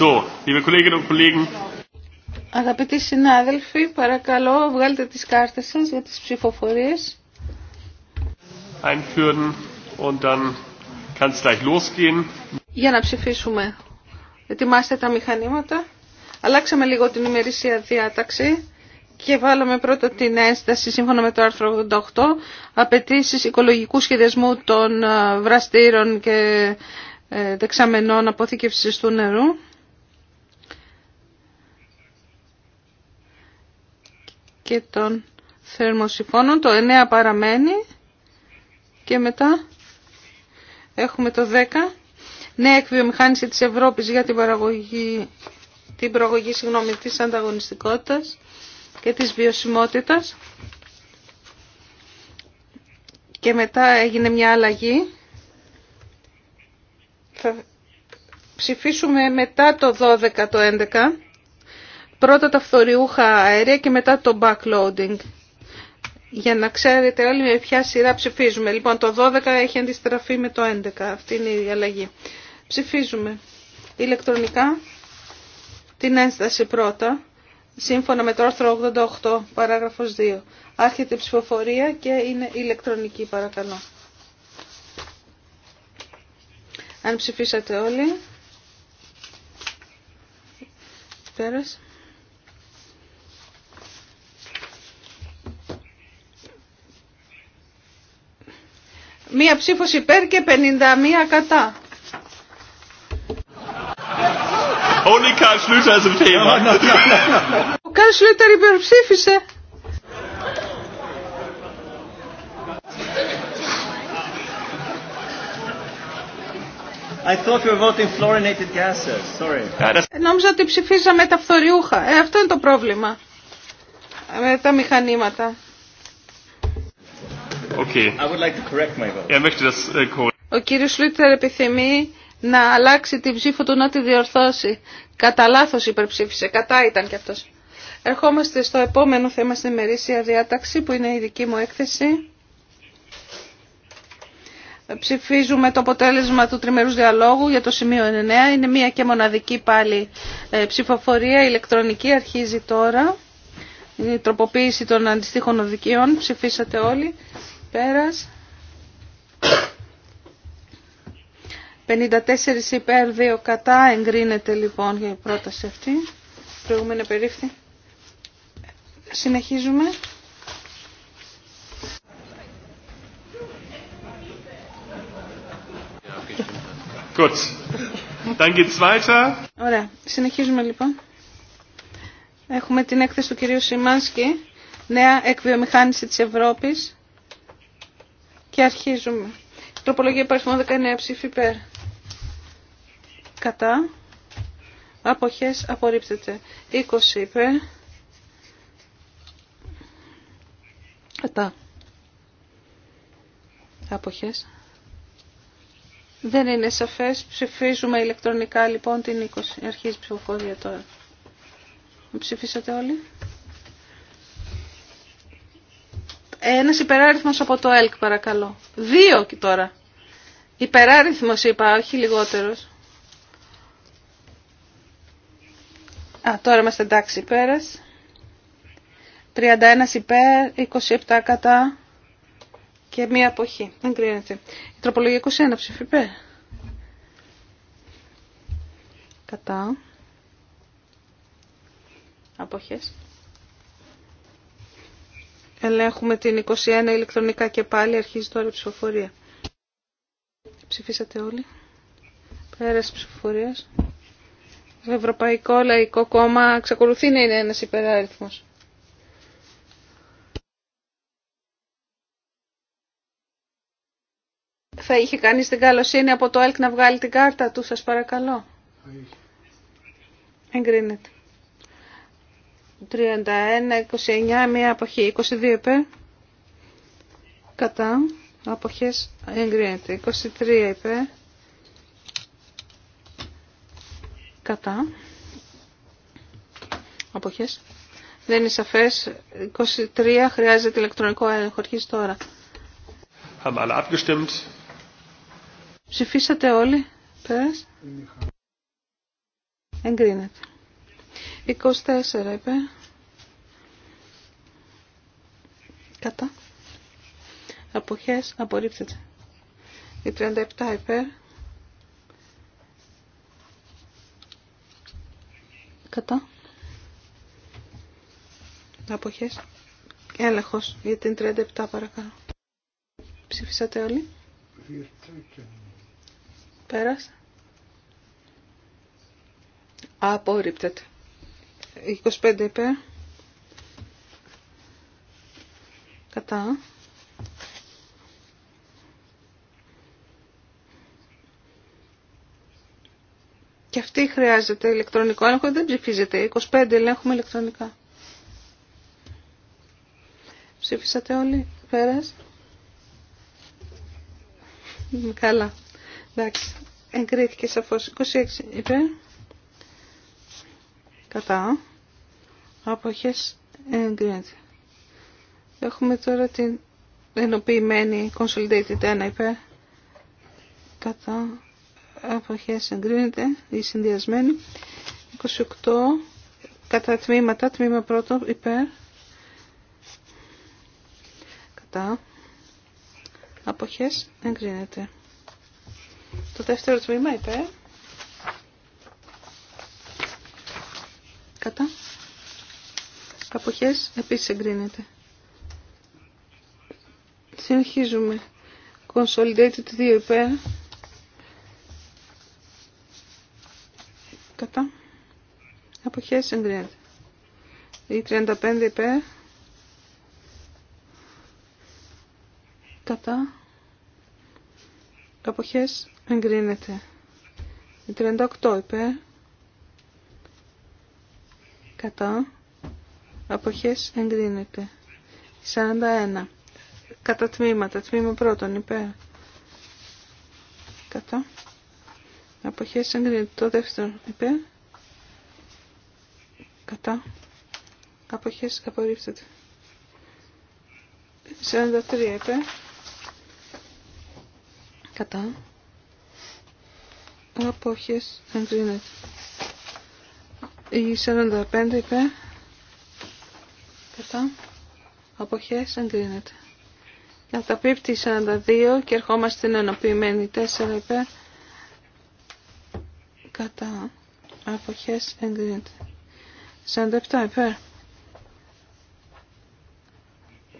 So, liebe Kolleginnen Αγαπητοί συνάδελφοι, παρακαλώ βγάλτε τις κάρτες σας για τις ψηφοφορίες. Einführen und dann gleich losgehen. Για να ψηφίσουμε. Ετοιμάστε τα μηχανήματα. Αλλάξαμε λίγο την ημερήσια διάταξη και βάλαμε πρώτα την ένσταση σύμφωνα με το άρθρο 88 απαιτήσει οικολογικού σχεδιασμού των ε, βραστήρων και ε, δεξαμενών αποθήκευσης του νερού. και των θερμοσυφώνων. Το 9 παραμένει και μετά έχουμε το 10. Νέα εκβιομηχάνηση της Ευρώπης για την παραγωγή την προαγωγή συγγνώμη, της ανταγωνιστικότητας και της βιωσιμότητας. Και μετά έγινε μια αλλαγή. Θα ψηφίσουμε μετά το 12 το 11 πρώτα τα φθοριούχα αέρια και μετά το backloading. Για να ξέρετε όλοι με ποια σειρά ψηφίζουμε. Λοιπόν, το 12 έχει αντιστραφεί με το 11. Αυτή είναι η αλλαγή. Ψηφίζουμε ηλεκτρονικά την ένσταση πρώτα, σύμφωνα με το άρθρο 88, παράγραφος 2. Άρχεται η ψηφοφορία και είναι ηλεκτρονική, παρακαλώ. Αν ψηφίσατε όλοι. Πέρασε. Μία ψήφος υπέρ και 51 κατά. Only Karl Schlüter is in favor. Ο Καρλ Σλούτερ υπερψήφισε. I thought we were voting fluorinated gases. Sorry. Ε, νόμιζα ότι ψηφίζαμε τα φθοριούχα. Ε, αυτό είναι το πρόβλημα. Με τα μηχανήματα. Ο κύριος Λούτερ επιθυμεί να αλλάξει την ψήφο του να τη διορθώσει. Κατά λάθο υπερψήφισε. Κατά ήταν κι αυτός. Ερχόμαστε στο επόμενο θέμα στην ημερήσια διάταξη που είναι η δική μου έκθεση. Ψηφίζουμε το αποτέλεσμα του τριμερούς διαλόγου για το σημείο 9. Είναι μία και μοναδική πάλι ε, ψηφοφορία. ηλεκτρονική αρχίζει τώρα. Η τροποποίηση των αντιστοίχων οδικιών. Ψηφίσατε όλοι. Πέρας. 54 υπέρ, 2 κατά. Εγκρίνεται λοιπόν για η πρόταση αυτή. Προηγούμενη περίφθη. Συνεχίζουμε. Ωραία. Συνεχίζουμε λοιπόν. Έχουμε την έκθεση του κυρίου Σιμάνσκι. Νέα εκβιομηχάνηση της Ευρώπης. Και αρχίζουμε. Τροπολογία παριθμών 19 ψήφι υπέρ. Κατά. Αποχές απορρίπτεται. 20 υπέρ. Κατά. Αποχές. Δεν είναι σαφές. Ψηφίζουμε ηλεκτρονικά λοιπόν την 20. Αρχίζει η ψηφοφορία τώρα. Ψηφίσατε όλοι. Ένας υπεράριθμος από το ΕΛΚ παρακαλώ. Δύο και τώρα. Υπεράριθμος είπα, όχι λιγότερος. Α, τώρα είμαστε εντάξει πέρας. 31 υπέρ, 27 κατά και μία αποχή. Δεν κρίνεται. Η τροπολογία 21 ψήφι υπέρ. Κατά. Αποχές. Ελέγχουμε την 21 ηλεκτρονικά και πάλι αρχίζει τώρα η ψηφοφορία. Ψηφίσατε όλοι. Πέραση ψηφοφορία. Το Ευρωπαϊκό Λαϊκό Κόμμα Ξεκολουθεί να είναι ένας υπεράριθμος. Θα είχε κανείς την καλοσύνη από το ΕΛΚ να βγάλει την κάρτα του, σας παρακαλώ. Εγκρίνεται. 31, 29, μία αποχή. 22 υπέρ. Κατά. Αποχές εγκρίνεται. 23 υπέρ. Κατά. Αποχές. Δεν είναι σαφές. 23 χρειάζεται ηλεκτρονικό έλεγχο. Αρχίζει τώρα. Ψηφίσατε όλοι. Πες. Εγκρίνεται. 24 είπε. Κατά. Αποχές απορρίπτεται. Η 37 υπέρ. Κατά. Αποχές. Έλεγχος για την 37 παρακαλώ. Ψηφίσατε όλοι. Πέρασε. Απορρίπτεται. 25 είπε. Κατά. Και αυτή χρειάζεται ηλεκτρονικό έλεγχο, δεν ψηφίζεται. 25 ελέγχουμε ηλεκτρονικά. Ψήφισατε όλοι, πέρας. Καλά. Εντάξει. Εγκρίθηκε σαφώς. 26 είπε. Κατά. Αποχές εγκρίνεται. Έχουμε τώρα την ενοποιημένη Consolidated 1 υπέρ. Κατά αποχές εγκρίνεται η συνδυασμένη. 28 κατά τμήματα, τμήμα πρώτο υπέρ. Κατά αποχές εγκρίνεται. Το δεύτερο τμήμα υπέρ. Κατά Αποχές επίσης εγκρίνεται. Συνεχίζουμε. Consolidated 2 υπέρ. Κατά. Αποχές εγκρίνεται. Η 35 υπέρ. Κατά. Αποχές εγκρίνεται. Η 38 υπέρ. Κατά αποχές εγκρίνεται. 41. Κατά τμήματα. Τμήμα πρώτον υπέρ. Κατά. Αποχές εγκρίνεται. Το δεύτερο υπέρ. Κατά. Αποχές απορρίψεται. 43 υπέρ. Κατά. Αποχές εγκρίνεται. Η 45 υπέρ κατά αποχές εγκρίνεται. πίπτη 42 και ερχόμαστε στην ενοποιημένη 4 υπέρ κατά αποχές εγκρίνεται. 47 υπέρ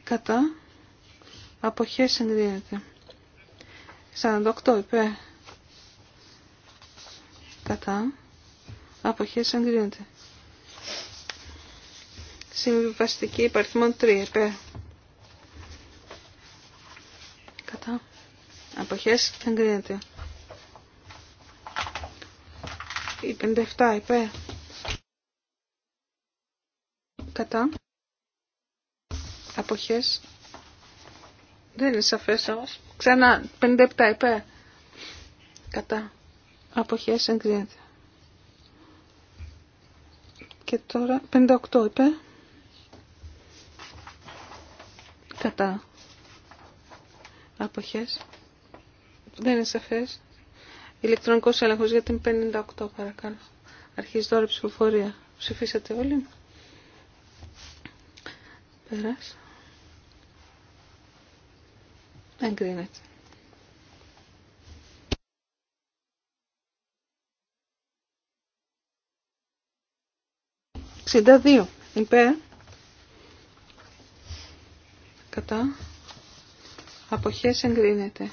κατά αποχές εγκρίνεται. 48 υπέρ κατά αποχές εγκρίνεται. Συμβιβαστική υπαριθμών 3 Επέ. Κατά. Αποχές εγκρίνεται. Η 57 Επέ. Κατά. Αποχές. Δεν είναι σαφές όμως. Ξανά 57 Επέ. Κατά. Αποχές εγκρίνεται. Και τώρα 58 Επέ. Κατά. Αποχές. Δεν είναι σαφές. Ηλεκτρονικός έλεγχος για την 58 παρακαλώ. Αρχίζει τώρα η ψηφοφορία. Ψηφίσατε όλοι. Περάσα. Εγκρίνεται. κρίνεται. δύο. Υπέρ κατά αποχές εγκρίνεται.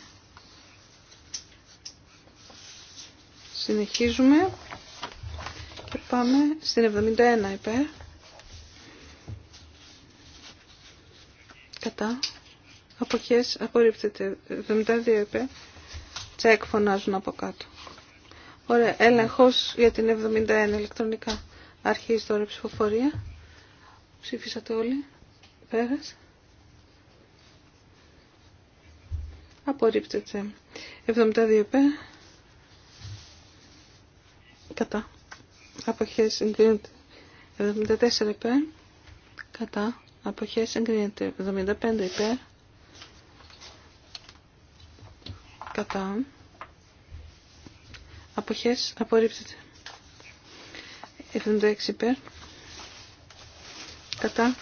Συνεχίζουμε και πάμε στην 71 υπέρ. Κατά. Αποχές απορρίπτεται. 72 υπέρ. Τσεκ φωνάζουν από κάτω. Ωραία. Έλεγχος για την 71 ηλεκτρονικά. Αρχίζει τώρα η ψηφοφορία. Ψήφισατε όλοι. Πέρασε. Απορρίπτεται. 72 επέ Κατά. Αποχές εγκρίνεται. 74 επέ Κατά. αποχέ εγκρίνεται. 75 υπέρ. Κατά. αποχέ απορρίπτεται. 76 υπέρ. Κατά.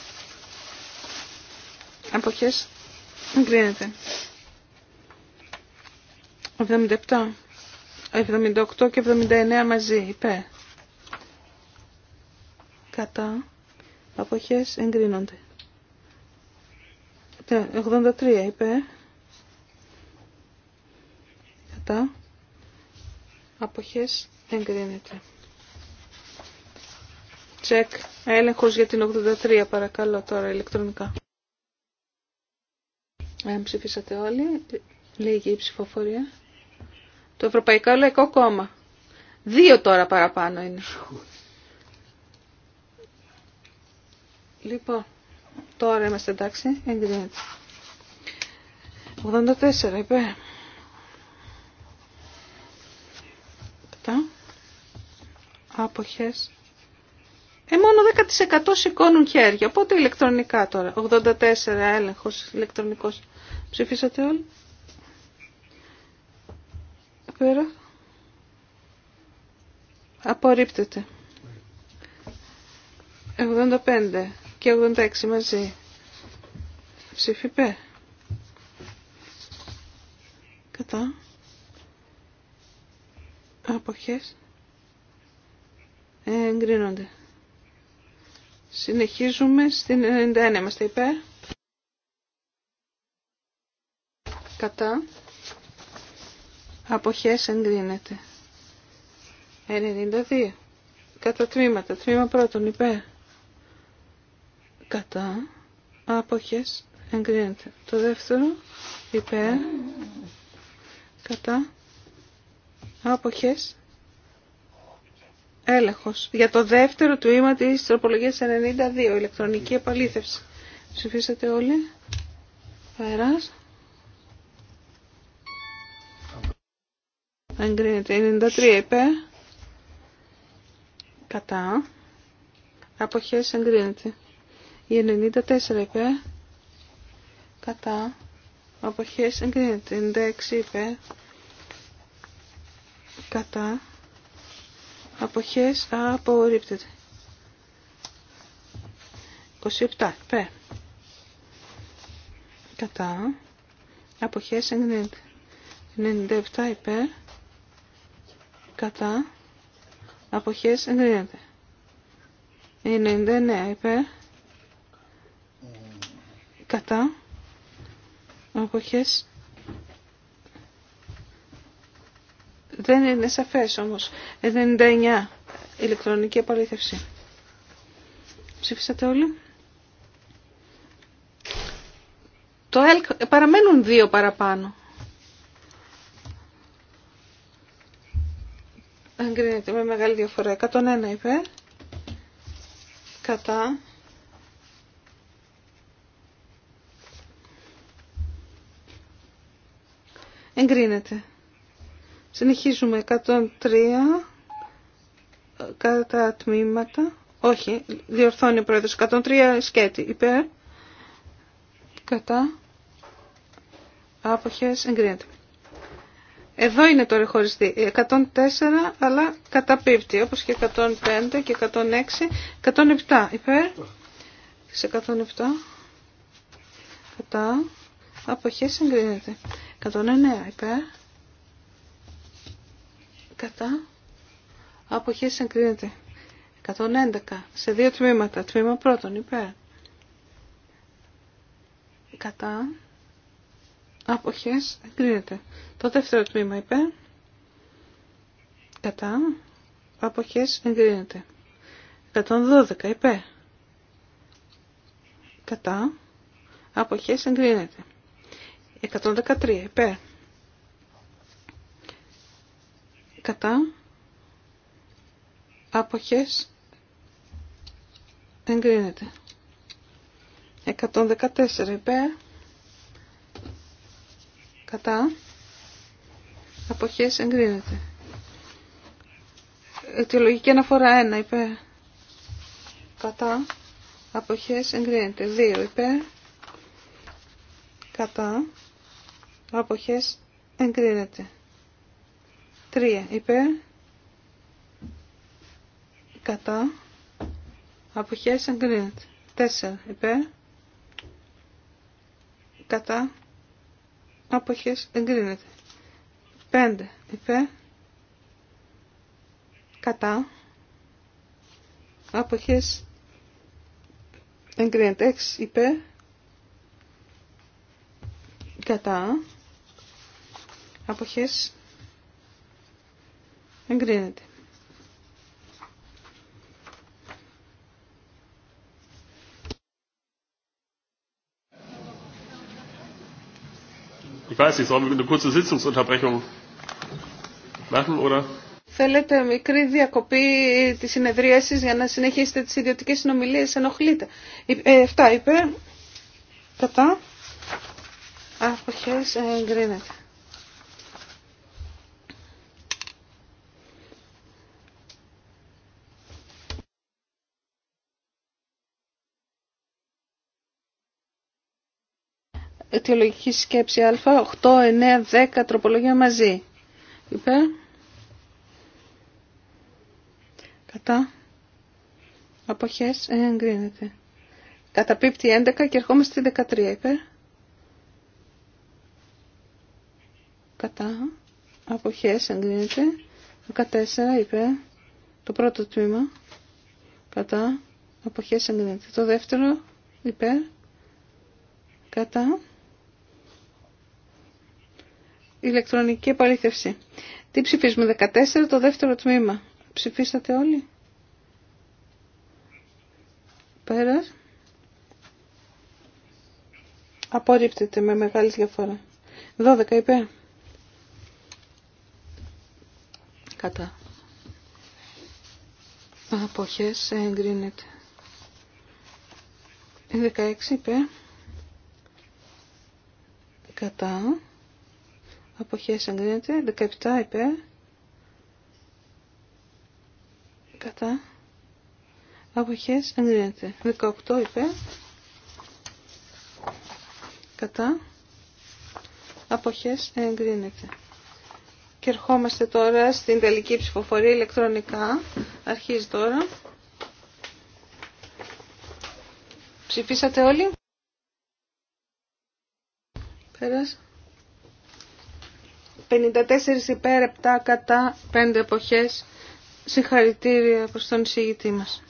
αποχέ, εγκρίνεται. 77, 78 και 79 μαζί, είπε. Κατά. Αποχές εγκρίνονται. 83 είπε. Κατά. Αποχές εγκρίνεται. Τσεκ. Έλεγχος για την 83 παρακαλώ τώρα ηλεκτρονικά. Αν ψηφίσατε όλοι, λίγη ψηφοφορία. Το Ευρωπαϊκό Λαϊκό Κόμμα. Δύο τώρα παραπάνω είναι. Λοιπόν, τώρα είμαστε εντάξει. Εγκρίνεται. 84 είπε. Αποχέ. Άποχες. Ε, μόνο 10% σηκώνουν χέρια, οπότε ηλεκτρονικά τώρα. 84 έλεγχος ηλεκτρονικός. Ψηφίσατε όλοι. Πέρα. Απορρίπτεται. 85 και 86 μαζί. Ψήφι πέ. Κατά. Αποχές. Εγκρίνονται. Συνεχίζουμε στην 91. Είμαστε υπέρ. Κατά. Αποχές εγκρίνεται. 92. Κατά τμήματα. Τμήμα πρώτον υπέρ. Κατά. Αποχές εγκρίνεται. Το δεύτερο υπέρ. Κατά. Αποχές. Έλεγχος. Για το δεύτερο τμήμα της τροπολογίας 92. Ηλεκτρονική επαλήθευση. Ψηφίσατε όλοι. Πέρας. Εγκρίνεται. 93 είπε, Κατά. Αποχές εγκρίνεται. Η 94 είπε, Κατά. Αποχές εγκρίνεται. 96 είπε. Κατά. Αποχές απορρίπτεται. 27 είπε. Κατά. Αποχές εγκρίνεται. 97 υπέρ κατά αποχές εγκρίνεται. 99 υπέρ κατά αποχές δεν είναι σαφές όμως 99 ηλεκτρονική επαλήθευση ψήφισατε όλοι το ΕΛΚ παραμένουν δύο παραπάνω Εγκρίνεται με μεγάλη διαφορά. 101 υπέρ. Κατά. Εγκρίνεται. Συνεχίζουμε 103 κατά τμήματα. Όχι, διορθώνει ο πρόεδρος. 103 σκέτη υπέρ. Κατά. Άποχες εγκρίνεται. Εδώ είναι το χωριστή. 104 αλλά καταπίπτει όπως και 105 και 106. 107 υπέρ. Σε 107. Κατά. Αποχές συγκρίνεται. 109 υπέρ. Κατά. Αποχές συγκρίνεται. 111 σε δύο τμήματα. Τμήμα πρώτον υπέρ. Κατά. Αποχές εγκρίνεται. Το δεύτερο τμήμα είπε, Κατά. Αποχές εγκρίνεται. 112 είπε. Κατά. Αποχές εγκρίνεται. 113 είπε. Κατά. Αποχές εγκρίνεται. 114 είπέ κατά αποχές εγκρίνεται. Αιτιολογική αναφορά 1 υπέρ κατά αποχές εγκρίνεται. 2 υπέρ κατά αποχές εγκρίνεται. 3 υπέρ κατά αποχές εγκρίνεται. 4 υπέρ κατά Αποχές εγκρίνεται. 5 υπέ Κατά. Αποχές εγκρίνεται. 6 υπέ Κατά. Αποχές εγκρίνεται. Ich weiß nicht, sollen wir eine kurze Sitzungsunterbrechung machen, oder? Θέλετε μικρή διακοπή τη συνεδρίαση για να συνεχίσετε τι ιδιωτικέ συνομιλίε. ενοχλείτε. Ε, ε, αυτά είπε. κατά, Αποχέ. εγκρίνεται. αιτιολογική σκέψη α, 8, 9, 10, τροπολογία μαζί. Είπε. Κατά. Αποχές εγκρίνεται. Καταπίπτει 11 και ερχόμαστε στη 13 είπε. Κατά. Αποχές εγκρίνεται. 14 είπε. Το πρώτο τμήμα. Κατά. Αποχές εγκρίνεται. Το δεύτερο υπέρ. Κατά ηλεκτρονική επαλήθευση. Τι ψηφίζουμε, 14 το δεύτερο τμήμα. Ψηφίσατε όλοι. Πέρα. Απορρίπτεται με μεγάλη διαφορά. 12 είπε. Κατά. Αποχές εγκρίνεται. 16 είπε. Κατά αποχές εγκρίνεται 17 υπέρ κατά αποχές εγκρίνεται 18 υπέρ κατά αποχές εγκρίνεται και ερχόμαστε τώρα στην τελική ψηφοφορία ηλεκτρονικά αρχίζει τώρα ψηφίσατε όλοι πέρασε 54 υπέρ, 7 κατά, 5 εποχές. Συγχαρητήρια προς τον εισηγητή μας.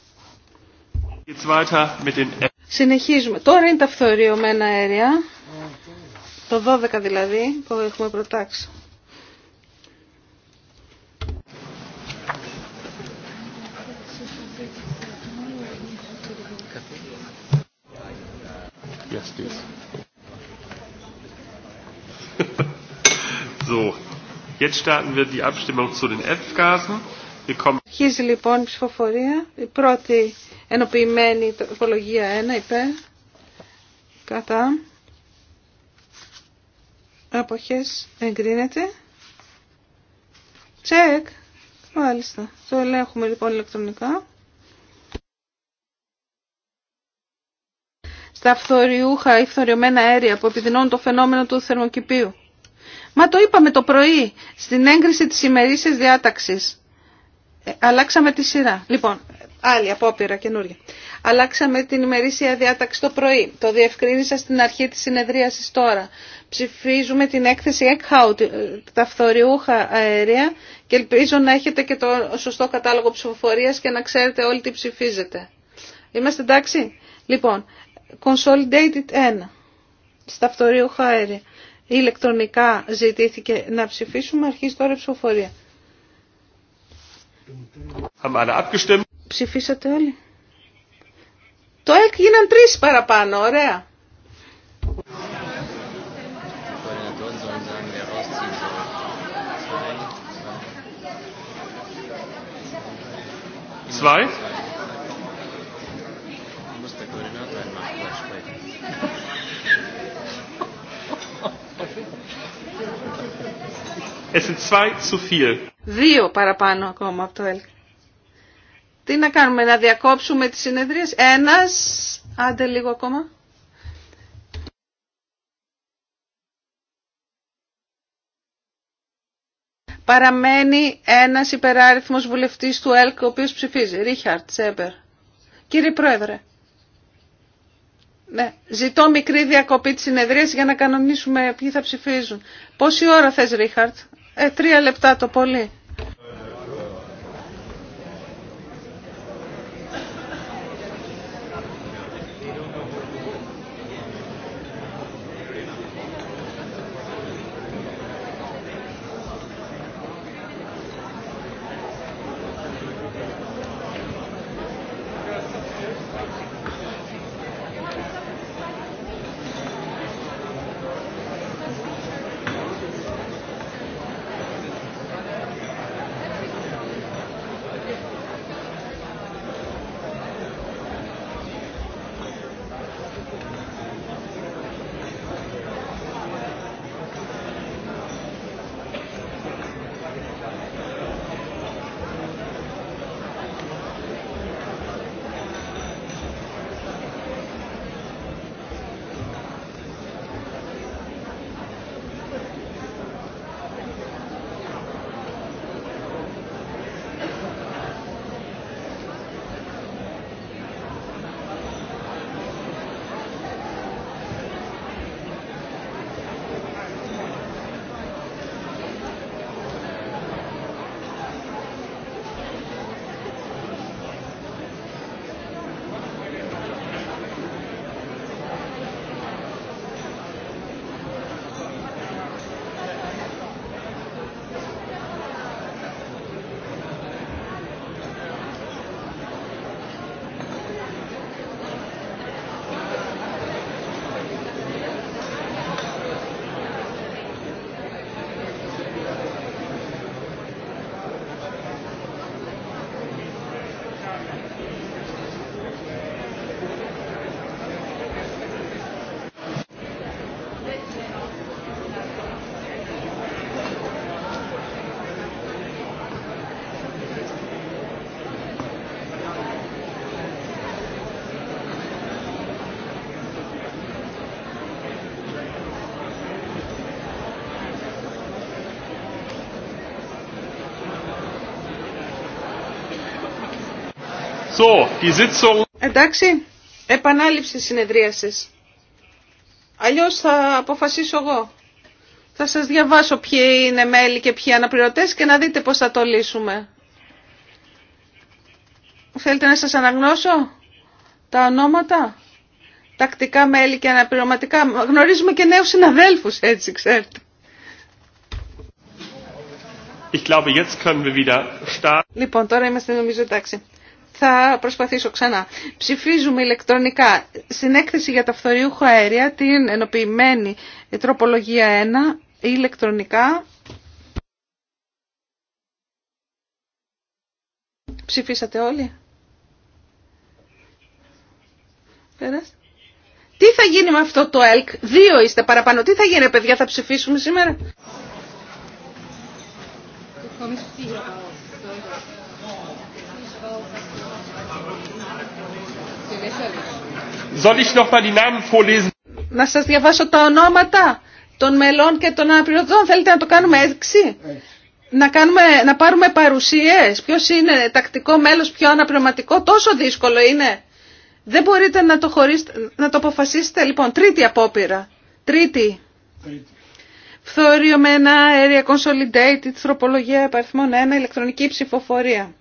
Συνεχίζουμε. Τώρα είναι τα φθοριωμένα αέρια. Το 12 δηλαδή που έχουμε προτάξει. Yes, please. So, jetzt starten wir die Abstimmung zu den F-Gasen. Αρχίζει λοιπόν η ψηφοφορία. Η πρώτη ενοποιημένη τροπολογία 1 υπέρ. Κατά. Αποχές εγκρίνεται. Τσεκ. Μάλιστα. Το ελέγχουμε λοιπόν ηλεκτρονικά. Στα φθοριούχα ή φθοριωμένα αέρια που επιδεινώνουν το φαινόμενο του θερμοκηπίου. Μα το είπαμε το πρωί στην έγκριση της ημερήσιας διάταξης. Ε, αλλάξαμε τη σειρά. Λοιπόν, άλλη απόπειρα καινούργια. Αλλάξαμε την ημερήσια διάταξη το πρωί. Το διευκρίνησα στην αρχή της συνεδρίασης τώρα. Ψηφίζουμε την έκθεση ΕΚΧΑΟ, τα φθοριούχα αέρια και ελπίζω να έχετε και το σωστό κατάλογο ψηφοφορίας και να ξέρετε όλοι τι ψηφίζετε. Είμαστε εντάξει. Λοιπόν, Consolidated 1 στα φθοριούχα αέρια ηλεκτρονικά ζητήθηκε να ψηφίσουμε, αρχίζει τώρα η ψηφοφορία. Ψηφίσατε όλοι. Το ΕΚ γίναν τρεις παραπάνω, ωραία. Zwei. Δύο παραπάνω ακόμα από το ΕΛΚ. Τι να κάνουμε, να διακόψουμε τις συνεδρίες. Ένας, άντε λίγο ακόμα. Παραμένει ένας υπεράριθμος βουλευτής του ΕΛΚ, ο οποίος ψηφίζει. Ρίχαρτ Σέμπερ. Κύριε Πρόεδρε. Ναι. Ζητώ μικρή διακοπή της συνεδρίας για να κανονίσουμε ποιοι θα ψηφίζουν. Πόση ώρα θες, Ρίχαρτ, ε, τρία λεπτά το πολύ. So, die Sitzung... Εντάξει, επανάληψη συνεδρίασης. Αλλιώς θα αποφασίσω εγώ. Θα σας διαβάσω ποιοι είναι μέλη και ποιοι αναπληρωτές και να δείτε πώς θα το λύσουμε. Θέλετε να σας αναγνώσω τα ονόματα, τακτικά μέλη και αναπληρωματικά. Γνωρίζουμε και νέους συναδέλφους έτσι, ξέρετε. Ich glaube, jetzt wir Λοιπόν, τώρα είμαστε νομίζω εντάξει. Θα προσπαθήσω ξανά. Ψηφίζουμε ηλεκτρονικά Συνέκθεση για τα φθοριούχα αέρια, την ενοποιημένη τροπολογία 1, ηλεκτρονικά. Ψηφίσατε όλοι. Τι θα γίνει με αυτό το ΕΛΚ, δύο είστε παραπάνω, τι θα γίνει παιδιά, θα ψηφίσουμε σήμερα. Soll ich noch mal die Namen vorlesen? Να σας διαβάσω τα ονόματα των μελών και των αναπληρωτών. Θέλετε να το κάνουμε έξι. Να, κάνουμε, να πάρουμε παρουσίες. Ποιος είναι τακτικό μέλος, ποιο αναπληρωματικό. Τόσο δύσκολο είναι. Δεν μπορείτε να το, χωρίσετε, να το αποφασίσετε. Λοιπόν, τρίτη απόπειρα. Τρίτη. τρίτη. Φθοριωμένα, area consolidated, τροπολογία επαριθμών 1, ηλεκτρονική ψηφοφορία.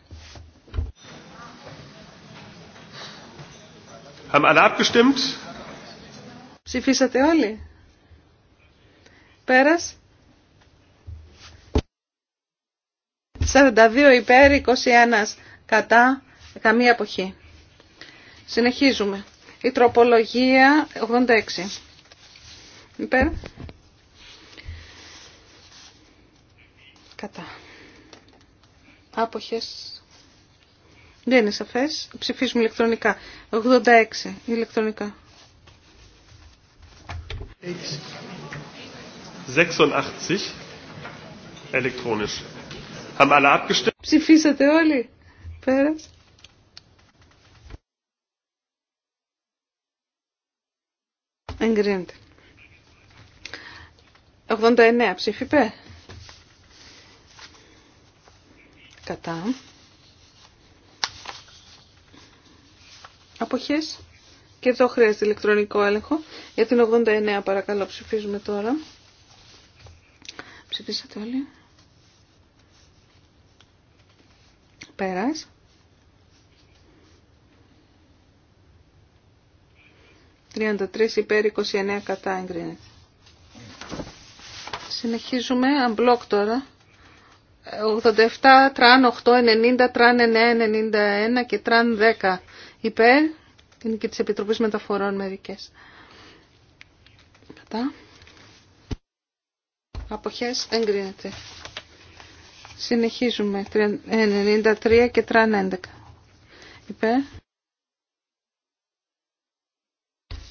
Haben alle abgestimmt? Ψηφίσατε όλοι. Πέρας. 42 υπέρ, 21 κατά, καμία εποχή. Συνεχίζουμε. Η τροπολογία 86. Υπέρ. Κατά. Άποχες δεν είναι σαφές. Ψηφίζουμε ηλεκτρονικά. 86 ηλεκτρονικά. 86 ηλεκτρονικά Ψηφίσατε όλοι. Πέρας. Εγκρίνεται. 89 ψήφιπε. Κατά. Αποχές. Και εδώ χρειάζεται ηλεκτρονικό έλεγχο. Για την 89 παρακαλώ ψηφίζουμε τώρα. Ψηφίσατε όλοι. Πέρας. «33 υπέρ 29 κατά εγκρίνεται». Συνεχίζουμε, αμπλόκ τώρα. 87, τραν 8, 90, τραν 9, 91 και τραν 10. Υπέρ. Είναι και της Επιτροπής Μεταφορών μερικές. Κατά. Αποχές εγκρίνεται. Συνεχίζουμε. 93 ε, και 311. Υπέρ.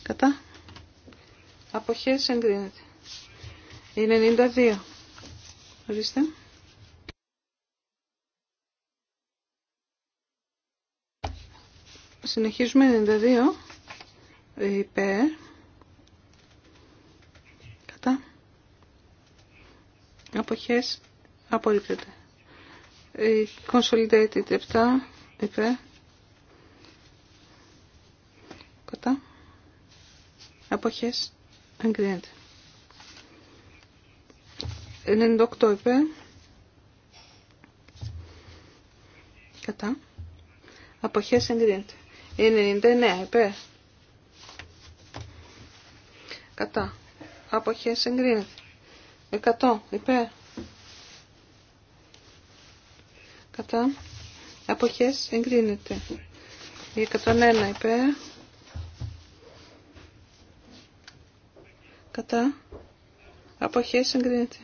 Κατά. Αποχές εγκρίνεται. 92. Ορίστε. Συνεχίζουμε 92 υπέρ κατά αποχές απορρίπτεται. Consolidated 7 υπέρ κατά αποχές εγκρίνεται. 98 υπέρ κατά αποχές εγκρίνεται. 99 υπέρ. Κατά. Αποχές εγκρίνεται. 100 υπέρ. Κατά. Αποχές εγκρίνεται. Η 101 υπέρ. Κατά. αποχέ εγκρίνεται.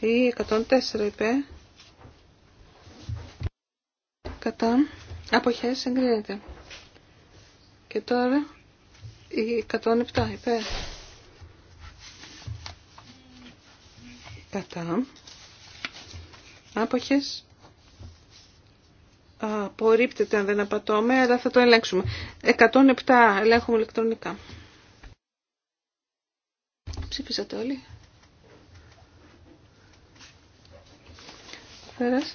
Ή 104 υπέρ. Κατά. Αποχές εγκρίνεται. Και τώρα η 107 υπέρ. Κατά. Άποχες. Απορρίπτεται αν δεν απατώμε, αλλά θα το ελέγξουμε. 107 ελέγχουμε ηλεκτρονικά. Ψήφισατε όλοι. Πέρασε.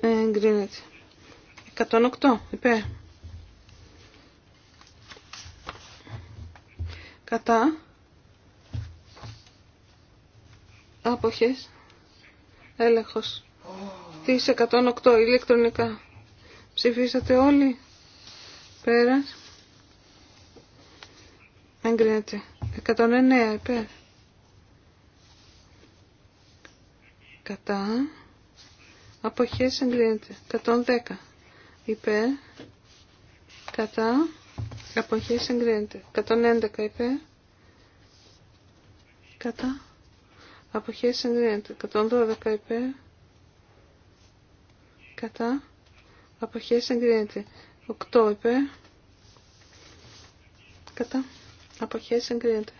Εγκρίνεται. 108 είπε Κατά. Άποχες. Έλεγχος. Τις 108 ηλεκτρονικά. Ψηφίσατε όλοι. Πέρας. Εγκρίνεται. 109 υπέρ. Κατά. Αποχές εγκρίνεται. 110 είπε, κατά, αποχέση γκρίνεται, 111 είπε, κατά αποχές εγκρίνεται. 111 υπέρ κατά αποχές εγκρίνεται. 112 υπέρ κατά αποχές εγκρίνεται.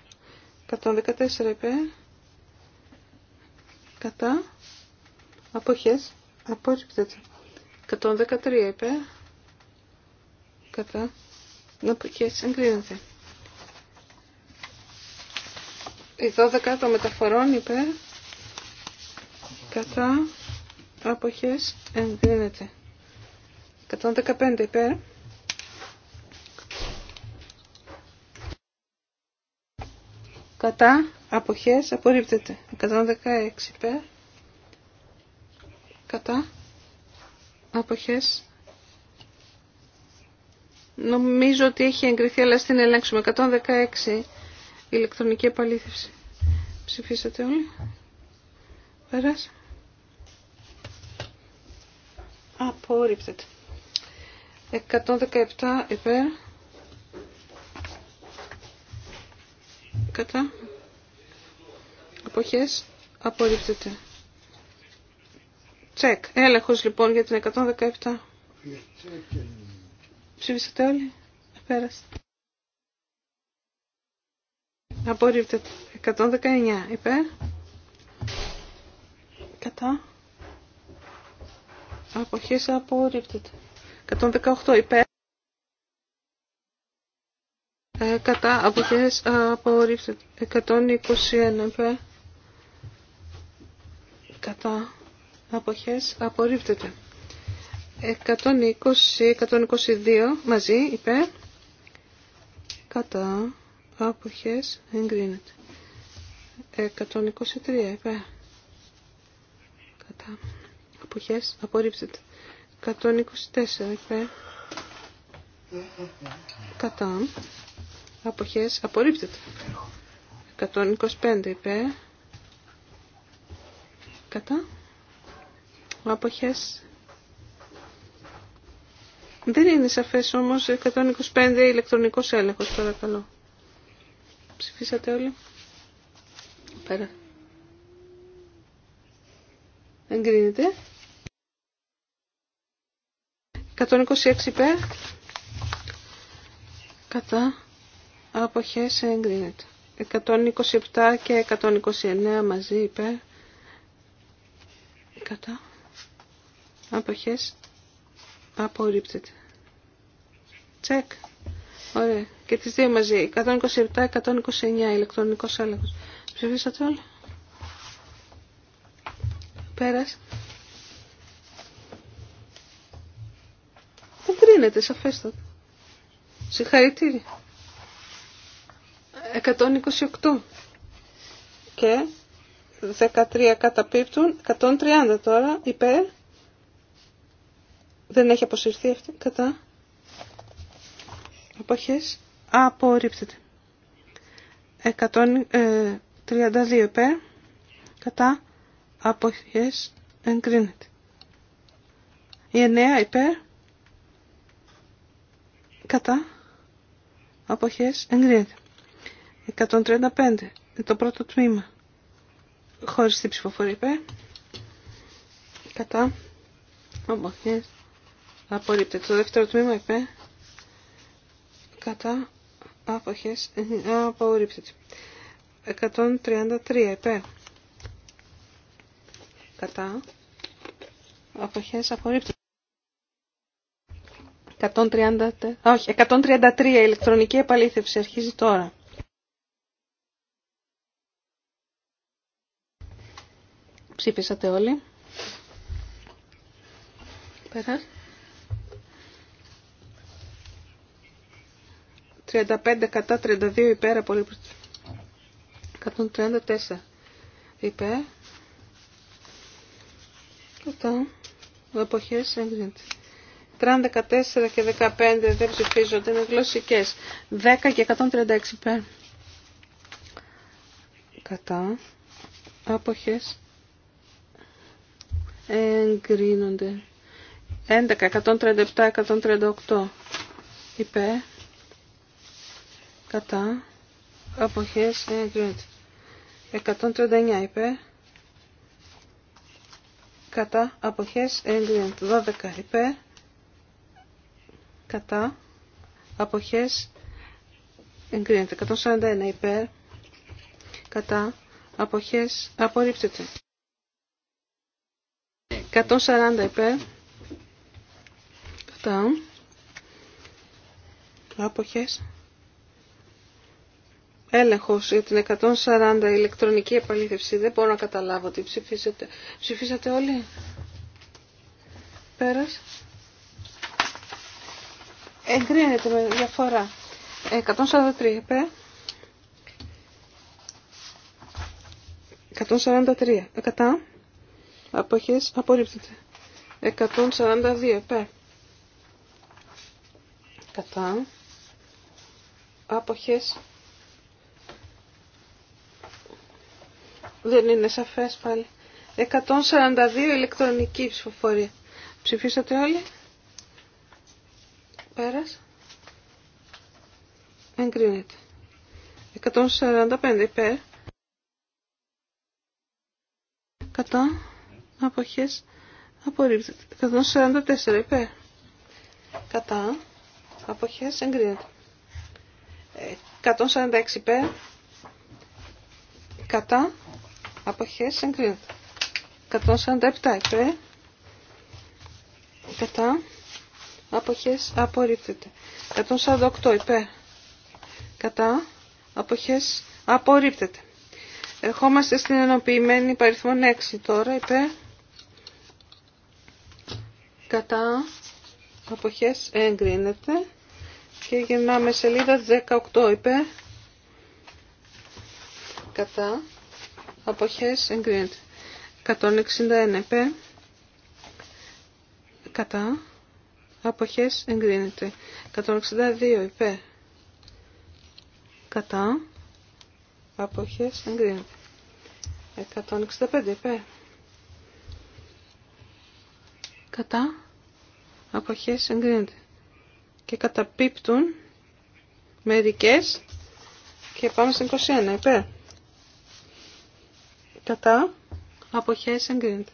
8 υπέρ κατά αποχές εγκρίνεται. 114 υπέρ κατά αποχές απορρίπτεται. 113 είπε. Κατά. Να πω και έτσι εγκρίνεται. Η 12 των μεταφορών είπε. Κατά. Αποχές εγκρίνεται. 115 υπέρ. Κατά αποχές απορρίπτεται. 116 υπέρ. Κατά αποχές. Νομίζω ότι έχει εγκριθεί, αλλά στην ελέγξουμε. 116 ηλεκτρονική επαλήθευση. Ψηφίσατε όλοι. Πέρας. Απορρίπτεται. 117 υπέρ. Κατά. Αποχές. Απορρίπτεται. Τσεκ. Έλεγχος λοιπόν για την 117. Ψήφισατε όλοι. Πέρασε. Απορρίπτεται. 119 υπέρ. Κατά. Αποχές απορρίπτεται. 118 υπέρ. Ε, κατά αποχές απορρίπτεται. 121 υπέρ. Κατά αποχές απορρίπτεται. 120-122 μαζί υπέρ κατά αποχές εγκρίνεται. 123 υπέρ κατά αποχές απορρίπτεται. 124 υπέρ κατά αποχές απορρίπτεται. 125 υπέρ κατά αποχές. Δεν είναι σαφές όμως 125 ηλεκτρονικός έλεγχος παρακαλώ. Ψηφίσατε όλοι. Πέρα. Εγκρίνεται. 126 υπέρ. Κατά. Αποχές εγκρίνεται. 127 και 129 μαζί υπέρ. Κατά αποχές απορρίπτεται. Τσεκ. Ωραία. Και τις δύο μαζί. 127-129 ηλεκτρονικός έλεγχος. Ψηφίσατε όλοι. Πέρας. Δεν κρίνεται σαφέστατα. Συγχαρητήρια. 128 και 13 καταπίπτουν, 130 τώρα υπέρ δεν έχει αποσυρθεί αυτή. Κατά. Αποχές. Απορρίπτεται. 132 ε, υπέρ. Κατά. Αποχές. Εγκρίνεται. Η 9 υπέρ. Κατά. Αποχές. Εγκρίνεται. 135. Το πρώτο τμήμα. Χωρίς την ψηφοφορία υπέρ. Κατά. Αποχές. Απορρίπτεται. Το δεύτερο τμήμα υπέρ. Κατά. Άποχες. Ε, απορρίπτεται. 133 υπέρ. Κατά. Αποχές απορρίπτεται. 130, όχι, 133 ηλεκτρονική επαλήθευση αρχίζει τώρα. Ψήφισατε όλοι. Πέρα. 35 κατά 32 υπέρ 134 υπέρ. Κατά. εποχές έγινε. 34 και 15 δεν ψηφίζονται, είναι γλωσσικές. 10 και 136 υπέρ. Κατά. Αποχέ εγκρίνονται. 11, 137, 138 υπέρ κατά αποχές εγκρίνεται 139 υπέρ κατά αποχές εγκρίνεται 12 υπέρ κατά αποχές εγκρίνεται 141 υπέρ κατά αποχές απορρίπτεται 140 υπέρ κατά αποχές Έλεγχος για την 140 ηλεκτρονική επαλήθευση. Δεν μπορώ να καταλάβω τι ψηφίσατε. Ψηφίσατε όλοι. Πέρας. Εγκρίνεται με διαφορά. 143 πέ. 143. Εκατά. Αποχές απορρίπτεται. 142 πέ. Κατά. Αποχές Δεν είναι σαφές πάλι. 142 ηλεκτρονική ψηφοφορία. Ψηφίσατε όλοι. Πέρας. Εγκρίνεται. 145 υπέρ. Κατά. Αποχές. Απορρίπτεται. 144 υπέρ. Κατά. Αποχές. Εγκρίνεται. 146 υπέρ. Κατά αποχές εγκρίνεται. 147 υπέρ κατά αποχές απορρίπτεται. 148 υπέρ κατά αποχές απορρίπτεται. Ερχόμαστε στην ενοποιημένη παριθμόν 6 τώρα υπέρ κατά αποχές εγκρίνεται και γυρνάμε σελίδα 18 υπέρ κατά αποχές εγκρίνεται. 161 Επέ. κατά αποχές εγκρίνεται. 162 Επέ. κατά αποχές εγκρίνεται. 165 Επέ. κατά αποχές εγκρίνεται. Και καταπίπτουν μερικές και πάμε στην 21 υπέρ κατά αποχές εγκρίνεται.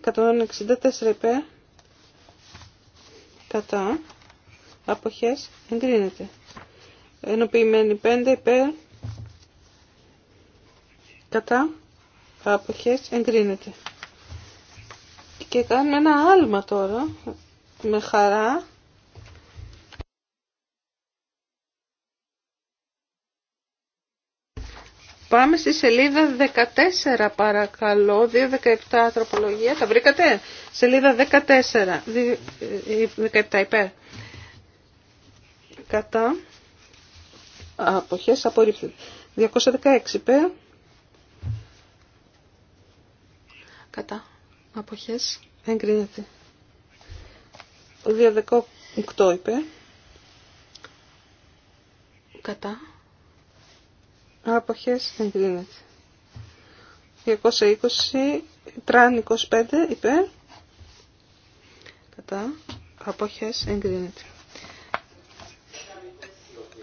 164 υπέρ κατά αποχές εγκρίνεται. Ενοποιημένη 5 υπέρ κατά αποχές εγκρίνεται. Και κάνουμε ένα άλμα τώρα με χαρά Πάμε στη σελίδα 14 παρακαλώ, 217 ανθρωπολογία. τα βρήκατε, σελίδα 14, 17 ε, ε, υπέρ. Κατά, αποχές απορρίφθηκε. 216 υπέρ. Κατά, αποχές εγκρίνεται, 218 υπέρ. Κατά, Αποχές εγκρίνεται. 220, τραν 25 υπέρ. Κατά. Αποχές εγκρίνεται.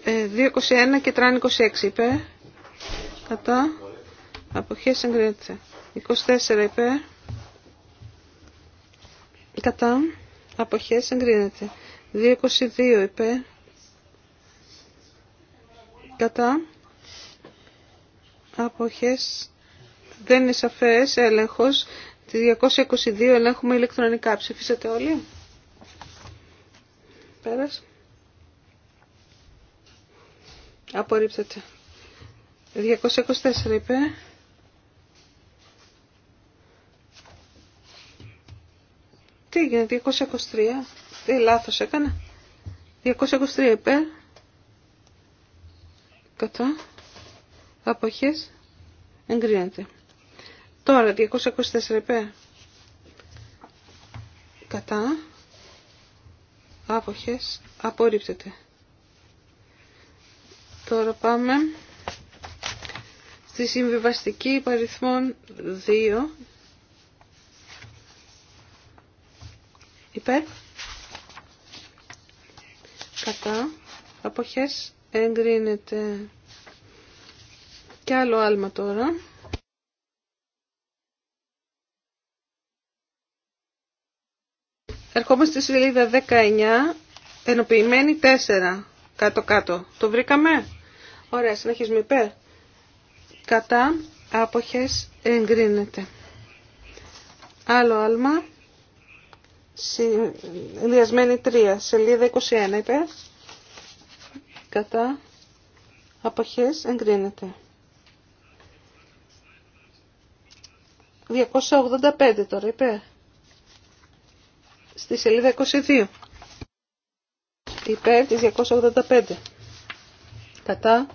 221 ε, και τραν 26 υπέρ. Κατά. Αποχές εγκρίνεται. 24 υπέρ. Κατά. Αποχές εγκρίνεται. 222 υπέρ. Κατά αποχές δεν είναι σαφές έλεγχος. Τη 222 ελέγχουμε ηλεκτρονικά. Ψηφίσατε όλοι. Πέρας. Απορρίπτεται. 224 είπε. Τι έγινε, 223. Τι ε, λάθος έκανα. 223 είπε Κατά αποχές εγκρίνεται. Τώρα 224 Πέ. κατά άποχες απορρίπτεται. Τώρα πάμε στη συμβιβαστική υπαριθμών 2 υπέρ κατά αποχές εγκρίνεται. Και άλλο άλμα τώρα. Ερχόμαστε στη σελίδα 19, ενοποιημένη 4, κάτω-κάτω. Το βρήκαμε. Ωραία, συνεχίζουμε υπέρ. Κατά, άποχες, εγκρίνεται. Άλλο άλμα, ενδιασμένη 3, σελίδα 21, υπέρ. Κατά, άποχες, εγκρίνεται. 285 τώρα είπε. Στη σελίδα 22. Υπέρ της 285. Κατά.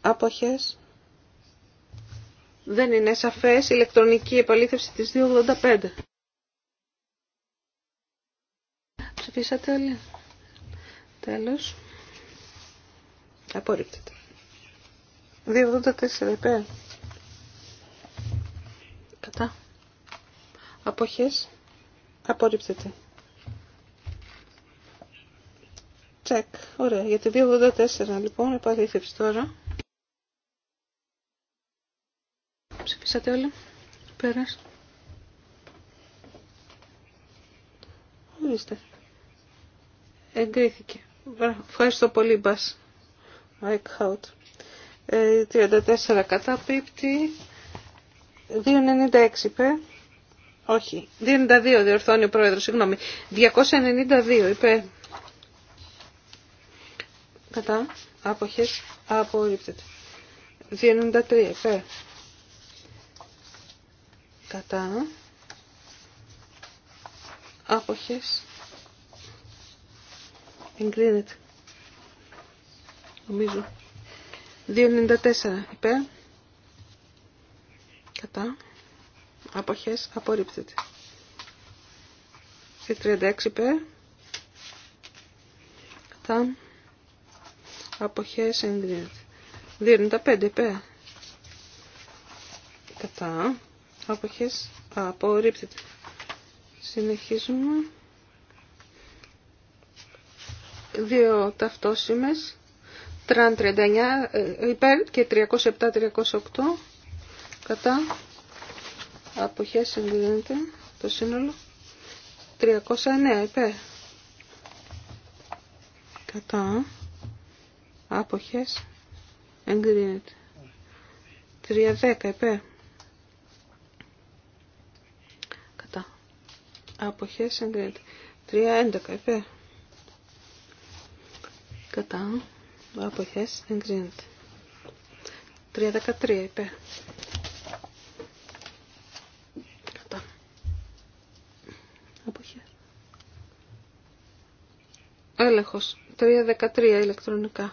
Άποχες. Δεν είναι σαφές ηλεκτρονική επαλήθευση της 285. Ψηφίσατε όλοι. Τέλος. Απορρίπτεται. 284 υπέρ. Κατά. Αποχές. Απορρίπτεται. Τσεκ. Ωραία. Για τη 284 λοιπόν επαλήθευση τώρα. Ψηφίσατε όλοι. Πέρας. Ορίστε. Εγκρίθηκε. Ευχαριστώ πολύ Μπάς. 34 34 πίπτη 2,96 είπε. Όχι, 2,92 διορθώνει ο πρόεδρος, συγγνώμη. 292 είπε. Κατά, άποχες, απορρίπτεται. 2,93 υπέ, Κατά, άποχες, εγκρίνεται. Νομίζω. 2,94 υπέρ κατά αποχές απορρίπτεται. Και 36 πε κατά αποχές εγκρίνεται. 95 πε κατά αποχές απορρίπτεται. Συνεχίζουμε. Δύο ταυτόσημες. Τραν 39 ε, υπέρ και 307-308 κατά αποχές εγκρίνεται το σύνολο 309 υπέρ κατά άποχες εγκρίνεται 310 υπέρ κατά άποχες εγκρίνεται 311 υπέρ κατά άποχες εγκρίνεται 313 υπέρ Έλεγχος. 3.13 ηλεκτρονικά.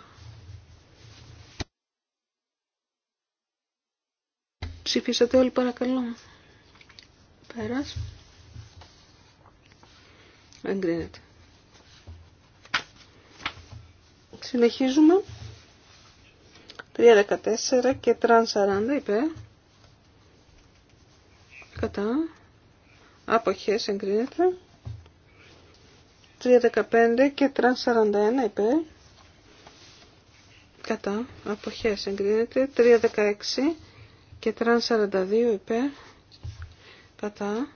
Ψηφίσατε όλοι παρακαλώ. Πέρας. Εγκρίνεται. Συνεχίζουμε. 3.14 και τραν 40 είπε. Κατά. Αποχές εγκρίνεται. 3.15 και 3.41 41 υπέρ. Κατά. Αποχές εγκρίνεται. 3.16 και 3.42 42 υπέρ. Κατά.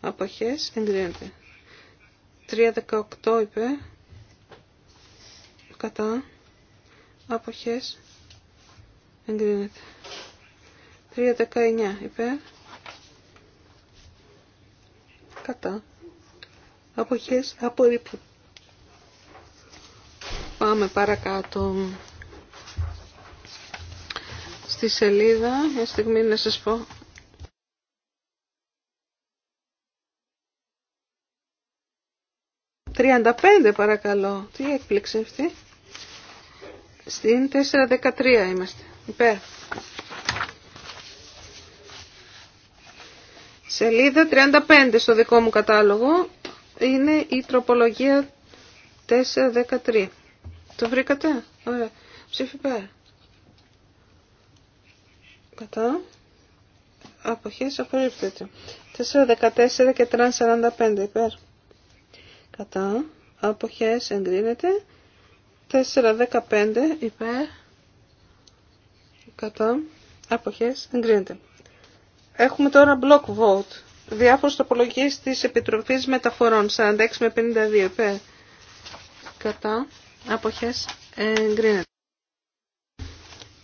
Αποχές εγκρίνεται. 3.18 υπέρ. Κατά. Αποχές εγκρίνεται. 3.19 υπέρ. Κατά αποχές απορρίπτω. Πάμε παρακάτω στη σελίδα, μια στιγμή να σας πω. «35 παρακαλώ». Τι έκπληξε αυτή. Στην 4.13 είμαστε. Υπέρ. Σελίδα 35 στο δικό μου κατάλογο είναι η τροπολογία 413. Το βρήκατε? Ωραία. Ψήφι πέρα. Κατά. Αποχές απορρίπτεται. 414 και 345 υπέρ. Κατά. Αποχές εγκρίνεται. 415 υπέρ. Κατά. Αποχές εγκρίνεται. Έχουμε τώρα block vote διάφορους τοπολογίες της Επιτροπής Μεταφορών, 46 με 52 υπέρ. Κατά. Αποχές εγκρίνεται.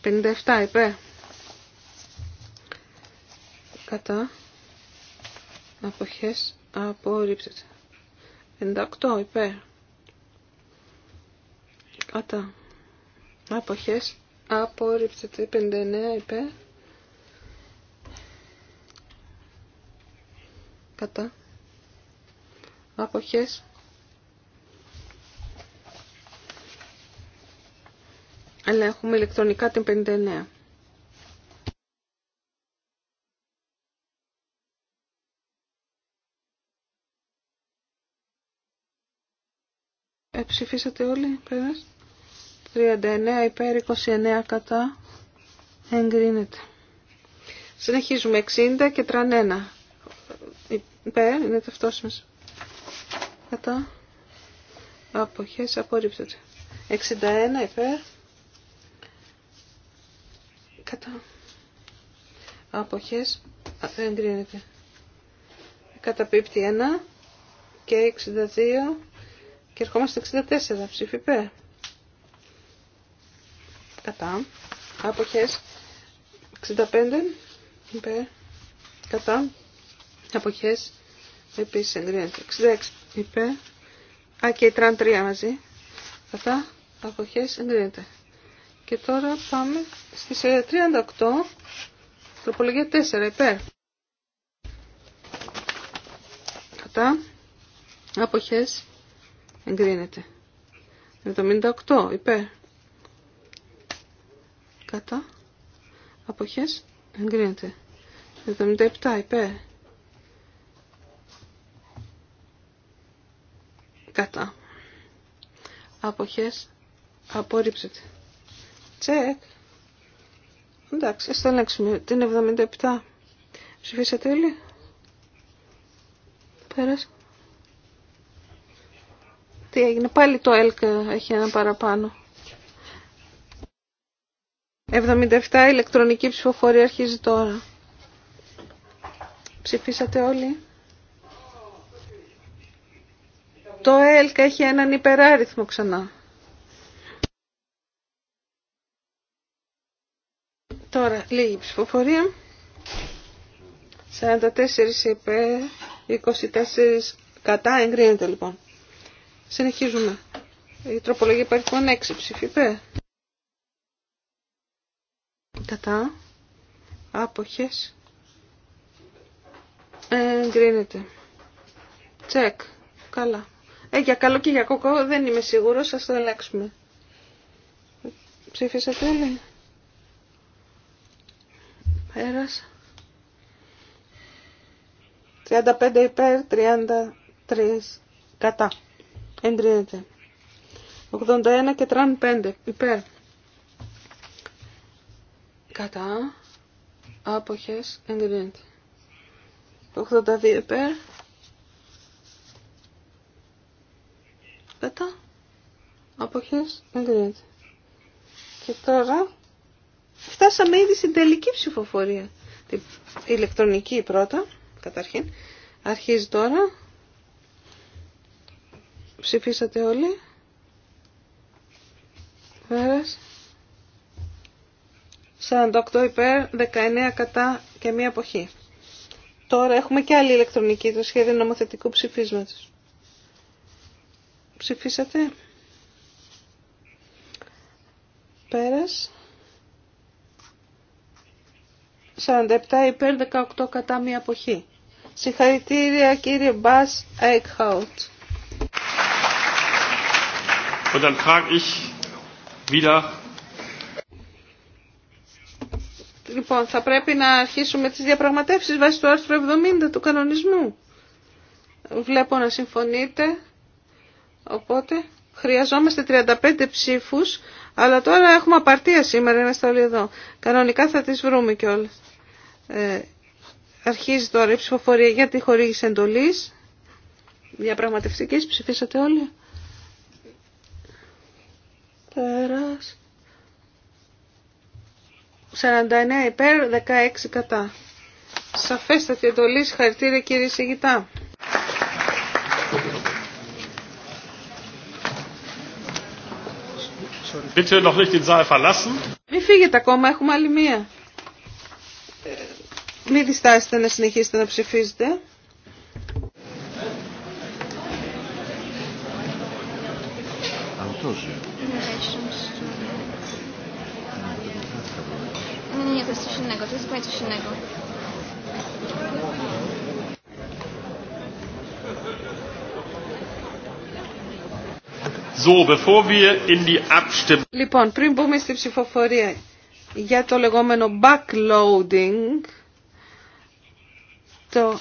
57 υπέρ. Κατά. Αποχές απορρίψεται 58 υπέρ. Κατά. Αποχές απορρίψεται 59 υπέ. κατά αποχές αλλά έχουμε ηλεκτρονικά την 59 ε, Ψηφίσατε όλοι, παιδες. 39 υπέρ, 29 κατά. Εγκρίνεται. Συνεχίζουμε 60 και 31. Υπέρ, είναι μα. Κατά. Αποχές απορρίπτεται. 61 υπέρ. Κατά. Αποχές εγκρίνεται. Καταπίπτει 1 και 62 και ερχόμαστε 64 ψήφι υπέρ. Κατά. άποχέ 65 υπέρ. Κατά. Αποχές. Επίσης εγκρίνεται. 66 υπέρ. Α, και η τραν 3 μαζί. Κατά. Αποχές εγκρίνεται. Και τώρα πάμε στη σελίδα 38. Τροπολογία 4 υπέρ. Κατά. Αποχές εγκρίνεται. 78 υπέρ. Κατά. Αποχές εγκρίνεται. 77 υπέρ. Κατά. Αποχές. Απορρίψετε. Τσεκ. Εντάξει, ας το ελέγξουμε. Την 77. Ψηφίσατε όλοι. Πέρασε. Τι έγινε. Πάλι το ΕΛΚ έχει ένα παραπάνω. 77 ηλεκτρονική ψηφοφορία αρχίζει τώρα. Ψηφίσατε όλοι. Το ΕΛΚ έχει έναν υπεράριθμο ξανά. Τώρα, λίγη ψηφοφορία. 44 υπέρ, 24 κατά, εγκρίνεται λοιπόν. Συνεχίζουμε. Η τροπολογία υπάρχει λοιπόν 6 ψήφι υπέρ. Κατά. Άποχες. Εγκρίνεται. Τσεκ. Καλά. Ε, για καλό και για κόκο δεν είμαι σίγουρος, ας το αλλάξουμε. Ψήφισατε όλοι. Πέρασα. 35 υπέρ, 33 κατά. Εντρίνεται. 81 και 35 υπέρ. Κατά. Άποχες Εντρίνεται. 82 υπέρ. Κατά. Αποχές εγκρίνεται. Και τώρα φτάσαμε ήδη στην τελική ψηφοφορία. η ηλεκτρονική πρώτα, καταρχήν. Αρχίζει τώρα. Ψηφίσατε όλοι. Πέρας. 48 υπέρ, 19 κατά και μία αποχή. Τώρα έχουμε και άλλη ηλεκτρονική, το σχέδιο νομοθετικού ψηφίσματος. Ψηφίσατε. Πέρας. 47 υπέρ 18 κατά μία αποχή. Συγχαρητήρια κύριε Μπάς Αικχάουτ. dann frage Λοιπόν, θα πρέπει να αρχίσουμε τις διαπραγματεύσεις βάσει του άρθρου 70 του κανονισμού. Βλέπω να συμφωνείτε. Οπότε χρειαζόμαστε 35 ψήφους, αλλά τώρα έχουμε απαρτία σήμερα, είμαστε όλοι εδώ. Κανονικά θα τις βρούμε και Ε, αρχίζει τώρα η ψηφοφορία για τη χορήγηση εντολής. Διαπραγματευτικής ψηφίσατε όλοι. Περά. 49 υπέρ, 16 κατά. Σαφέστατη εντολή, χαρακτήρια κύριε Σιγητά. Bitte noch nicht den Saal verlassen. Μην φύγετε ακόμα, έχουμε άλλη μία. Μην διστάσετε να συνεχίσετε να ψηφίζετε. Nie, nie, to jest coś innego, to jest zupełnie coś Λοιπόν, πριν μπούμε στη ψηφοφορία για το λεγόμενο backloading, το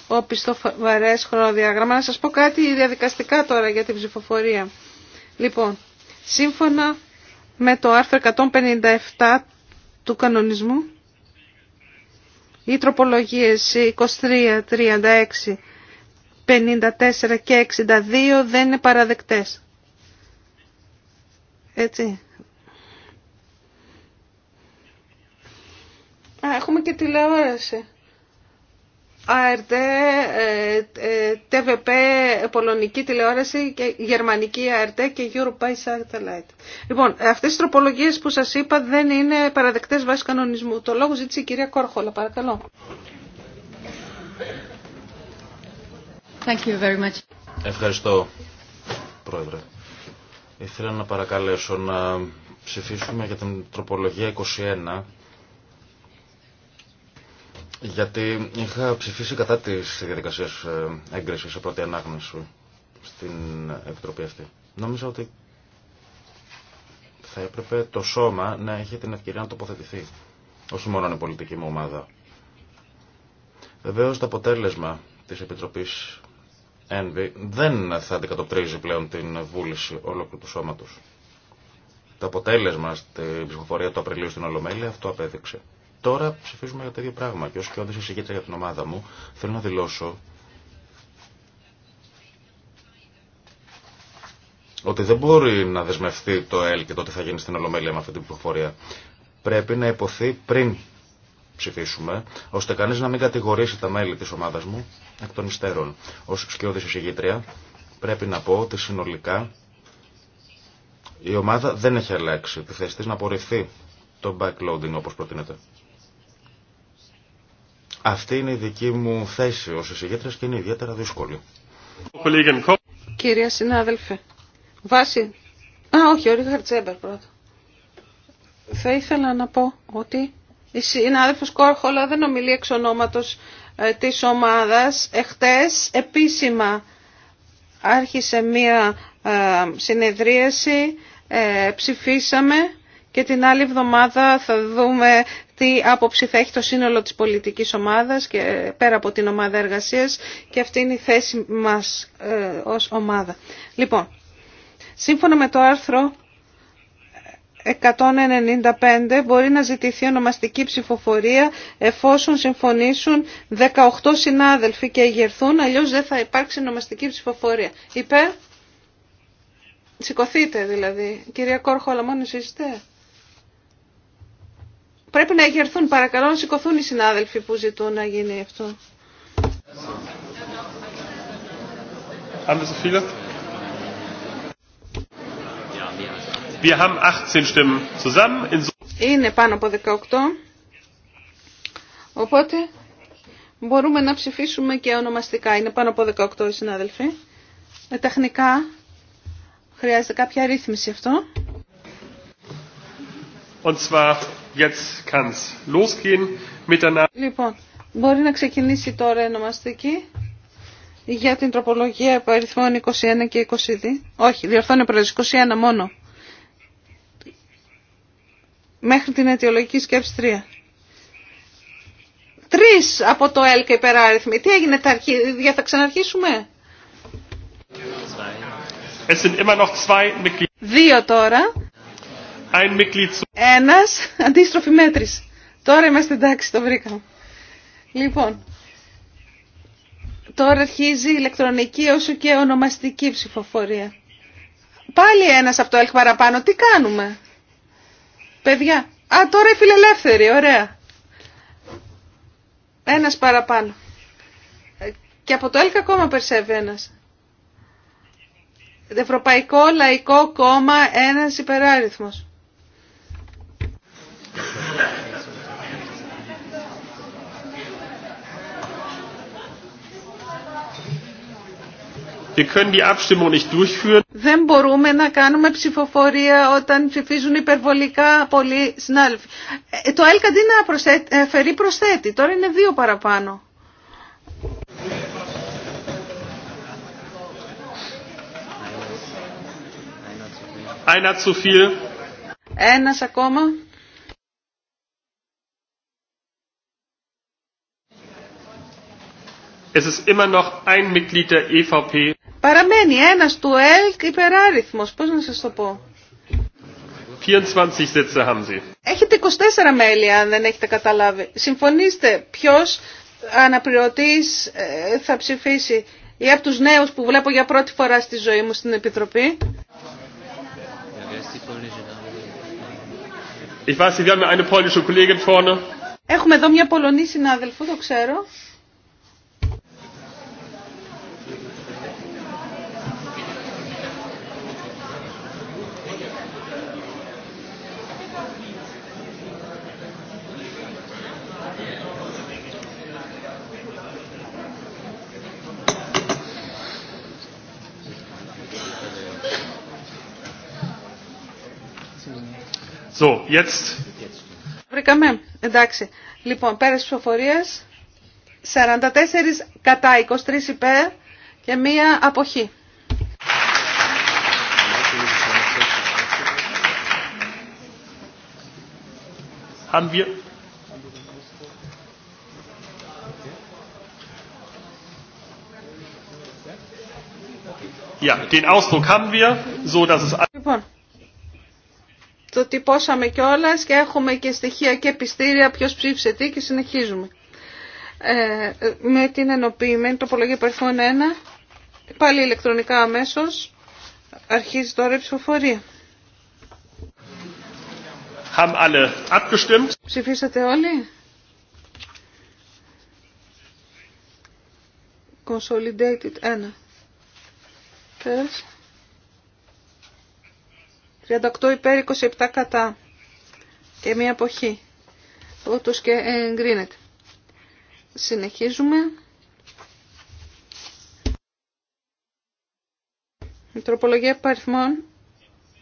βαρές χρονοδιάγραμμα, να σας πω κάτι διαδικαστικά τώρα για την ψηφοφορία. Λοιπόν, σύμφωνα με το άρθρο 157 του κανονισμού, οι τροπολογίες 23, 36, 54 και 62 δεν είναι παραδεκτές. Έτσι. Α, έχουμε και τηλεόραση. ΑΡΤ, ε, ε, ΤΒΠ, πολωνική τηλεόραση, και γερμανική ΑΡΤ και Europe Satellite. Λοιπόν, αυτές οι τροπολογίες που σας είπα δεν είναι παραδεκτές βάσει κανονισμού. Το λόγο ζήτησε η κυρία Κόρχολα, παρακαλώ. Thank you very much. Ευχαριστώ, Πρόεδρε. Ήθελα να παρακαλέσω να ψηφίσουμε για την τροπολογία 21 γιατί είχα ψηφίσει κατά της διαδικασίας ε, έγκρισης σε πρώτη ανάγνωση στην Επιτροπή αυτή. Νόμιζα ότι θα έπρεπε το σώμα να έχει την ευκαιρία να τοποθετηθεί. Όχι μόνο η πολιτική μου ομάδα. Βεβαίως το αποτέλεσμα της Επιτροπής ΕΝΒΗ δεν θα αντικατοπτρίζει πλέον την βούληση ολόκληρου του σώματος. Το αποτέλεσμα στην ψηφοφορία του Απριλίου στην Ολομέλεια αυτό απέδειξε. Τώρα ψηφίζουμε για το ίδιο πράγμα και ως και εισηγήτρια για την ομάδα μου θέλω να δηλώσω ότι δεν μπορεί να δεσμευτεί το ΕΛ και το τι θα γίνει στην Ολομέλεια με αυτή την ψηφοφορία. Πρέπει να υποθεί πριν ψηφίσουμε, ώστε κανεί να μην κατηγορήσει τα μέλη τη ομάδα μου εκ των υστέρων. Ω σκιώδη εισηγήτρια, πρέπει να πω ότι συνολικά η ομάδα δεν έχει αλλάξει. τη θέση να απορριφθεί το backloading όπως προτείνεται. Αυτή είναι η δική μου θέση ω εισηγήτρια και είναι ιδιαίτερα δύσκολη. Κυρία συνάδελφε, βάση... Α, όχι, ο Ρίχαρτ Τσέμπερ πρώτα. Θα ήθελα να πω ότι η Συναδελφο Κόρχολα δεν ομιλεί εξ ονόματος ε, της ομάδας. Εχθές επίσημα άρχισε μία ε, συνεδρίαση, ε, ψηφίσαμε και την άλλη εβδομάδα θα δούμε τι άποψη θα έχει το σύνολο της πολιτικής ομάδας και πέρα από την ομάδα εργασίας και αυτή είναι η θέση μας ως ομάδα. Λοιπόν, σύμφωνα με το άρθρο 195 μπορεί να ζητηθεί ονομαστική ψηφοφορία εφόσον συμφωνήσουν 18 συνάδελφοι και εγερθούν, αλλιώς δεν θα υπάρξει ονομαστική ψηφοφορία. Υπέρ, σηκωθείτε δηλαδή. Κυρία Κόρχολα, μόνο είστε. Πρέπει να εγερθούν, παρακαλώ να σηκωθούν οι συνάδελφοι που ζητούν να γίνει αυτό. Είναι πάνω από 18. Οπότε μπορούμε να ψηφίσουμε και ονομαστικά. Είναι πάνω από 18 οι συνάδελφοι. Ε, τεχνικά χρειάζεται κάποια ρύθμιση αυτό. Λοιπόν, μπορεί να ξεκινήσει τώρα η ονομαστική για την τροπολογία αριθμών 21 και 22. Όχι, διορθώνει ο 21 μόνο μέχρι την αιτιολογική σκέψη 3. Τρει από το ΕΛΚ και υπεράριθμοι. Τι έγινε τα αρχίδια, θα ξαναρχίσουμε. Δύο τώρα. Ένα Ένας, αντίστροφη μέτρηση. Τώρα είμαστε εντάξει, το βρήκαμε. Λοιπόν, τώρα αρχίζει η ηλεκτρονική όσο και ονομαστική ψηφοφορία. Πάλι ένας από το ΕΛΚ παραπάνω. Τι κάνουμε. Παιδιά, α, τώρα οι φιλελεύθεροι, ωραία. Ένας παραπάνω. Και από το ΕΛΚ ακόμα περισσεύει ένας. Ευρωπαϊκό Λαϊκό Κόμμα, ένας υπεράριθμος. Wir können die Abstimmung nicht durchführen. Δεν μπορούμε να κάνουμε ψηφοφορία όταν ψηφίζουν υπερβολικά πολλοί συνάδελφοι. Ε, το ΕΛΚ αντί να ε, φερεί προσθέτει. Τώρα είναι δύο παραπάνω. Ένα zu viel. Ένας ακόμα. Es ist immer noch ein Mitglied der EVP. Παραμένει ένας του ΕΛΚ υπεράριθμος, πώς να σας το πω. 24 haben Sie. Έχετε 24 μέλη αν δεν έχετε καταλάβει. Συμφωνήστε ποιος αναπληρωτής ε, θα ψηφίσει ή από τους νέους που βλέπω για πρώτη φορά στη ζωή μου στην Επιτροπή. Ich weiß, Sie haben eine polnische Έχουμε εδώ μια Πολωνή συνάδελφο, το ξέρω. So, jetzt. Βρήκαμε. Εντάξει. Λοιπόν, πέρα τη ψηφοφορία. 44 κατά 23 υπέρ και μία αποχή. Haben wir Ja, den Ausdruck haben wir, so dass es λοιπόν, το τυπώσαμε κιόλα και έχουμε και στοιχεία και επιστήρια Ποιο ψήφισε τι και συνεχίζουμε. Ε, με την ενοποιημένη τοπολογία υπερφών 1, πάλι ηλεκτρονικά αμέσω, αρχίζει τώρα η ψηφοφορία. Ψηφίσατε όλοι. Consolidated 1. 38 υπέρ 27 κατά και μία εποχή Ούτως και εγκρίνεται. Συνεχίζουμε. Η τροπολογία παριθμών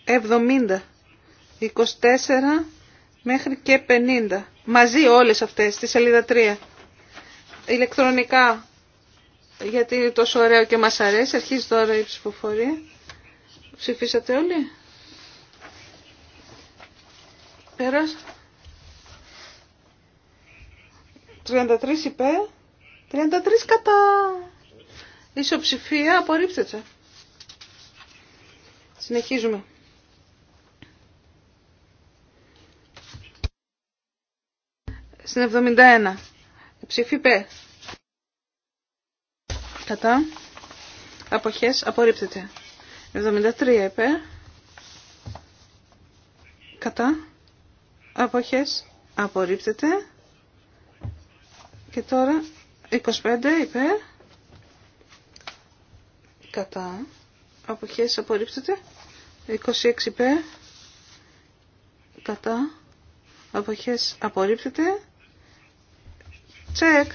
70, 24 μέχρι και 50. Μαζί όλες αυτές, στη σελίδα 3. Ηλεκτρονικά, γιατί είναι τόσο ωραίο και μας αρέσει, αρχίζει τώρα η ψηφοφορία. Ψηφίσατε όλοι. Πέρας. 33 υπέ 33 κατά. ψηφία απορρίπτεται. Συνεχίζουμε. Στην 71. Ψήφι Κατά. Αποχές απορρίπτεται. 73 υπέρ. Κατά αποχές απορρίπτεται και τώρα 25 υπέρ κατά αποχές απορρίπτεται 26 υπέρ κατά αποχές απορρίπτεται τσεκ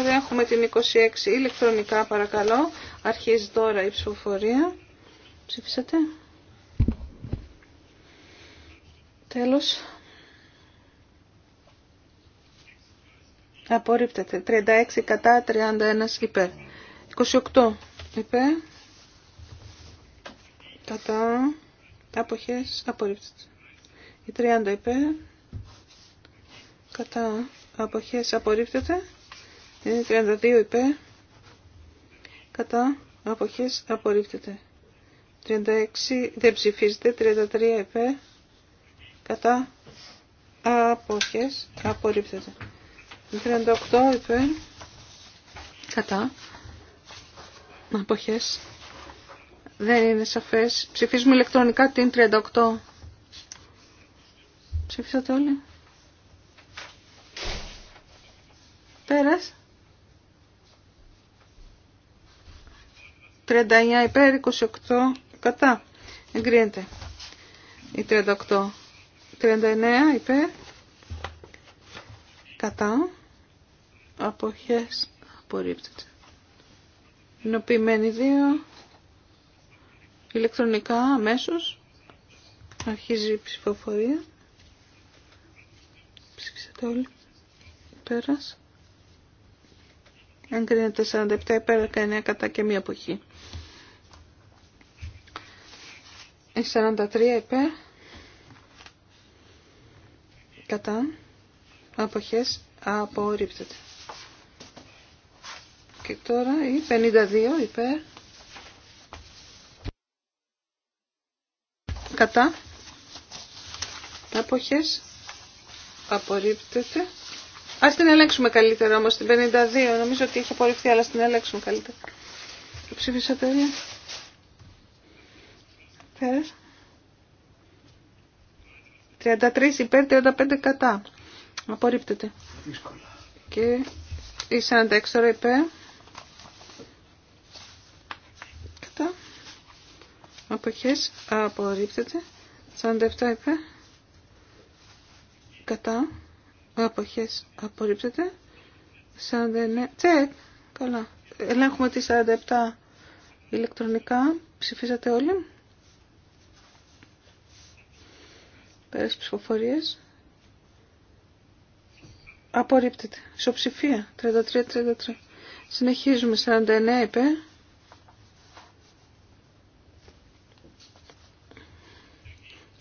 Άρα έχουμε την 26 ηλεκτρονικά παρακαλώ. Αρχίζει τώρα η ψηφοφορία. Ψήφισατε. Τέλος. Απορρίπτεται. 36 κατά, 31 υπέρ. 28 υπέρ. Κατά. Αποχές. Απορρίπτεται. Η 30 υπέρ. Κατά. Αποχές. Απορρίπτεται. Η 32 υπέρ. Κατά. Αποχές. Απορρίπτεται. 36 δεν ψηφίζεται. 33 υπέρ. Κατά. Αποχές. Απορρίπτεται. 38 υπέρ κατά αποχές δεν είναι σαφές ψηφίζουμε ηλεκτρονικά την 38 ψήφισατε όλοι πέρας 39 υπέρ 28 κατά εγκρίνεται η 38 39 υπέρ κατά αποχές απορρίπτεται. Ενωποιημένοι δύο. ηλεκτρονικά αμέσω. Αρχίζει η ψηφοφορία. Ψήφισατε όλοι. Πέρας. Εγκρίνεται 47 υπέρ 19 κατά και μία αποχή. Η 43 υπέρ κατά αποχές απορρίπτεται και τώρα η 52 υπέρ. Κατά. Αποχές. Απορρίπτεται. Ας την ελέγξουμε καλύτερα όμως την 52. Νομίζω ότι έχει απορριφθεί αλλά ας την ελέγξουμε καλύτερα. ψήφισα τέλεια. Πέρας. 33 υπέρ, 35 κατά. Απορρίπτεται. Δύσκολα. Και η 46 τώρα υπέρ. αποχές απορρίπτεται 47 είπε; κατά αποχές απορρίπτεται 49 τσεκ καλά ελέγχουμε τη 47 ηλεκτρονικά ψηφίσατε όλοι πέρας ψηφοφορίες απορρίπτεται ισοψηφία 33-33 συνεχίζουμε 49 είπε.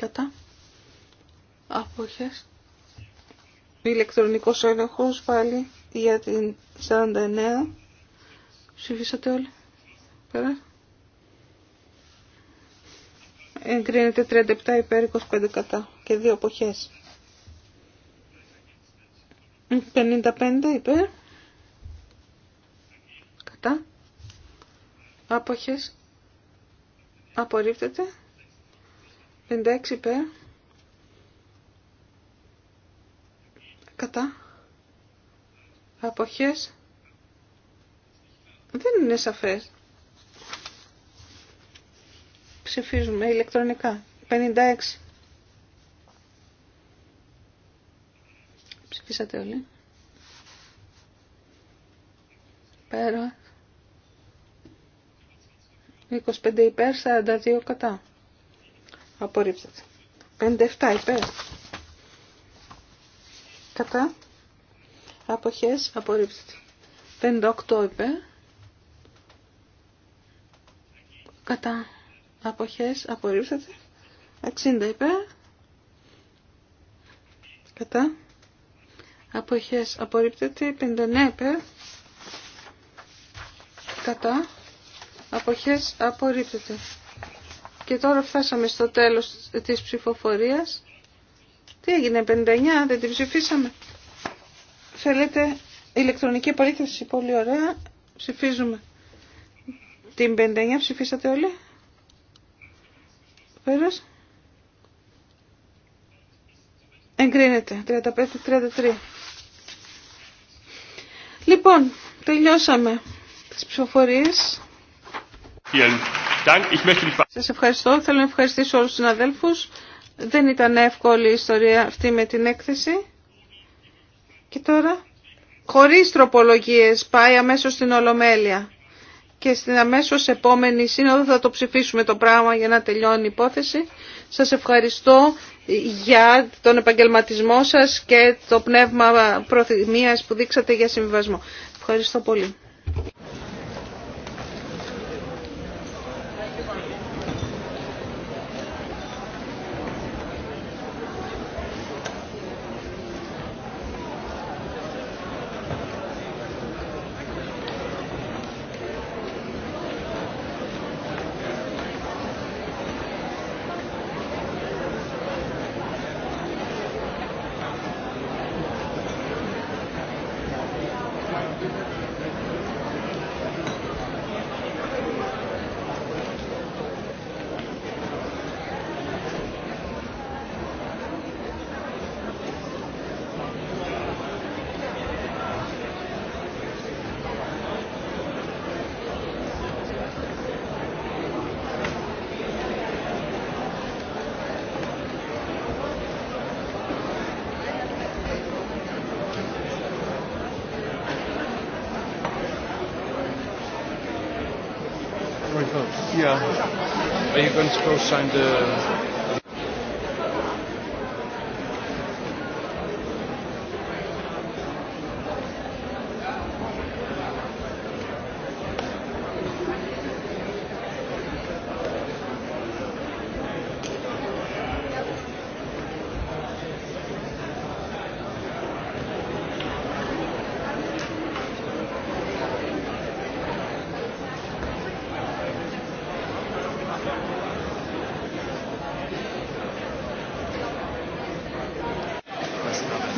κατά αποχές ηλεκτρονικός έλεγχος πάλι για την 49 ψηφίσατε όλοι πέρα εγκρίνεται 37 υπέρ 25 κατά και δύο αποχές 55 υπέρ κατά αποχές απορρίπτεται 56 υπέρ. Κατά. Αποχές. Δεν είναι σαφές. Ψηφίζουμε ηλεκτρονικά. 56. Ψηφίσατε όλοι. Πέρα. 25 υπέρ, 42 κατά. Απορρίπτεται. 57 υπέρ. Κατά. Αποχές. Απορρίπτεται. 58 υπέρ. Κατά. Αποχές. Απορρίπτεται. 60 υπέρ. Κατά. αποχέ, Απορρίπτεται. 59 υπέρ. Κατά. Αποχές. Απορρίπτεται. Και τώρα φτάσαμε στο τέλος της ψηφοφορίας. Τι έγινε, 59, δεν την ψηφίσαμε. Θέλετε ηλεκτρονική επαλήθευση, πολύ ωραία. Ψηφίζουμε. Την 59 ψηφίσατε όλοι. Πέρας. Εγκρίνεται. 35-33. Λοιπόν, τελειώσαμε τις ψηφοφορίες. Σας ευχαριστώ. Θέλω να ευχαριστήσω όλους τους συναδέλφους. Δεν ήταν εύκολη η ιστορία αυτή με την έκθεση. Και τώρα, χωρίς τροπολογίες, πάει αμέσως στην Ολομέλεια. Και στην αμέσως επόμενη σύνοδο θα το ψηφίσουμε το πράγμα για να τελειώνει η υπόθεση. Σας ευχαριστώ για τον επαγγελματισμό σας και το πνεύμα προθυμίας που δείξατε για συμβιβασμό. Ευχαριστώ πολύ. Hans Gross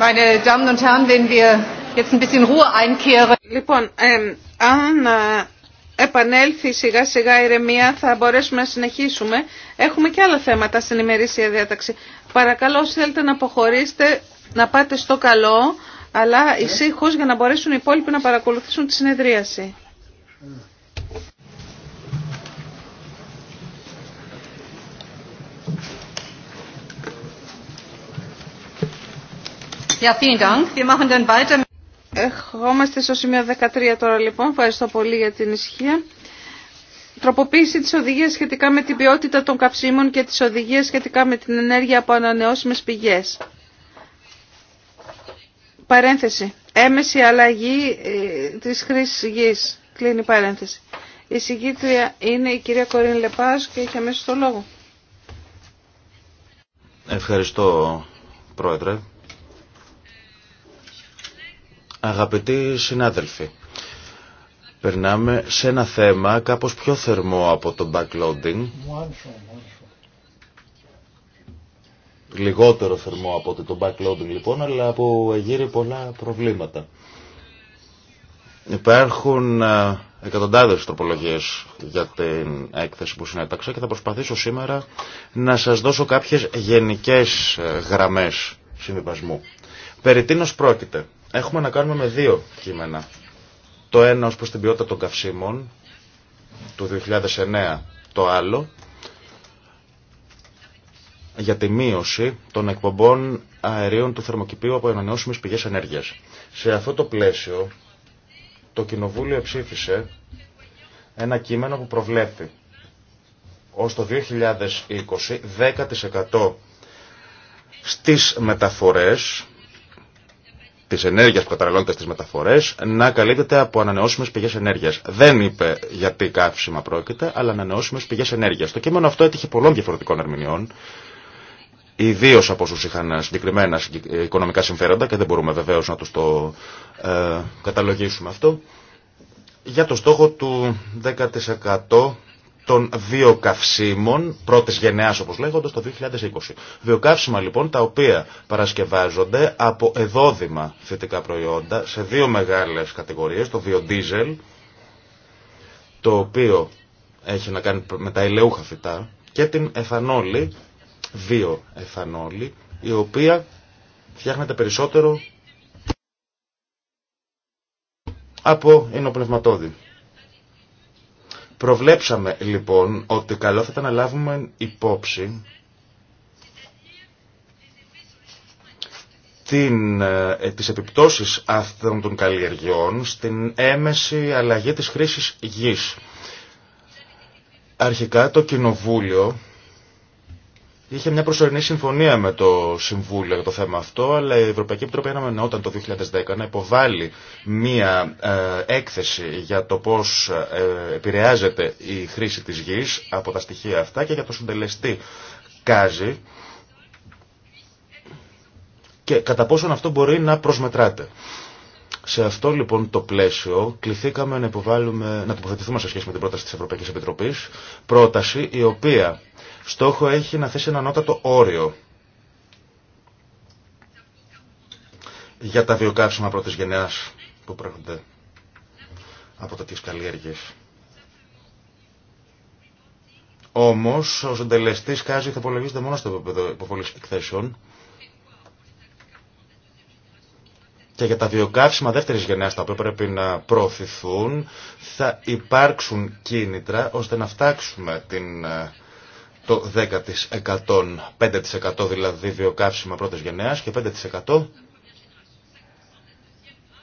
Meine Damen und Herren, Λοιπόν, αν ε, επανέλθει σιγά σιγά η ηρεμία θα μπορέσουμε να συνεχίσουμε. Έχουμε και άλλα θέματα στην ημερήσια διάταξη. Παρακαλώ όσοι θέλετε να αποχωρήσετε, να πάτε στο καλό, αλλά ησύχω για να μπορέσουν οι υπόλοιποι να παρακολουθήσουν τη συνεδρίαση. Ε. Ερχόμαστε στο σημείο 13 τώρα λοιπόν. Ευχαριστώ πολύ για την ησυχία. Τροποποίηση τη οδηγία σχετικά με την ποιότητα των καυσίμων και της οδηγίας σχετικά με την ενέργεια από ανανεώσιμες πηγές. Παρένθεση. Έμεση αλλαγή ε, της χρήση γη. Κλείνει παρένθεση. Η συγκήτρια είναι η κυρία Κορίν Λεπάς και έχει αμέσως το λόγο. Ευχαριστώ πρόεδρε. Αγαπητοί συνάδελφοι, περνάμε σε ένα θέμα κάπως πιο θερμό από το backloading, λιγότερο θερμό από το backloading λοιπόν, αλλά από γύρει πολλά προβλήματα. Υπάρχουν ε, εκατοντάδες τροπολογίες για την έκθεση που συνέταξα και θα προσπαθήσω σήμερα να σας δώσω κάποιες γενικές ε, γραμμές συμβιβασμού. Περί τίνος πρόκειται έχουμε να κάνουμε με δύο κείμενα. Το ένα ως προς την ποιότητα των καυσίμων του 2009, το άλλο για τη μείωση των εκπομπών αερίων του θερμοκηπίου από ανανεώσιμες πηγές ενέργειας. Σε αυτό το πλαίσιο το Κοινοβούλιο ψήφισε ένα κείμενο που προβλέπει ως το 2020 10% στις μεταφορές τη ενέργεια που καταναλώνεται στι μεταφορέ να καλύπτεται από ανανεώσιμε πηγέ ενέργεια. Δεν είπε γιατί καύσιμα πρόκειται, αλλά ανανεώσιμε πηγέ ενέργεια. Το κείμενο αυτό έτυχε πολλών διαφορετικών ερμηνεών, ιδίω από όσου είχαν συγκεκριμένα οικονομικά συμφέροντα και δεν μπορούμε βεβαίω να του το ε, καταλογίσουμε αυτό, για το στόχο του 10% των βιοκαυσίμων πρώτης γενεάς όπως λέγονται το 2020. Βιοκαύσιμα λοιπόν τα οποία παρασκευάζονται από εδόδημα θετικά προϊόντα σε δύο μεγάλες κατηγορίες, το βιοντίζελ το οποίο έχει να κάνει με τα ελαιούχα φυτά και την εθανόλη, βιοεθανόλη η οποία φτιάχνεται περισσότερο από ενοπνευματόδη. Προβλέψαμε λοιπόν ότι καλό θα ήταν να λάβουμε υπόψη την, ε, τις επιπτώσεις αυτών των καλλιεργειών στην έμεση αλλαγή της χρήσης γης. Αρχικά το Κοινοβούλιο Είχε μια προσωρινή συμφωνία με το Συμβούλιο για το θέμα αυτό, αλλά η Ευρωπαϊκή Επιτροπή αναμενόταν το 2010 να υποβάλει μια ε, έκθεση για το πώς ε, επηρεάζεται η χρήση της γης από τα στοιχεία αυτά και για το συντελεστή κάζι και κατά πόσον αυτό μπορεί να προσμετράται. Σε αυτό λοιπόν το πλαίσιο κληθήκαμε να, να τοποθετηθούμε σε σχέση με την πρόταση της Ευρωπαϊκής Επιτροπής, πρόταση η οποία Στόχο έχει να θέσει ένα ανώτατο όριο για τα βιοκάψιμα πρώτης γενιάς που προέρχονται από τέτοιες καλλιέργειες. Όμως, ο συντελεστής Κάζη θα υπολογίζεται μόνο στο επίπεδο υποβολής εκθέσεων και για τα βιοκαύσιμα δεύτερης γενιάς τα οποία πρέπει να προωθηθούν θα υπάρξουν κίνητρα ώστε να φτάξουμε την ε, το 10%, 5% δηλαδή βιοκαύσιμα πρώτης γενναίας και 5%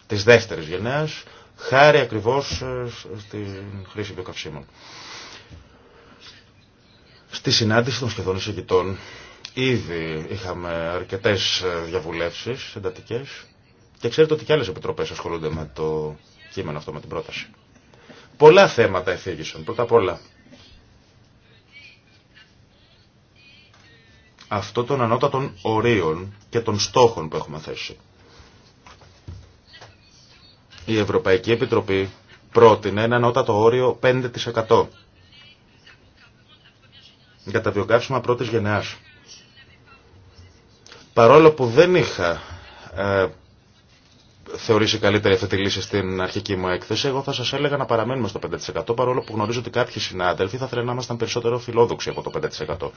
της δεύτερης γενναίας, χάρη ακριβώς ε, στη χρήση βιοκαυσίμων. Στη συνάντηση των σχεδόν εισηγητών ήδη είχαμε αρκετές ε, διαβουλεύσεις εντατικές και ξέρετε ότι και άλλες επιτροπές ασχολούνται με το κείμενο αυτό, με την πρόταση. Πολλά θέματα εφήγησαν. Πρώτα απ' όλα αυτό των ανώτατων ορίων και των στόχων που έχουμε θέσει. Η Ευρωπαϊκή Επιτροπή πρότεινε ένα ανώτατο όριο 5% για τα βιοκαύσιμα πρώτης γενεάς. Παρόλο που δεν είχα ε, θεωρήσει καλύτερη αυτή τη λύση στην αρχική μου έκθεση, εγώ θα σας έλεγα να παραμένουμε στο 5% παρόλο που γνωρίζω ότι κάποιοι συνάδελφοι θα θέλουν να ήμασταν περισσότερο φιλόδοξοι από το 5%.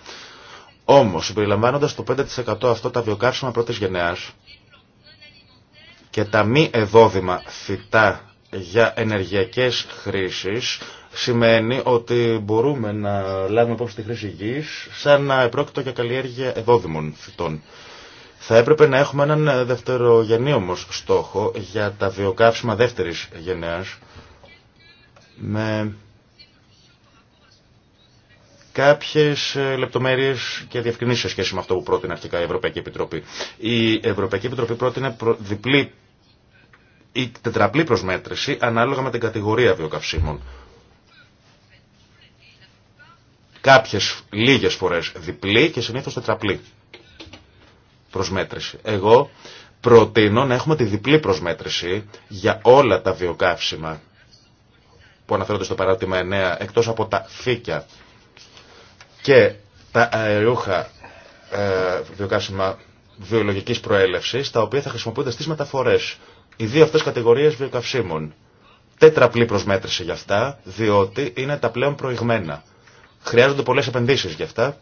Όμως, συμπεριλαμβάνοντας το 5% αυτό τα βιοκάψιμα πρώτης γενεάς και τα μη εδόδημα φυτά για ενεργειακές χρήσεις, σημαίνει ότι μπορούμε να λάβουμε υπόψη τη χρήση γης σαν να επρόκειτο για καλλιέργεια εδόδημων φυτών. Θα έπρεπε να έχουμε έναν δευτερογενή όμω στόχο για τα βιοκάψιμα δεύτερης γενεάς με κάποιε λεπτομέρειε και διευκρινήσει σε σχέση με αυτό που πρότεινε αρχικά η Ευρωπαϊκή Επιτροπή. Η Ευρωπαϊκή Επιτροπή πρότεινε διπλή ή τετραπλή προσμέτρηση ανάλογα με την κατηγορία βιοκαυσίμων. Κάποιες λίγες φορές διπλή και συνήθως τετραπλή προσμέτρηση. Εγώ προτείνω να έχουμε τη διπλή προσμέτρηση για όλα τα βιοκαύσιμα που αναφέρονται στο παράδειγμα 9 εκτός από τα φύκια και τα αερούχα ε, βιοκάσιμα βιολογικής προέλευσης, τα οποία θα χρησιμοποιούνται στις μεταφορές. Οι δύο αυτές κατηγορίες βιοκαυσίμων. Τέτραπλή προσμέτρηση για αυτά, διότι είναι τα πλέον προηγμένα. Χρειάζονται πολλές επενδύσεις για αυτά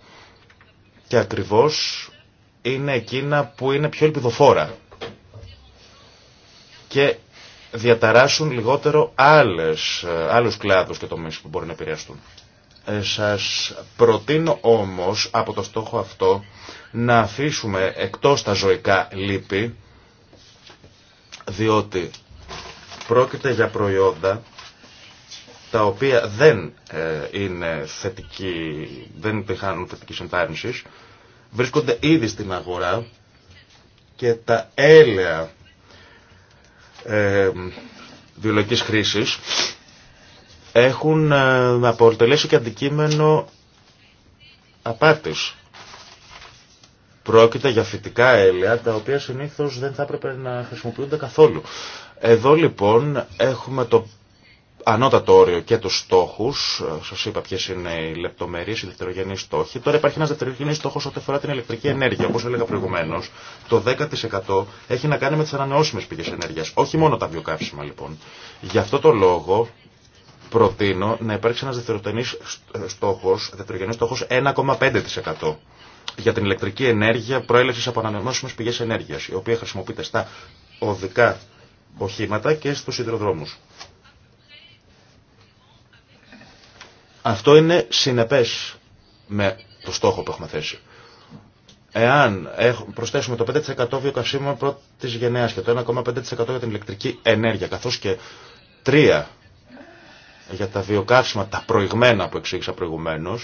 και ακριβώς είναι εκείνα που είναι πιο ελπιδοφόρα και διαταράσσουν λιγότερο άλλες, ε, άλλους κλάδους και τομείς που μπορούν να επηρεαστούν. Σας προτείνω όμως από το στόχο αυτό να αφήσουμε εκτός τα ζωικά λύπη διότι πρόκειται για προϊόντα τα οποία δεν ε, είναι θετική, δεν θετική ενθάρρυνση, βρίσκονται ήδη στην αγορά και τα έλεα ε, βιολογικής χρήσης έχουν ε, αποτελέσει και αντικείμενο απάτης. Πρόκειται για φυτικά έλαια, τα οποία συνήθως δεν θα έπρεπε να χρησιμοποιούνται καθόλου. Εδώ λοιπόν έχουμε το ανώτατο όριο και τους στόχους. Ε, σας είπα ποιες είναι οι λεπτομερείς, οι δευτερογενείς στόχοι. Τώρα υπάρχει ένας δευτερογενής στόχος ό,τι αφορά την ηλεκτρική ενέργεια. Όπως έλεγα προηγουμένως, το 10% έχει να κάνει με τις ανανεώσιμες πηγές ενέργειας. Όχι μόνο τα βιοκαύσιμα λοιπόν. Γι' αυτό το λόγο προτείνω να υπάρξει ένας δευτεροτενής στόχος, δευτερογενής στόχος 1,5% για την ηλεκτρική ενέργεια προέλευση από ανανεώσιμες πηγές ενέργειας, η οποία χρησιμοποιείται στα οδικά οχήματα και στους σιδηροδρόμους. Αυτό είναι συνεπές με το στόχο που έχουμε θέσει. Εάν προσθέσουμε το 5% βιοκαυσίμων πρώτης γενναίας και το 1,5% για την ηλεκτρική ενέργεια, καθώς και τρία για τα βιοκαύσιμα, τα προηγμένα που εξήγησα προηγουμένω,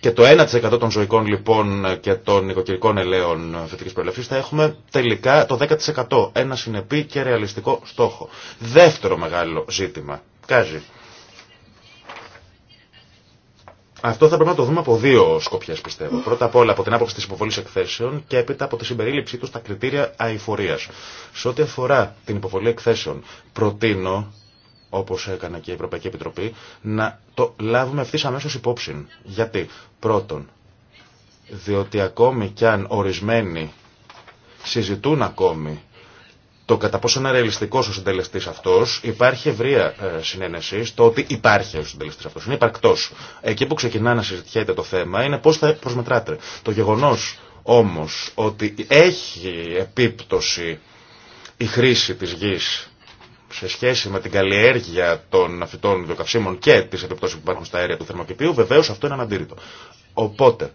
και το 1% των ζωικών λοιπόν και των οικοκυρικών ελαίων φυτικής προελευθή, θα έχουμε τελικά το 10%. Ένα συνεπή και ρεαλιστικό στόχο. Δεύτερο μεγάλο ζήτημα. Κάζει. Αυτό θα πρέπει να το δούμε από δύο σκοπιές πιστεύω. Πρώτα απ' όλα από την άποψη της υποβολής εκθέσεων και έπειτα από τη συμπερίληψή του στα κριτήρια αηφορίας. Σε ό,τι αφορά την υποβολή εκθέσεων προτείνω Όπω έκανε και η Ευρωπαϊκή Επιτροπή, να το λάβουμε ευθύ αμέσω υπόψη. Γιατί, πρώτον, διότι ακόμη κι αν ορισμένοι συζητούν ακόμη το κατά πόσο είναι ρεαλιστικό ο συντελεστή αυτό, υπάρχει ευρεία ε, συνένεση στο ότι υπάρχει ο συντελεστή αυτό. Είναι υπαρκτό. Εκεί που ξεκινά να συζητιέται το θέμα είναι πώ θα προσμετράτε. Το γεγονό όμω ότι έχει επίπτωση η χρήση της γης σε σχέση με την καλλιέργεια των φυτών βιοκαυσίμων και τις επιπτώσεις που υπάρχουν στα αέρια του θερμοκηπίου, βεβαίως αυτό είναι αναντήρητο. Οπότε,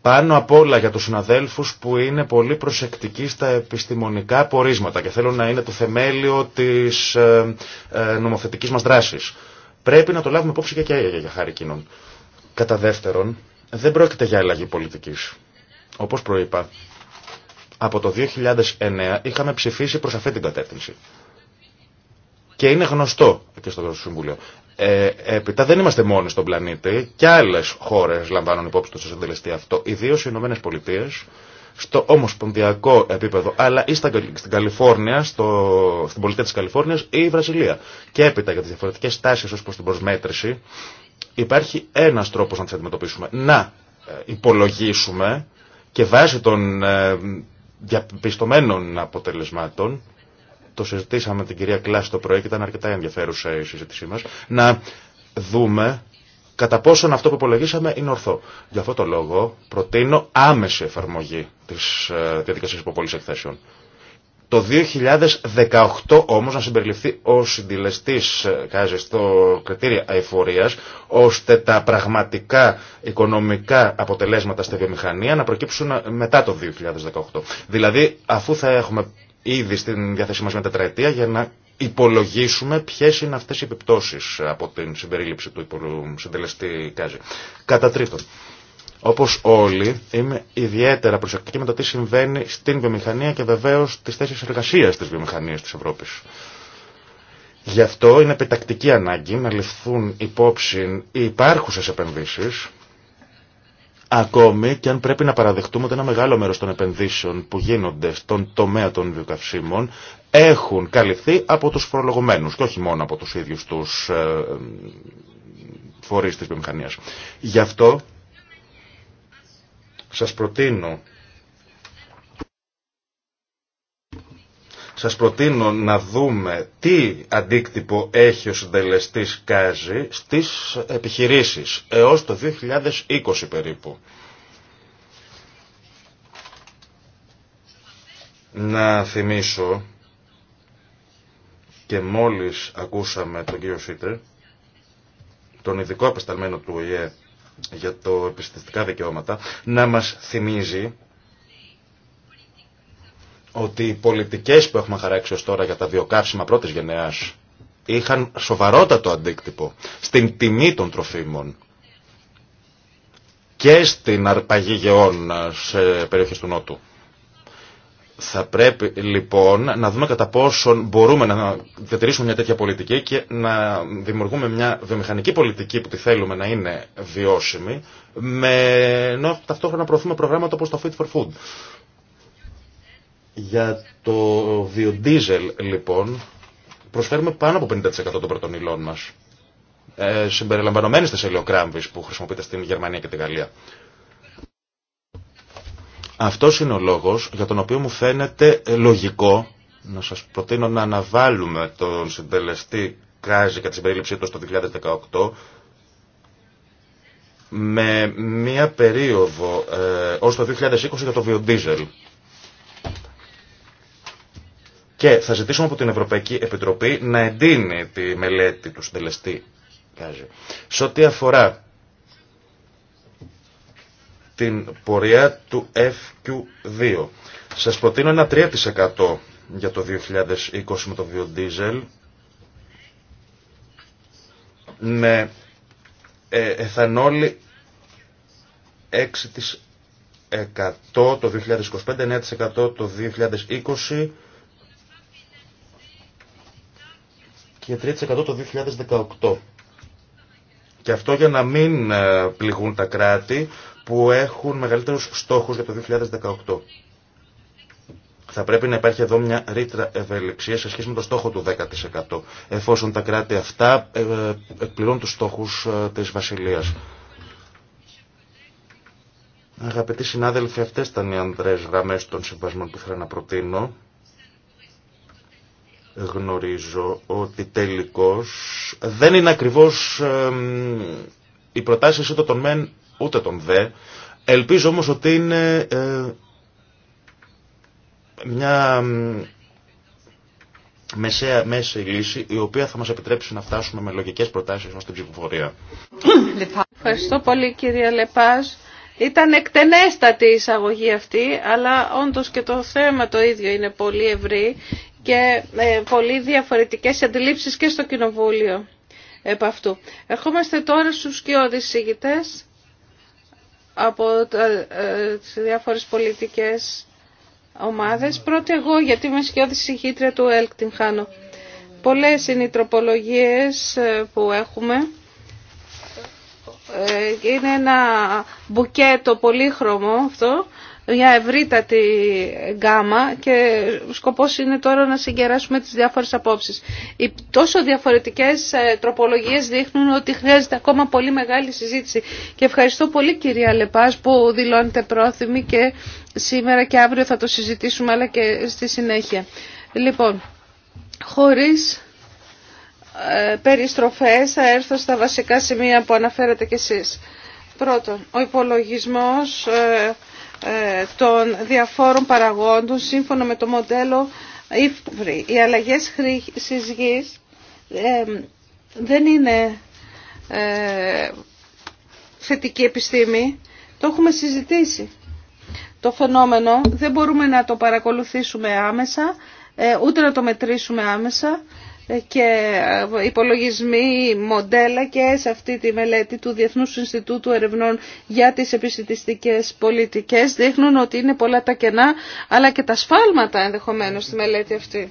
πάνω απ' όλα για τους συναδέλφους που είναι πολύ προσεκτικοί στα επιστημονικά πορίσματα και θέλουν να είναι το θεμέλιο της ε, ε, νομοθετικής μας δράσης. Πρέπει να το λάβουμε υπόψη και, για χάρη κοινων. Κατά δεύτερον, δεν πρόκειται για αλλαγή πολιτικής. Όπως προείπα, από το 2009 είχαμε ψηφίσει προς αυτή την κατεύθυνση. Και είναι γνωστό και στο Συμβούλιο. Ε, έπειτα δεν είμαστε μόνοι στον πλανήτη και άλλες χώρες λαμβάνουν υπόψη το συντελεστή αυτό, ιδίως οι Ηνωμένες Πολιτείες, στο ομοσπονδιακό επίπεδο, αλλά ή στα, στην Καλιφόρνια, στο, στην πολιτεία της Καλιφόρνιας ή η Βραζιλία. Και έπειτα για τις διαφορετικές τάσεις ως προς την προσμέτρηση, υπάρχει ένας τρόπος να τις αντιμετωπίσουμε. Να ε, υπολογίσουμε και βάσει των ε, διαπιστωμένων αποτελεσμάτων, το συζητήσαμε με την κυρία Κλάση το πρωί και ήταν αρκετά ενδιαφέρουσα η συζήτησή μας, να δούμε κατά πόσον αυτό που υπολογίσαμε είναι ορθό. Γι' αυτό το λόγο προτείνω άμεση εφαρμογή της ε, διαδικασίας υποβολής εκθέσεων. Το 2018 όμως να συμπεριληφθεί ο συντηλεστής ε, κάζε στο κριτήριο αηφορίας ώστε τα πραγματικά οικονομικά αποτελέσματα στη βιομηχανία να προκύψουν ε, μετά το 2018. Δηλαδή αφού θα έχουμε ήδη στην διάθεσή μας μια τετραετία για να υπολογίσουμε ποιες είναι αυτές οι επιπτώσεις ε, από την συμπερίληψη του συντηλεστή κάζη. Κατά τρίτον, όπως όλοι, είμαι ιδιαίτερα προσεκτική με το τι συμβαίνει στην βιομηχανία και βεβαίως τις θέσει εργασία της βιομηχανίας της Ευρώπης. Γι' αυτό είναι επιτακτική ανάγκη να ληφθούν υπόψη οι υπάρχουσε επενδύσεις, ακόμη και αν πρέπει να παραδεχτούμε ότι ένα μεγάλο μέρος των επενδύσεων που γίνονται στον τομέα των βιοκαυσίμων έχουν καλυφθεί από του φορολογωμένου και όχι μόνο από τους ίδιους τους ε, φορεί τη βιομηχανία. Γι' αυτό σας προτείνω σας προτείνω να δούμε τι αντίκτυπο έχει ο συντελεστής Κάζη στις επιχειρήσεις έως το 2020 περίπου. Να θυμίσω και μόλις ακούσαμε τον κύριο Σίτερ, τον ειδικό απεσταλμένο του ΟΗΕ για το επιστημιστικά δικαιώματα να μας θυμίζει ότι οι πολιτικές που έχουμε χαράξει ως τώρα για τα βιοκαύσιμα πρώτης γενεάς είχαν σοβαρότατο αντίκτυπο στην τιμή των τροφίμων και στην αρπαγή γεών σε περιοχές του Νότου. Θα πρέπει λοιπόν να δούμε κατά πόσον μπορούμε να διατηρήσουμε μια τέτοια πολιτική και να δημιουργούμε μια βιομηχανική πολιτική που τη θέλουμε να είναι βιώσιμη, με... ενώ ταυτόχρονα προωθούμε προγράμματα όπως το Fit for Food. Για το βιοντίζελ λοιπόν προσφέρουμε πάνω από 50% των πρώτων υλών μας, ε, συμπεριλαμβανομένης της που χρησιμοποιείται στην Γερμανία και τη Γαλλία. Αυτό είναι ο λόγος για τον οποίο μου φαίνεται ε, λογικό να σας προτείνω να αναβάλουμε τον συντελεστή Κράζη κατά την συμπερίληψή του στο 2018 με μία περίοδο ε, ως το 2020 για το βιοντίζελ. Και θα ζητήσουμε από την Ευρωπαϊκή Επιτροπή να εντείνει τη μελέτη του συντελεστή Κράζη. Σε ό,τι αφορά την πορεία του FQ2. Σας προτείνω ένα 3% για το 2020 με το βιοντίζελ με ε, εθανόλη 6% το 2025, 9% το 2020 και 3% το 2018. Και αυτό για να μην ε, πληγούν τα κράτη που έχουν μεγαλύτερους στόχους για το 2018. Θα πρέπει να υπάρχει εδώ μια ρήτρα ευελιξία σε σχέση με το στόχο του 10% εφόσον τα κράτη αυτά ε, εκπληρώνουν τους στόχους ε, της Βασιλείας. Αγαπητοί συνάδελφοι, αυτές ήταν οι ανδρές γραμμές των συμβασμών που ήθελα να προτείνω. Γνωρίζω ότι τελικώς δεν είναι ακριβώς οι προτάσεις ούτε των μεν ούτε τον δε. Ελπίζω όμως ότι είναι ε, μια μεσαία, μέση λύση η οποία θα μας επιτρέψει να φτάσουμε με λογικές προτάσεις μας στην ψηφοφορία. Ευχαριστώ πολύ κύριε Λεπάς. Ήταν εκτενέστατη η εισαγωγή αυτή, αλλά όντως και το θέμα το ίδιο είναι πολύ ευρύ και ε, πολύ διαφορετικές αντιλήψεις και στο Κοινοβούλιο επ' αυτού. Ερχόμαστε τώρα στους κοιόδης συγητές από ε, τις διάφορες πολιτικές ομάδες. Πρώτη εγώ, γιατί είμαι σκιώδη συγχύτρια του ΕΛΚ, την χάνω. Πολλές είναι οι τροπολογίες ε, που έχουμε. Ε, είναι ένα μπουκέτο πολύχρωμο αυτό μια ευρύτατη γκάμα και σκοπός είναι τώρα να συγκεράσουμε τις διάφορες απόψεις. Οι τόσο διαφορετικές ε, τροπολογίες δείχνουν ότι χρειάζεται ακόμα πολύ μεγάλη συζήτηση. Και ευχαριστώ πολύ κυρία Λεπάς που δηλώνετε πρόθυμη και σήμερα και αύριο θα το συζητήσουμε αλλά και στη συνέχεια. Λοιπόν, χωρίς ε, περιστροφές θα έρθω στα βασικά σημεία που αναφέρατε κι εσείς. Πρώτον, ο υπολογισμός ε, ε, των διαφόρων παραγόντων σύμφωνα με το μοντέλο ΙΦΡΙ. Οι αλλαγές χρήσης γης ε, δεν είναι ε, θετική επιστήμη. Το έχουμε συζητήσει. Το φαινόμενο δεν μπορούμε να το παρακολουθήσουμε άμεσα, ούτε να το μετρήσουμε άμεσα και ε, υπολογισμοί, μοντέλα και σε αυτή τη μελέτη του Διεθνούς Ινστιτούτου Ερευνών για τις επιστημιστικές πολιτικές δείχνουν ότι είναι πολλά τα κενά αλλά και τα σφάλματα ενδεχομένως στη μελέτη αυτή.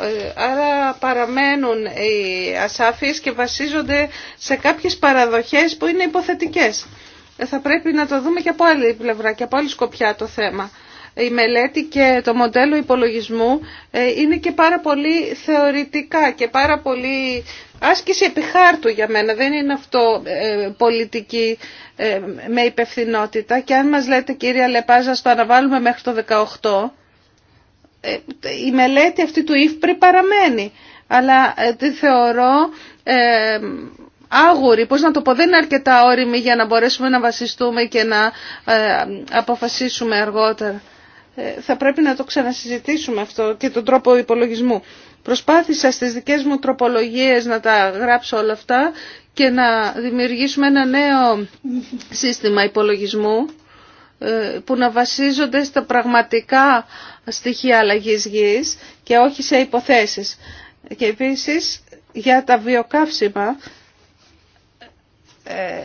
Ε, άρα παραμένουν οι ασάφειες και βασίζονται σε κάποιες παραδοχές που είναι υποθετικές. Ε, θα πρέπει να το δούμε και από άλλη πλευρά και από άλλη σκοπιά το θέμα η μελέτη και το μοντέλο υπολογισμού ε, είναι και πάρα πολύ θεωρητικά και πάρα πολύ άσκηση επιχάρτου για μένα. Δεν είναι αυτό ε, πολιτική ε, με υπευθυνότητα. Και αν μας λέτε κύριε Λεπάζα, το αναβάλουμε μέχρι το 18, η μελέτη αυτή του ΙΦΠΡΙ παραμένει. Αλλά τη θεωρώ άγουροι, πώς να το πω, δεν είναι αρκετά όρημη για να μπορέσουμε να βασιστούμε και να αποφασίσουμε αργότερα. Ε, θα πρέπει να το ξανασυζητήσουμε αυτό και τον τρόπο υπολογισμού. Προσπάθησα στις δικές μου τροπολογίες να τα γράψω όλα αυτά και να δημιουργήσουμε ένα νέο σύστημα υπολογισμού ε, που να βασίζονται στα πραγματικά στοιχεία αλλαγής γης και όχι σε υποθέσεις. Και επίσης για τα βιοκαύσιμα ε,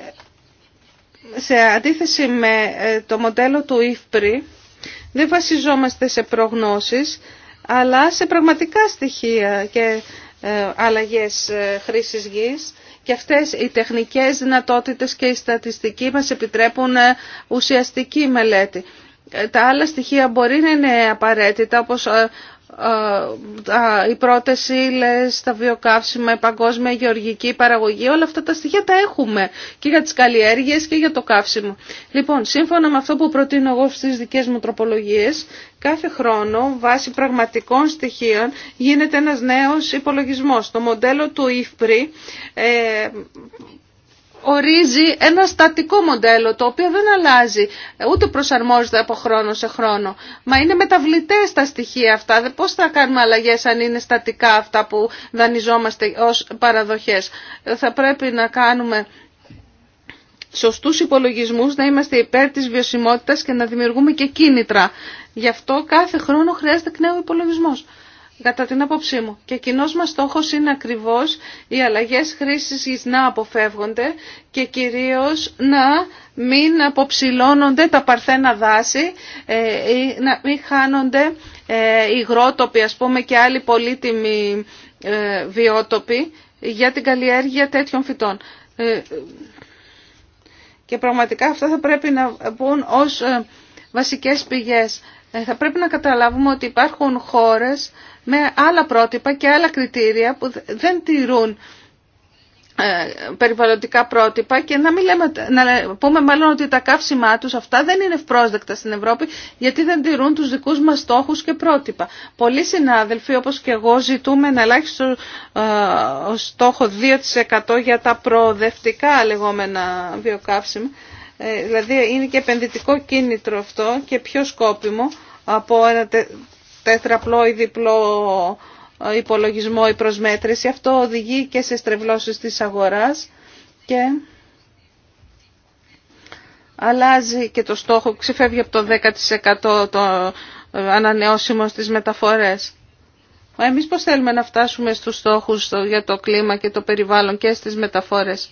σε αντίθεση με το μοντέλο του ΙΦΠΡΙ δεν βασιζόμαστε σε προγνώσεις, αλλά σε πραγματικά στοιχεία και ε, αλλαγές ε, χρήσης γης. Και αυτές οι τεχνικές δυνατότητες και οι στατιστική μας επιτρέπουν ε, ουσιαστική μελέτη. Τα άλλα στοιχεία μπορεί να είναι απαραίτητα, όπως ε, οι πρόταση ύλε, τα βιοκαύσιμα, η παγκόσμια γεωργική παραγωγή, όλα αυτά τα στοιχεία τα έχουμε και για τις καλλιέργειες και για το καύσιμο. Λοιπόν, σύμφωνα με αυτό που προτείνω εγώ στις δικές μου τροπολογίες, κάθε χρόνο βάσει πραγματικών στοιχείων γίνεται ένας νέος υπολογισμός. Το μοντέλο του ΙΦΠΡΙ ε, ορίζει ένα στατικό μοντέλο το οποίο δεν αλλάζει ούτε προσαρμόζεται από χρόνο σε χρόνο. Μα είναι μεταβλητές τα στοιχεία αυτά. Πώς θα κάνουμε αλλαγές αν είναι στατικά αυτά που δανειζόμαστε ως παραδοχές. Ε, θα πρέπει να κάνουμε σωστούς υπολογισμούς, να είμαστε υπέρ της βιωσιμότητας και να δημιουργούμε και κίνητρα. Γι' αυτό κάθε χρόνο χρειάζεται νέο υπολογισμός κατά την απόψή μου. Και κοινό μα στόχο είναι ακριβώ οι αλλαγέ χρήση να αποφεύγονται και κυρίω να μην αποψηλώνονται τα παρθένα δάση ε, ή να μην χάνονται υγρότοποι ε, ας πούμε και άλλοι πολύτιμοι ε, βιότοποι για την καλλιέργεια τέτοιων φυτών. Και πραγματικά αυτά θα πρέπει να μπουν ως βασικές πηγές. Θα πρέπει να καταλάβουμε ότι υπάρχουν χώρες με άλλα πρότυπα και άλλα κριτήρια που δεν τηρούν ε, περιβαλλοντικά πρότυπα και να μην λέμε, να πούμε μάλλον ότι τα καύσιμά τους αυτά δεν είναι ευπρόσδεκτα στην Ευρώπη γιατί δεν τηρούν τους δικούς μας στόχους και πρότυπα. Πολλοί συνάδελφοι όπως και εγώ ζητούμε ένα ελάχιστο ε, στόχο 2% για τα προοδευτικά λεγόμενα βιοκαύσιμα. Ε, δηλαδή είναι και επενδυτικό κίνητρο αυτό και πιο σκόπιμο από ένα τέτραπλό ή διπλό ε, υπολογισμό ή προσμέτρηση. Αυτό οδηγεί και σε στρεβλώσεις της αγοράς και αλλάζει και το στόχο, ξεφεύγει από το 10% το ε, ανανεώσιμο στις μεταφορές. Μα εμείς πώς θέλουμε να φτάσουμε στους στόχους για το κλίμα και το περιβάλλον και στις μεταφορές.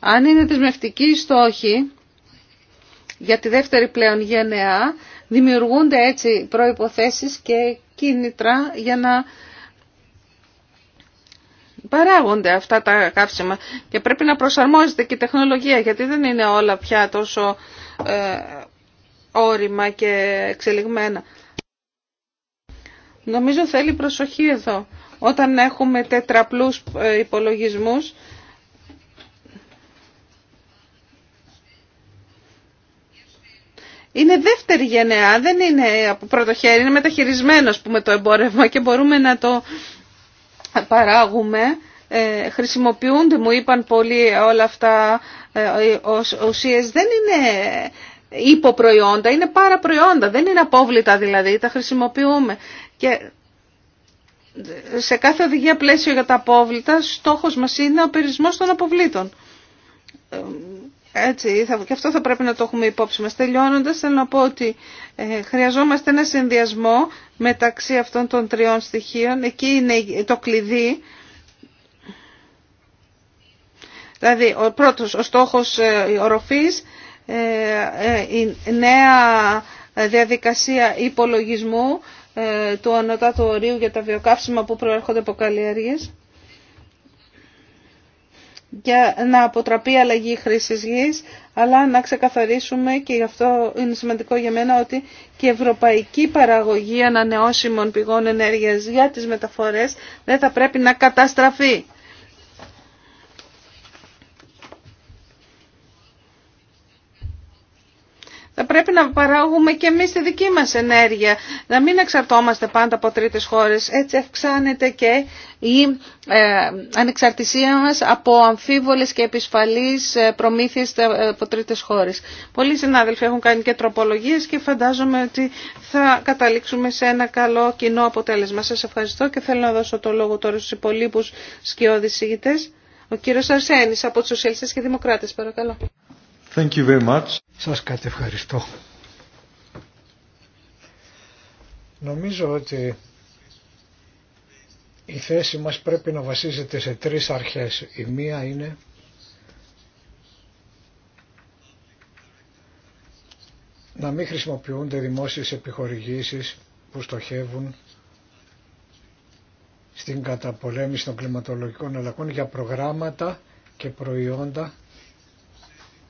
Αν είναι δεσμευτικοί οι στόχοι για τη δεύτερη πλέον γενεά, Δημιουργούνται έτσι προϋποθέσεις και κίνητρα για να παράγονται αυτά τα καύσιμα και πρέπει να προσαρμόζεται και η τεχνολογία γιατί δεν είναι όλα πια τόσο ε, όριμα και εξελιγμένα. Νομίζω θέλει προσοχή εδώ. Όταν έχουμε τετραπλούς ε, υπολογισμούς είναι δεύτερη γενεά, δεν είναι από πρώτο χέρι, είναι μεταχειρισμένο με το εμπόρευμα και μπορούμε να το παράγουμε. Ε, χρησιμοποιούνται, μου είπαν πολλοί όλα αυτά ε, ουσίες, δεν είναι υποπροϊόντα, είναι παραπροϊόντα, δεν είναι απόβλητα δηλαδή, τα χρησιμοποιούμε. Και σε κάθε οδηγία πλαίσιο για τα απόβλητα, στόχος μας είναι ο περισμός των αποβλήτων ε, έτσι, και αυτό θα πρέπει να το έχουμε υπόψη μας. Τελειώνοντας, θέλω να πω ότι ε, χρειαζόμαστε ένα συνδυασμό μεταξύ αυτών των τριών στοιχείων. Εκεί είναι το κλειδί. Δηλαδή, ο πρώτος, ο στόχος ε, οροφής, ε, ε, η νέα διαδικασία υπολογισμού του ανωτάτου ορίου για τα βιοκαύσιμα που προέρχονται από καλλιέργειες για να αποτραπεί αλλαγή χρήση γης, αλλά να ξεκαθαρίσουμε και γι' αυτό είναι σημαντικό για μένα ότι και η ευρωπαϊκή παραγωγή ανανεώσιμων πηγών ενέργειας για τις μεταφορές δεν θα πρέπει να καταστραφεί. πρέπει να παράγουμε και εμείς τη δική μας ενέργεια, να μην εξαρτώμαστε πάντα από τρίτες χώρες. Έτσι αυξάνεται και η ε, ανεξαρτησία μας από αμφίβολες και επισφαλείς ε, προμήθειες ε, από τρίτες χώρες. Πολλοί συνάδελφοι έχουν κάνει και τροπολογίες και φαντάζομαι ότι θα καταλήξουμε σε ένα καλό κοινό αποτέλεσμα. Σας ευχαριστώ και θέλω να δώσω το λόγο τώρα στους υπολείπους σκιώδης ηγητές. Ο κύριος Αρσένης από τους Σοσιαλιστές και Δημοκράτες, παρακαλώ. Thank you very Σας κατευχαριστώ. Νομίζω ότι η θέση μας πρέπει να βασίζεται σε τρεις αρχές. Η μία είναι να μην χρησιμοποιούνται δημόσιες επιχορηγήσεις που στοχεύουν στην καταπολέμηση των κλιματολογικών αλλαγών για προγράμματα και προϊόντα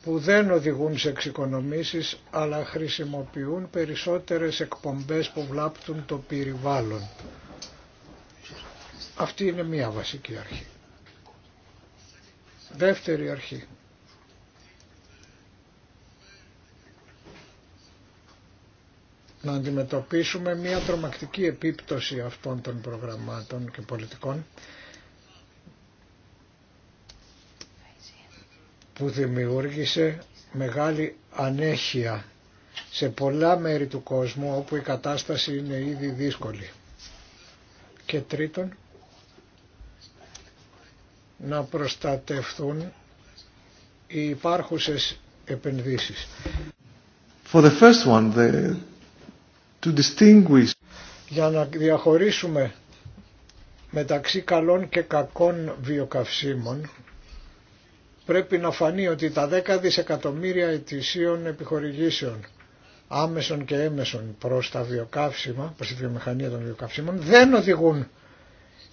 που δεν οδηγούν σε εξοικονομήσεις αλλά χρησιμοποιούν περισσότερες εκπομπές που βλάπτουν το περιβάλλον. Αυτή είναι μία βασική αρχή. Δεύτερη αρχή. Να αντιμετωπίσουμε μία τρομακτική επίπτωση αυτών των προγραμμάτων και πολιτικών που δημιούργησε μεγάλη ανέχεια σε πολλά μέρη του κόσμου όπου η κατάσταση είναι ήδη δύσκολη. Και τρίτον, να προστατευθούν οι υπάρχουσες επενδύσεις. For the Για να διαχωρίσουμε μεταξύ καλών και κακών βιοκαυσίμων πρέπει να φανεί ότι τα 10 δισεκατομμύρια ετησίων επιχορηγήσεων άμεσων και έμεσων προς τα βιοκαύσιμα, προς τη βιομηχανία των βιοκαυσίμων, δεν οδηγούν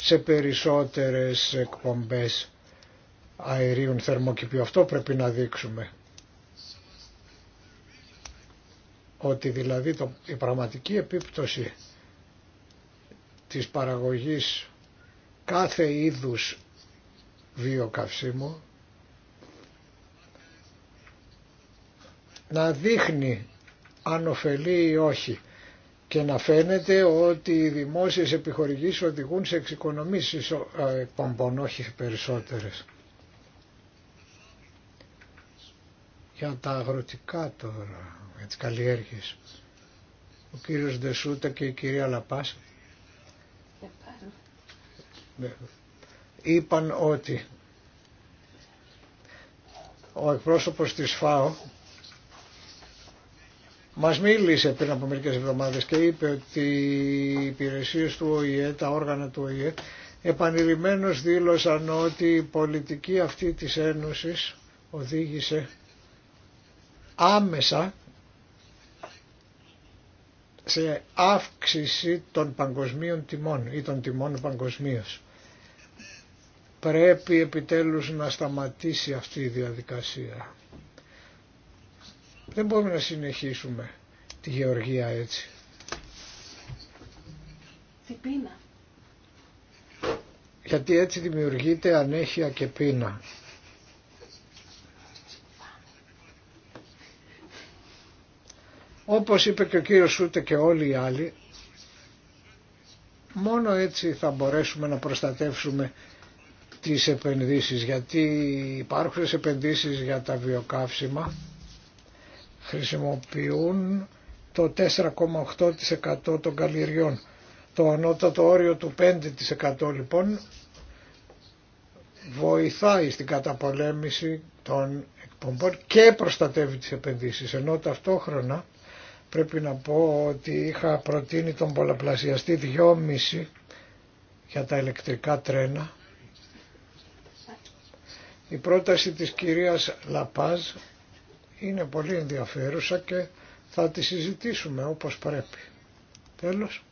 σε περισσότερες εκπομπές αερίων θερμοκηπίου. Αυτό πρέπει να δείξουμε. Ότι δηλαδή το, η πραγματική επίπτωση της παραγωγής κάθε είδους βιοκαυσίμου να δείχνει αν ωφελεί ή όχι και να φαίνεται ότι οι δημόσιες επιχορηγήσεις οδηγούν σε εξοικονομήσεις ε, εκπομπών, όχι περισσότερες. Για τα αγροτικά τώρα, για τις Ο κύριος Δεσούτα και η κυρία Λαπάς ναι. είπαν ότι ο εκπρόσωπος της ΦΑΟ μας μίλησε πριν από μερικές εβδομάδες και είπε ότι οι υπηρεσίες του ΟΗΕ, τα όργανα του ΟΗΕ, επανειλημμένως δήλωσαν ότι η πολιτική αυτή της Ένωσης οδήγησε άμεσα σε αύξηση των παγκοσμίων τιμών ή των τιμών παγκοσμίω. Πρέπει επιτέλους να σταματήσει αυτή η διαδικασία. Δεν μπορούμε να συνεχίσουμε τη γεωργία έτσι. Τι πείνα. Γιατί έτσι δημιουργείται ανέχεια και πείνα. Όπως είπε και ο κύριος Σούτε και όλοι οι άλλοι, μόνο έτσι θα μπορέσουμε να προστατεύσουμε τις επενδύσεις, γιατί υπάρχουν επενδύσεις για τα βιοκαύσιμα, χρησιμοποιούν το 4,8% των καλλιεργιών. Το ανώτατο όριο του 5% λοιπόν βοηθάει στην καταπολέμηση των εκπομπών και προστατεύει τις επενδύσεις. Ενώ ταυτόχρονα πρέπει να πω ότι είχα προτείνει τον πολλαπλασιαστή 2,5 για τα ηλεκτρικά τρένα. Η πρόταση της κυρίας Λαπάζ είναι πολύ ενδιαφέρουσα και θα τη συζητήσουμε όπως πρέπει. Τέλος,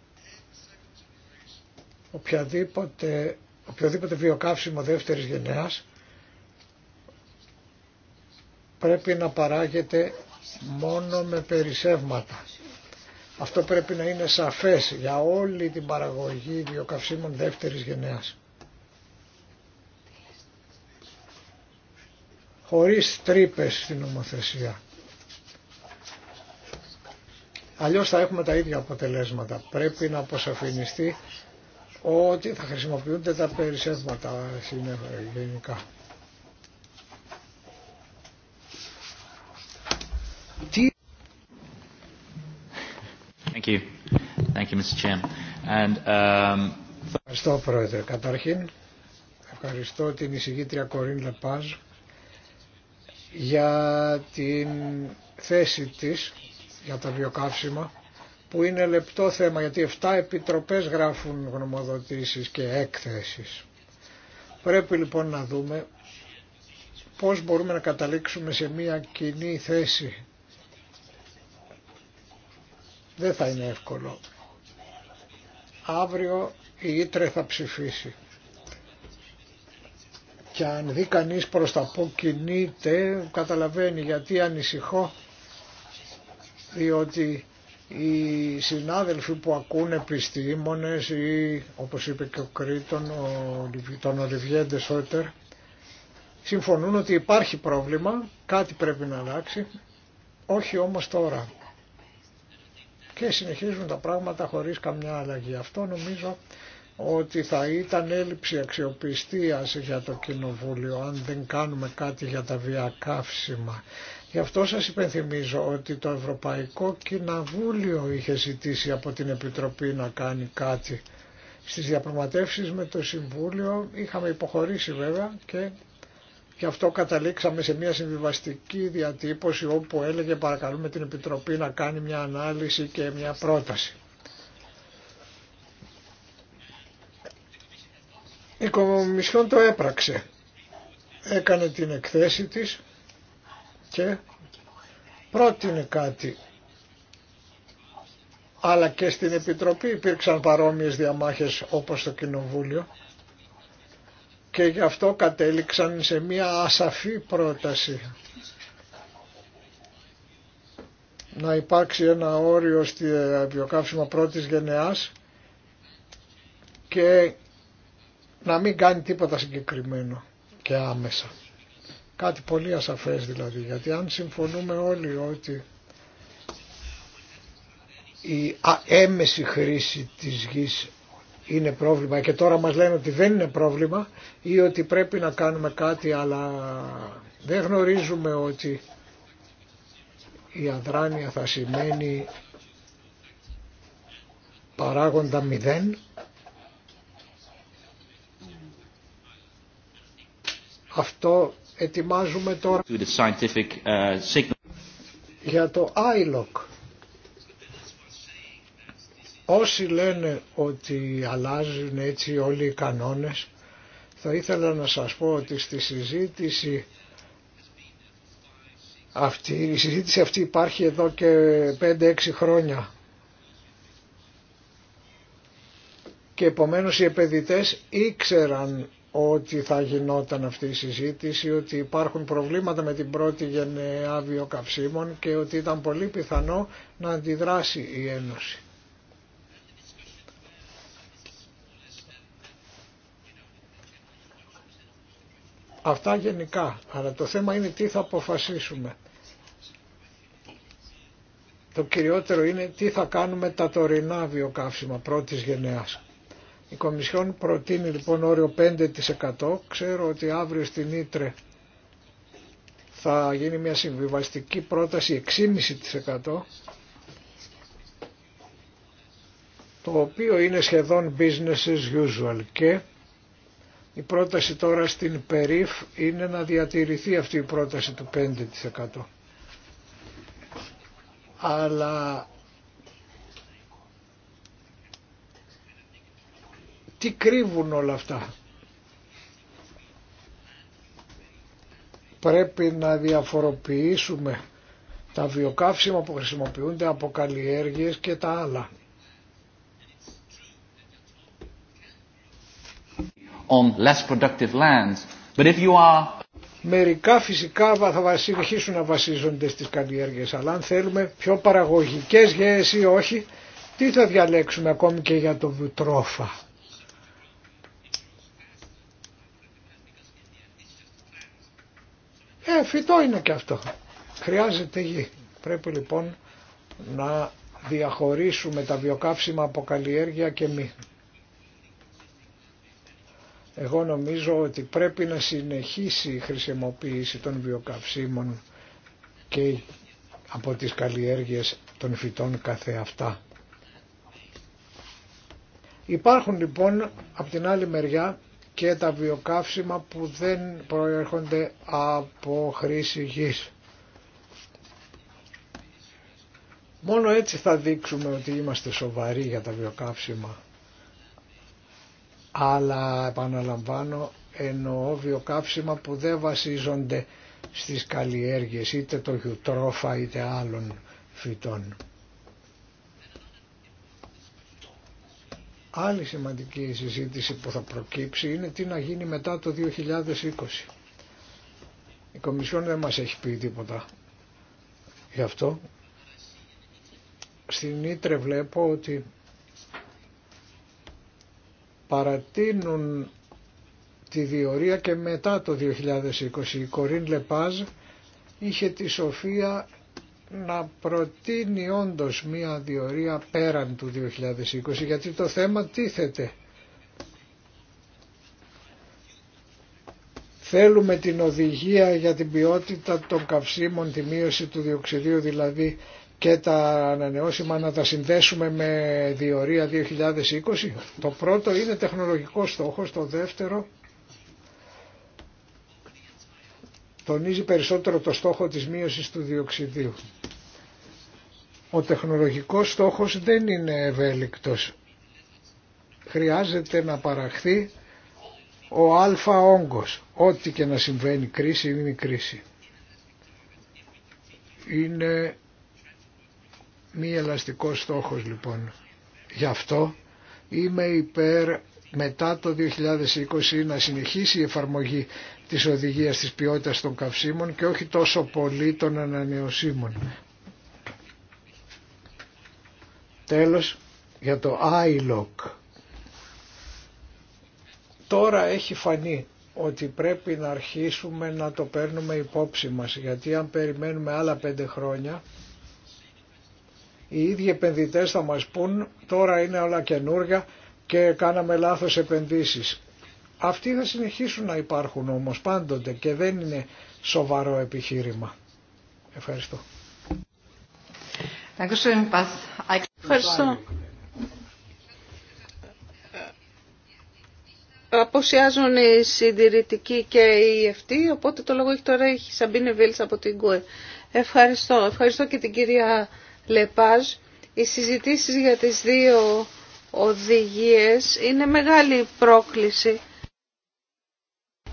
οποιαδήποτε, οποιοδήποτε βιοκαύσιμο δεύτερης γενεάς πρέπει να παράγεται μόνο με περισσεύματα. Αυτό πρέπει να είναι σαφές για όλη την παραγωγή βιοκαυσίμων δεύτερης γενεάς. χωρίς τρύπες στην νομοθεσία. Αλλιώς θα έχουμε τα ίδια αποτελέσματα. Πρέπει να αποσαφινιστεί ότι θα χρησιμοποιούνται τα περισσεύματα γενικά. Um, ευχαριστώ Πρόεδρε. Καταρχήν ευχαριστώ την εισηγήτρια Κορίν Λεπάζ για την θέση της για τα βιοκαύσιμα που είναι λεπτό θέμα γιατί 7 επιτροπές γράφουν γνωμοδοτήσεις και έκθεσεις. Πρέπει λοιπόν να δούμε πώς μπορούμε να καταλήξουμε σε μια κοινή θέση. Δεν θα είναι εύκολο. Αύριο η Ήτρε θα ψηφίσει. Και αν δει κανεί προς τα που κινείται καταλαβαίνει γιατί ανησυχώ διότι οι συνάδελφοι που ακούν επιστήμονες ή όπως είπε και ο Κρήτον, ο, τον Ολιβιέντε Σότερ, συμφωνούν ότι υπάρχει πρόβλημα, κάτι πρέπει να αλλάξει, όχι όμως τώρα. Και συνεχίζουν τα πράγματα χωρίς καμιά αλλαγή. Αυτό νομίζω ότι θα ήταν έλλειψη αξιοπιστίας για το Κοινοβούλιο αν δεν κάνουμε κάτι για τα βιακάψιμα. Γι' αυτό σας υπενθυμίζω ότι το Ευρωπαϊκό Κοινοβούλιο είχε ζητήσει από την Επιτροπή να κάνει κάτι. Στις διαπραγματεύσεις με το Συμβούλιο είχαμε υποχωρήσει βέβαια και γι' αυτό καταλήξαμε σε μια συμβιβαστική διατύπωση όπου έλεγε παρακαλούμε την Επιτροπή να κάνει μια ανάλυση και μια πρόταση. Η Κομισιόν το έπραξε. Έκανε την εκθέση της και πρότεινε κάτι. Αλλά και στην Επιτροπή υπήρξαν παρόμοιες διαμάχες όπως το Κοινοβούλιο και γι' αυτό κατέληξαν σε μία ασαφή πρόταση. Να υπάρξει ένα όριο στη βιοκάψιμα πρώτης γενεάς και να μην κάνει τίποτα συγκεκριμένο και άμεσα. Κάτι πολύ ασαφές δηλαδή, γιατί αν συμφωνούμε όλοι ότι η αέμεση χρήση της γης είναι πρόβλημα και τώρα μας λένε ότι δεν είναι πρόβλημα ή ότι πρέπει να κάνουμε κάτι αλλά δεν γνωρίζουμε ότι η αδράνεια θα σημαίνει παράγοντα μηδέν Αυτό ετοιμάζουμε τώρα uh, για το ILOC. Όσοι λένε ότι αλλάζουν έτσι όλοι οι κανόνες, θα ήθελα να σας πω ότι στη συζήτηση αυτή, η συζήτηση αυτή υπάρχει εδώ και 5-6 χρόνια. Και επομένως οι επενδυτές ήξεραν ότι θα γινόταν αυτή η συζήτηση, ότι υπάρχουν προβλήματα με την πρώτη γενεά βιοκαυσίμων και ότι ήταν πολύ πιθανό να αντιδράσει η Ένωση. Αυτά γενικά, αλλά το θέμα είναι τι θα αποφασίσουμε. Το κυριότερο είναι τι θα κάνουμε τα τωρινά βιοκαύσιμα πρώτης γενεάς. Η Κομισιόν προτείνει λοιπόν όριο 5%. Ξέρω ότι αύριο στην Ήτρε θα γίνει μια συμβιβαστική πρόταση 6,5% το οποίο είναι σχεδόν business as usual και η πρόταση τώρα στην περίφ είναι να διατηρηθεί αυτή η πρόταση του 5%. Αλλά τι κρύβουν όλα αυτά. Πρέπει να διαφοροποιήσουμε τα βιοκαύσιμα που χρησιμοποιούνται από καλλιέργειες και τα άλλα. On less productive lands. But if you are... Μερικά φυσικά θα συνεχίσουν να βασίζονται στις καλλιέργειες, αλλά αν θέλουμε πιο παραγωγικές γέες ή όχι, τι θα διαλέξουμε ακόμη και για το βουτρόφα. Ε, φυτό είναι και αυτό. Χρειάζεται γη. Πρέπει λοιπόν να διαχωρίσουμε τα βιοκαύσιμα από καλλιέργεια και μη. Εγώ νομίζω ότι πρέπει να συνεχίσει η χρησιμοποίηση των βιοκαυσίμων και από τις καλλιέργειες των φυτών καθε αυτά. Υπάρχουν λοιπόν από την άλλη μεριά και τα βιοκαύσιμα που δεν προέρχονται από χρήση γης. Μόνο έτσι θα δείξουμε ότι είμαστε σοβαροί για τα βιοκαύσιμα. Αλλά επαναλαμβάνω εννοώ βιοκαύσιμα που δεν βασίζονται στις καλλιέργειες είτε το γιουτρόφα είτε άλλων φυτών. Άλλη σημαντική συζήτηση που θα προκύψει είναι τι να γίνει μετά το 2020. Η Κομισιόν δεν μας έχει πει τίποτα γι' αυτό. Στην Ήτρε βλέπω ότι παρατείνουν τη διορία και μετά το 2020. Η Κορίν Λεπάζ είχε τη σοφία να προτείνει όντως μία διορία πέραν του 2020 γιατί το θέμα τίθεται. Θέλουμε την οδηγία για την ποιότητα των καυσίμων, τη μείωση του διοξιδίου δηλαδή και τα ανανεώσιμα να τα συνδέσουμε με διορία 2020. Το πρώτο είναι τεχνολογικό στόχος, το δεύτερο τονίζει περισσότερο το στόχο της μείωσης του διοξιδίου. Ο τεχνολογικός στόχος δεν είναι ευέλικτος. Χρειάζεται να παραχθεί ο αλφα όγκος. Ό,τι και να συμβαίνει κρίση είναι η κρίση. Είναι μη ελαστικό στόχος λοιπόν. Γι' αυτό είμαι υπέρ μετά το 2020 να συνεχίσει η εφαρμογή της οδηγίας της ποιότητας των καυσίμων και όχι τόσο πολύ των ανανεωσίμων. Τέλος, για το ΆΙΛΟΚ. Τώρα έχει φανεί ότι πρέπει να αρχίσουμε να το παίρνουμε υπόψη μας, γιατί αν περιμένουμε άλλα πέντε χρόνια, οι ίδιοι επενδυτές θα μας πούν τώρα είναι όλα καινούργια και κάναμε λάθος επενδύσεις. Αυτοί θα συνεχίσουν να υπάρχουν όμως πάντοτε και δεν είναι σοβαρό επιχείρημα. Ευχαριστώ. Ευχαριστώ. Αποσιάζουν οι συντηρητικοί και οι ευτοί, οπότε το λόγο έχει τώρα η Σαμπίνε Βίλς από την ΚΟΕ. Ευχαριστώ. Ευχαριστώ και την κυρία Λεπάζ. Οι συζητήσεις για τις δύο οδηγίες είναι μεγάλη πρόκληση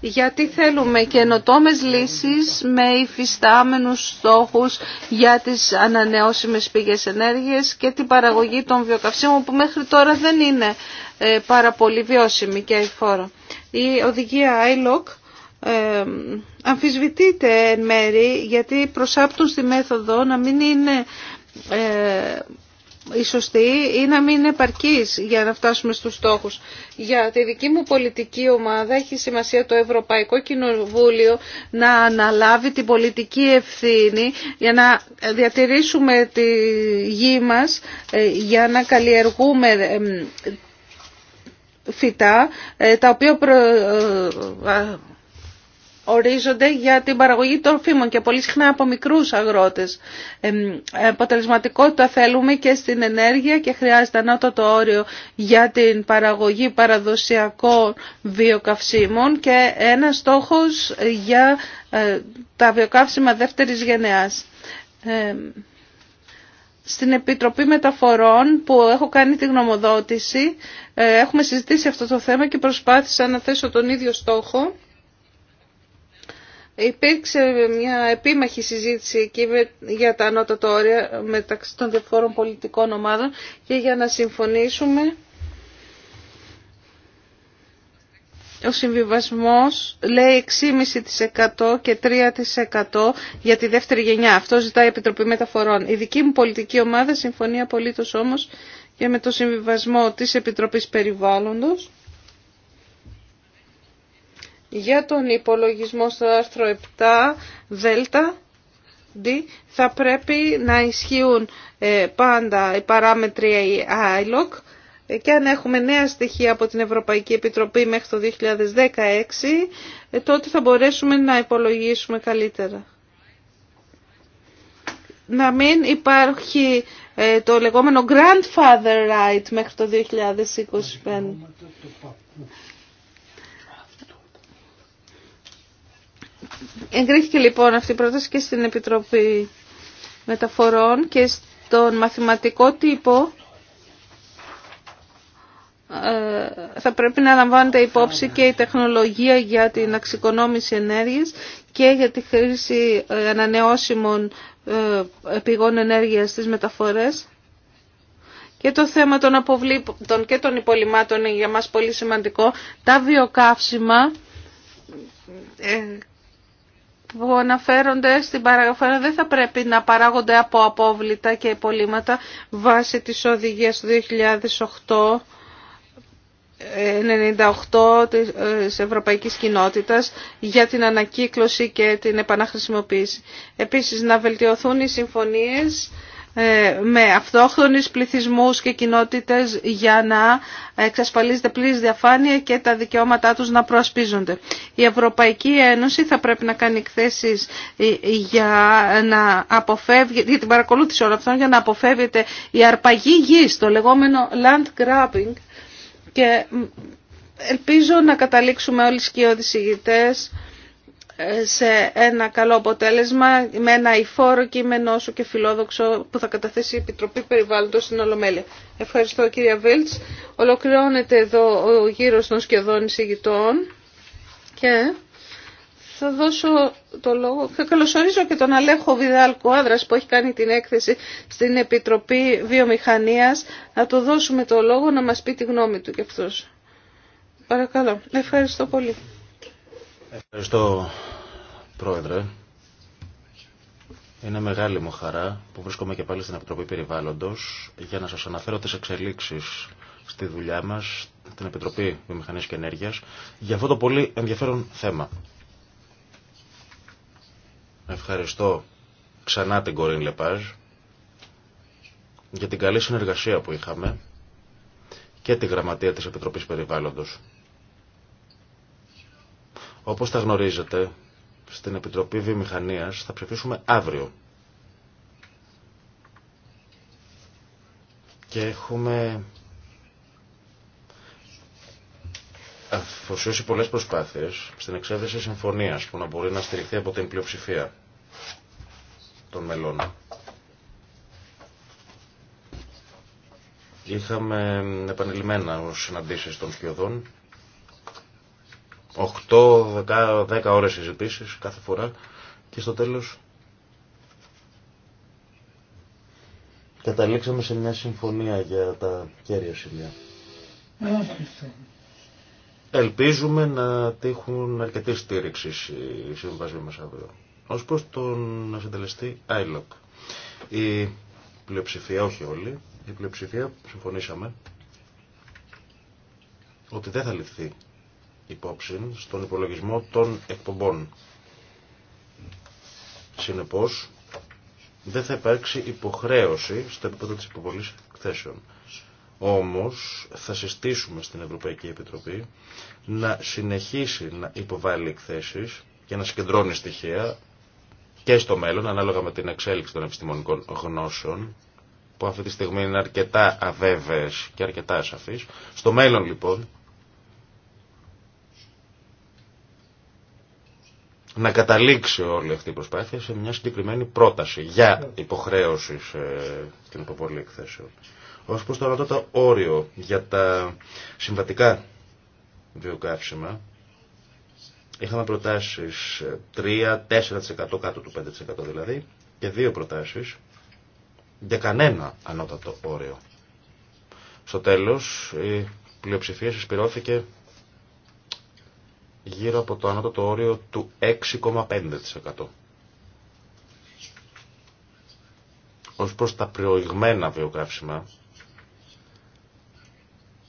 γιατί θέλουμε καινοτόμε λύσεις με υφιστάμενους στόχους για τις ανανεώσιμες πηγές ενέργειας και την παραγωγή των βιοκαυσίμων που μέχρι τώρα δεν είναι ε, πάρα πολύ βιώσιμη και αηφόρο. Η οδηγία ILOC ε, αμφισβητείται εν μέρη γιατί προσάπτουν στη μέθοδο να μην είναι ε, η σωστή ή να μην είναι για να φτάσουμε στους στόχους. Για τη δική μου πολιτική ομάδα έχει σημασία το Ευρωπαϊκό Κοινοβούλιο να αναλάβει την πολιτική ευθύνη για να διατηρήσουμε τη γη μας, ε, για να καλλιεργούμε ε, ε, φυτά τα οποία προ ορίζονται για την παραγωγή τροφίμων και πολύ συχνά από μικρούς αγρότες. Ε, αποτελεσματικότητα θέλουμε και στην ενέργεια και χρειάζεται ανώτατο όριο για την παραγωγή παραδοσιακών βιοκαυσίμων και ένα στόχος για ε, τα βιοκαύσιμα δεύτερης γενεάς. στην Επιτροπή Μεταφορών που έχω κάνει τη γνωμοδότηση, ε, έχουμε συζητήσει αυτό το θέμα και προσπάθησα να θέσω τον ίδιο στόχο Υπήρξε μια επίμαχη συζήτηση εκεί για τα ανώτατα όρια μεταξύ των διαφόρων πολιτικών ομάδων και για να συμφωνήσουμε ο συμβιβασμός λέει 6,5% και 3% για τη δεύτερη γενιά. Αυτό ζητάει η Επιτροπή Μεταφορών. Η δική μου πολιτική ομάδα συμφωνεί απολύτως όμως και με το συμβιβασμό της Επιτροπής Περιβάλλοντος για τον υπολογισμό στο άρθρο 7 δέλτα θα πρέπει να ισχύουν ε, πάντα οι παράμετροι ILOC ε, και αν έχουμε νέα στοιχεία από την Ευρωπαϊκή Επιτροπή μέχρι το 2016 ε, τότε θα μπορέσουμε να υπολογίσουμε καλύτερα. Να μην υπάρχει το λεγόμενο grandfather right μέχρι το 2025. Εγκρίθηκε λοιπόν αυτή η πρόταση και στην Επιτροπή Μεταφορών και στον μαθηματικό τύπο ε, θα πρέπει να λαμβάνεται υπόψη και η τεχνολογία για την αξικονόμηση ενέργειας και για τη χρήση ε, ανανεώσιμων ε, πηγών ενέργειας στις μεταφορές. Και το θέμα των αποβλήτων και των υπολοιμάτων είναι για μας πολύ σημαντικό. Τα βιοκαύσιμα που αναφέρονται στην παραγωγή δεν θα πρέπει να παράγονται από απόβλητα και υπολείμματα βάσει της οδηγίας του 2008 98 ε, ε, της Ευρωπαϊκής Κοινότητας για την ανακύκλωση και την επαναχρησιμοποίηση. Επίσης να βελτιωθούν οι συμφωνίες ε, με αυτόχθονες πληθυσμούς και κοινότητες για να εξασφαλίζεται πλήρης διαφάνεια και τα δικαιώματά τους να προασπίζονται. Η Ευρωπαϊκή Ένωση θα πρέπει να κάνει εκθέσεις ε, για, να αποφεύγει, για την παρακολούθηση όλων αυτών για να αποφεύγεται η αρπαγή γης, το λεγόμενο land grabbing και ελπίζω να καταλήξουμε όλοι οι σκιώδεις ηγητές σε ένα καλό αποτέλεσμα με ένα υφόρο κείμενο όσο και φιλόδοξο που θα καταθέσει η Επιτροπή Περιβάλλοντος στην Ολομέλεια. Ευχαριστώ κυρία Βίλτς. Ολοκληρώνεται εδώ ο γύρος των σχεδόν εισηγητών και θα δώσω το λόγο. Θα καλωσορίζω και τον Αλέχο Βιδάλ Κουάδρας που έχει κάνει την έκθεση στην Επιτροπή Βιομηχανίας. Να του δώσουμε το λόγο να μας πει τη γνώμη του κι αυτός. Παρακαλώ. Ευχαριστώ πολύ. Ευχαριστώ Πρόεδρε, είναι μεγάλη μου χαρά που βρίσκομαι και πάλι στην Επιτροπή Περιβάλλοντος για να σας αναφέρω τις εξελίξεις στη δουλειά μας, την Επιτροπή Βιομηχανίας και Ενέργειας, για αυτό το πολύ ενδιαφέρον θέμα. Ευχαριστώ ξανά την Κορίν Λεπάζ για την καλή συνεργασία που είχαμε και τη γραμματεία της Επιτροπής Περιβάλλοντος. Όπως τα γνωρίζετε, στην Επιτροπή Βιομηχανίας θα ψηφίσουμε αύριο. Και έχουμε αφοσιώσει πολλές προσπάθειες στην εξέδεση συμφωνίας που να μπορεί να στηριχθεί από την πλειοψηφία των μελών. Είχαμε επανειλημμένα συναντήσεις των σκιωδών 8-10 ώρες συζητήσεις κάθε φορά και στο τέλος καταλήξαμε σε μια συμφωνία για τα κέρια σημεία. Ελπίζουμε να τύχουν αρκετή στήριξη οι συμβασμοί μας αύριο. Ως προς τον συντελεστή ILOC. Η πλειοψηφία, όχι όλοι, η πλειοψηφία συμφωνήσαμε ότι δεν θα ληφθεί υπόψη στον υπολογισμό των εκπομπών. Συνεπώς, δεν θα υπάρξει υποχρέωση στο επίπεδο της υποβολής εκθέσεων. Όμως θα συστήσουμε στην Ευρωπαϊκή Επιτροπή να συνεχίσει να υποβάλει εκθέσεις και να συγκεντρώνει στοιχεία και στο μέλλον ανάλογα με την εξέλιξη των επιστημονικών γνώσεων που αυτή τη στιγμή είναι αρκετά αβέβαιες και αρκετά ασαφείς. Στο μέλλον λοιπόν να καταλήξει όλη αυτή η προσπάθεια σε μια συγκεκριμένη πρόταση για υποχρέωση στην υποβολή εκθέσεων. Ω προ το ανώτατο όριο για τα συμβατικά βιοκαύσιμα, είχαμε προτάσει 3-4% κάτω του 5% δηλαδή και δύο προτάσει για κανένα ανώτατο όριο. Στο τέλο η πλειοψηφία συσπηρώθηκε γύρω από το ανώτατο όριο του 6,5%. Ως προς τα προηγμένα βιογράψιμα,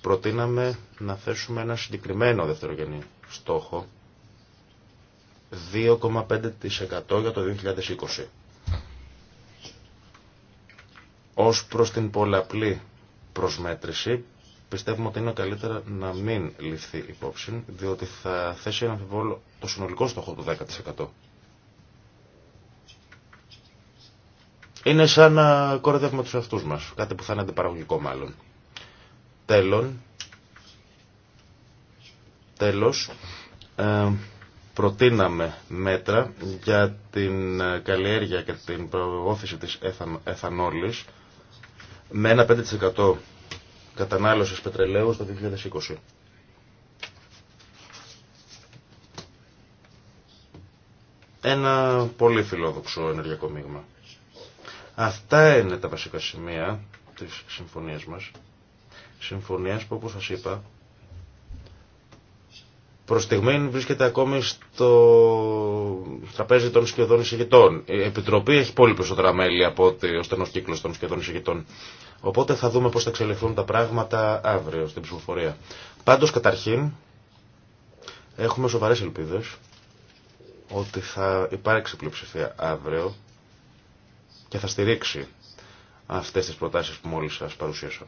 προτείναμε να θέσουμε ένα συγκεκριμένο δευτερογενή στόχο 2,5% για το 2020. Ως προς την πολλαπλή προσμέτρηση Πιστεύουμε ότι είναι καλύτερα να μην ληφθεί υπόψη, διότι θα θέσει ένα αμφιβόλο το συνολικό στόχο του 10%. Είναι σαν να κοροϊδεύουμε τους αυτούς μας, κάτι που θα είναι αντιπαραγωγικό μάλλον. Τέλον, τέλος, ε, προτείναμε μέτρα για την καλλιέργεια και την προώθηση της εθανόλης με ένα 5% κατανάλωσης πετρελαίου στο 2020. Ένα πολύ φιλόδοξο ενεργειακό μείγμα. Αυτά είναι τα βασικά σημεία της συμφωνίας μας. Συμφωνίας που όπως σας είπα προς βρίσκεται ακόμη στο τραπέζι των σχεδόν εισηγητών. Η Επιτροπή έχει πολύ περισσότερα μέλη από ότι ο στενός κύκλος των σχεδόν εισηγητών. Οπότε θα δούμε πώς θα εξελιχθούν τα πράγματα αύριο στην ψηφοφορία. Πάντως καταρχήν έχουμε σοβαρές ελπίδες ότι θα υπάρξει πλειοψηφία αύριο και θα στηρίξει αυτές τις προτάσεις που μόλις σας παρουσίασα.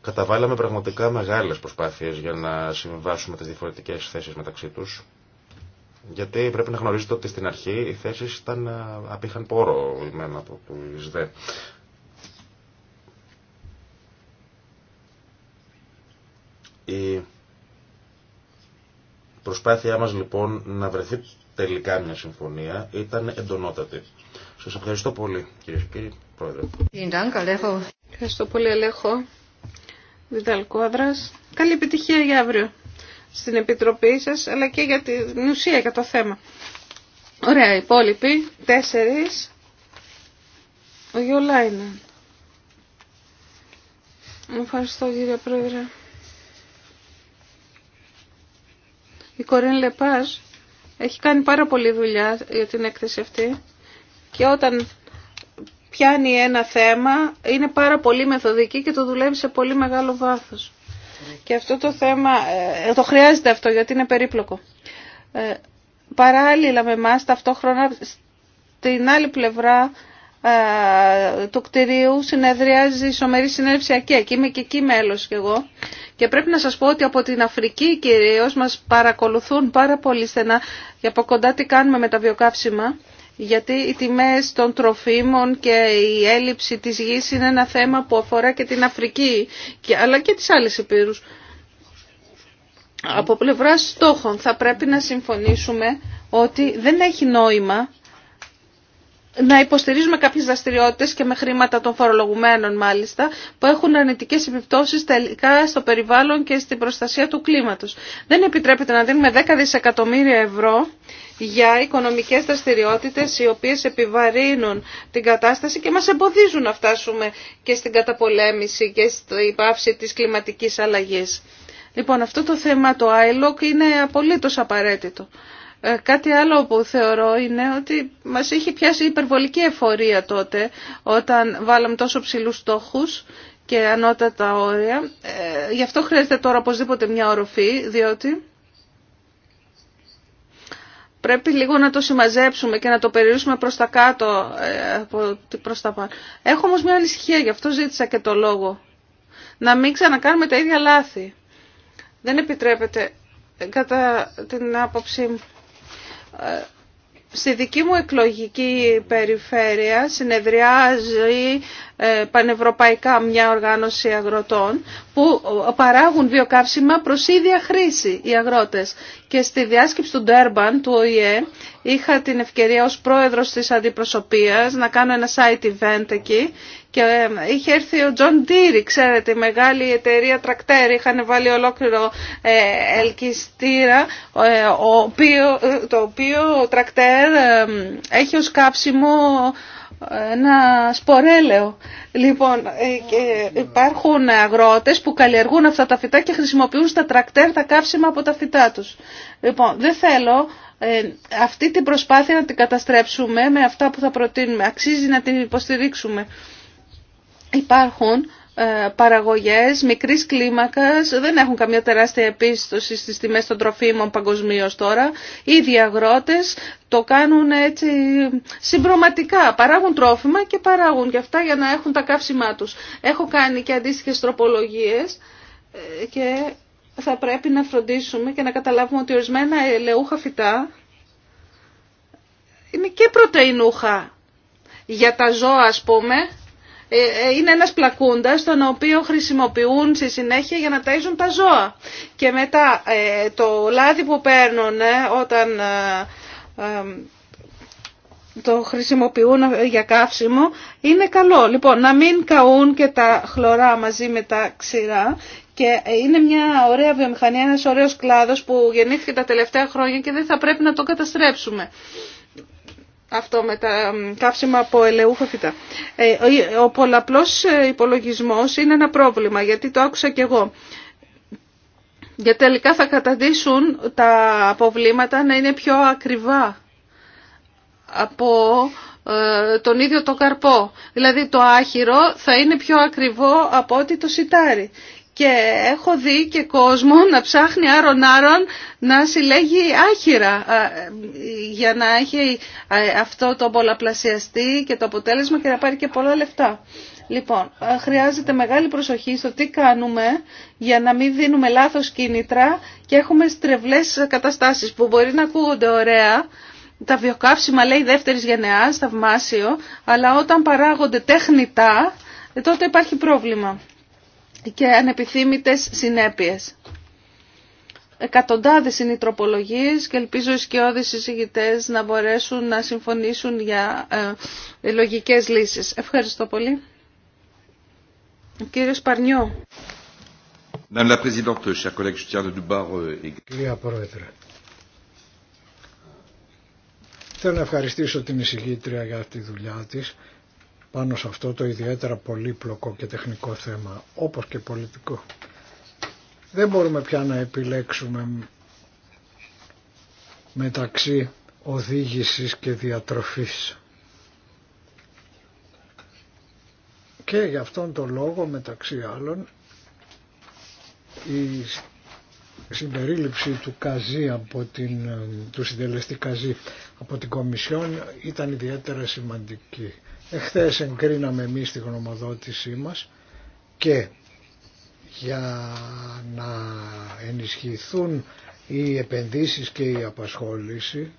Καταβάλαμε πραγματικά μεγάλες προσπάθειες για να συμβάσουμε τις διαφορετικές θέσεις μεταξύ τους. Γιατί πρέπει να γνωρίζετε ότι στην αρχή οι θέσεις ήταν, ε, απήχαν πόρο ημένα από του ΙΣΔΕ. Η προσπάθειά μας λοιπόν να βρεθεί τελικά μια συμφωνία ήταν εντονότατη. Σας ευχαριστώ πολύ κύριε και κύριοι πρόεδρε. Ευχαριστώ πολύ Αλέχο. Βιδαλκό Καλή επιτυχία για αύριο στην Επιτροπή σας αλλά και για την ουσία για το θέμα. Ωραία, οι υπόλοιποι, τέσσερις, ο Γιολάινα. Ευχαριστώ κύριε Πρόεδρε. Η Κορίν Λεπάζ έχει κάνει πάρα πολλή δουλειά για την έκθεση αυτή και όταν πιάνει ένα θέμα είναι πάρα πολύ μεθοδική και το δουλεύει σε πολύ μεγάλο βάθος. Και αυτό το θέμα, ε, το χρειάζεται αυτό γιατί είναι περίπλοκο. Ε, παράλληλα με εμά ταυτόχρονα στην άλλη πλευρά ε, του κτηρίου συνεδριάζει ισομερή συνέλευση ΑΚΕ και είμαι και εκεί μέλος κι εγώ και πρέπει να σας πω ότι από την Αφρική κυρίως μας παρακολουθούν πάρα πολύ στενά και από κοντά τι κάνουμε με τα βιοκαύσιμα γιατί οι τιμές των τροφίμων και η έλλειψη της γης είναι ένα θέμα που αφορά και την Αφρική αλλά και τις άλλες επίρους Από πλευρά στόχων θα πρέπει να συμφωνήσουμε ότι δεν έχει νόημα να υποστηρίζουμε κάποιες δραστηριότητες και με χρήματα των φορολογουμένων μάλιστα που έχουν αρνητικές επιπτώσεις τελικά στο περιβάλλον και στην προστασία του κλίματος. Δεν επιτρέπεται να δίνουμε 10 δισεκατομμύρια ευρώ για οικονομικές δραστηριότητες οι οποίες επιβαρύνουν την κατάσταση και μας εμποδίζουν να φτάσουμε και στην καταπολέμηση και στην πάυση της κλιματικής αλλαγής. Λοιπόν, αυτό το θέμα το ILOC είναι απολύτως απαραίτητο. Ε, κάτι άλλο που θεωρώ είναι ότι μας είχε πιάσει υπερβολική εφορία τότε όταν βάλαμε τόσο ψηλούς στόχους και ανώτατα όρια. Ε, γι' αυτό χρειάζεται τώρα οπωσδήποτε μια οροφή, διότι πρέπει λίγο να το συμμαζέψουμε και να το περιορίσουμε προς τα κάτω, ε, προς τα πάνω. Έχω όμως μια ανησυχία, γι' αυτό ζήτησα και το λόγο. Να μην ξανακάνουμε τα ίδια λάθη. Δεν επιτρέπεται κατά την άποψή μου. Στη δική μου εκλογική περιφέρεια συνεδριάζει ε, πανευρωπαϊκά μια οργάνωση αγροτών που ε, παράγουν βιοκαύσιμα προς ίδια χρήση οι αγρότες. Και στη διάσκεψη του Ντέρμπαν του ΟΗΕ είχα την ευκαιρία ως πρόεδρος της αντιπροσωπείας να κάνω ένα site event εκεί και ε, είχε έρθει ο Τζον Τίρι, ξέρετε, η μεγάλη εταιρεία τρακτέρ. Είχαν βάλει ολόκληρο ε, ελκυστήρα, ε, το οποίο ο τρακτέρ έχει ως κάψιμο ένα σπορέλαιο. Λοιπόν, υπάρχουν αγρότες που καλλιεργούν αυτά τα φυτά και χρησιμοποιούν στα τρακτέρ τα κάψιμα από τα φυτά τους. Λοιπόν, δεν θέλω αυτή την προσπάθεια να την καταστρέψουμε με αυτά που θα προτείνουμε. Αξίζει να την υποστηρίξουμε υπάρχουν ε, παραγωγές μικρής κλίμακας δεν έχουν καμία τεράστια επίστοση στις τιμές των τροφίμων παγκοσμίως τώρα. Οι διαγρότες το κάνουν έτσι συμπροματικά. Παράγουν τρόφιμα και παράγουν και αυτά για να έχουν τα καύσιμά τους. Έχω κάνει και αντίστοιχες τροπολογίες ε, και θα πρέπει να φροντίσουμε και να καταλάβουμε ότι ορισμένα ελαιούχα φυτά είναι και πρωτεϊνούχα για τα ζώα ας πούμε ε, ε, είναι ένας πλακούντας τον οποίο χρησιμοποιούν στη συνέχεια για να ταΐζουν τα ζώα. Και μετά ε, το λάδι που παίρνουν όταν το χρησιμοποιούν για καύσιμο είναι καλό. Λοιπόν, να μην καούν και τα χλωρά μαζί με τα ξηρά και είναι μια ωραία βιομηχανία, ένας ωραίος κλάδος που γεννήθηκε τα τελευταία χρόνια και δεν θα πρέπει να το καταστρέψουμε αυτό με τα καύσιμα από ελαιούχα φυτά. Ε, ο πολλαπλός ε, υπολογισμός είναι ένα πρόβλημα γιατί το άκουσα κι εγώ. Για τελικά θα καταντήσουν τα αποβλήματα να είναι πιο ακριβά από ε, τον ίδιο το καρπό. Δηλαδή το άχυρο θα είναι πιο ακριβό από ότι το σιτάρι και έχω δει και κόσμο να ψάχνει άρον-άρον να συλλέγει άχυρα ε, για να έχει ε, αυτό το πολλαπλασιαστή και το αποτέλεσμα και να πάρει και πολλά λεφτά. Λοιπόν, ε, χρειάζεται μεγάλη προσοχή στο τι κάνουμε για να μην δίνουμε λάθος κίνητρα και έχουμε στρεβλές καταστάσεις που μπορεί να ακούγονται ωραία. Τα βιοκαύσιμα λέει δεύτερης γενεάς, θαυμάσιο, αλλά όταν παράγονται τέχνητά τότε υπάρχει πρόβλημα και ανεπιθύμητες συνέπειες. Εκατοντάδες είναι οι τροπολογίες και ελπίζω οι σκιώδεις συζητητές να μπορέσουν να συμφωνήσουν για ε, λογικές λύσεις. Ευχαριστώ πολύ. Κύριε κύριος Παρνιό. Κυρία Πρόεδρε, θέλω να ευχαριστήσω την εισηγήτρια για τη δουλειά της πάνω σε αυτό το ιδιαίτερα πολύπλοκο και τεχνικό θέμα, όπως και πολιτικό. Δεν μπορούμε πια να επιλέξουμε μεταξύ οδήγησης και διατροφής. Και γι' αυτόν τον λόγο μεταξύ άλλων η συμπερίληψη του Καζή από την, του συντελεστή Καζή από την Κομισιόν ήταν ιδιαίτερα σημαντική. Εχθές εγκρίναμε εμεί τη γνωμοδότησή μας και για να ενισχυθούν οι επενδύσεις και η απασχόληση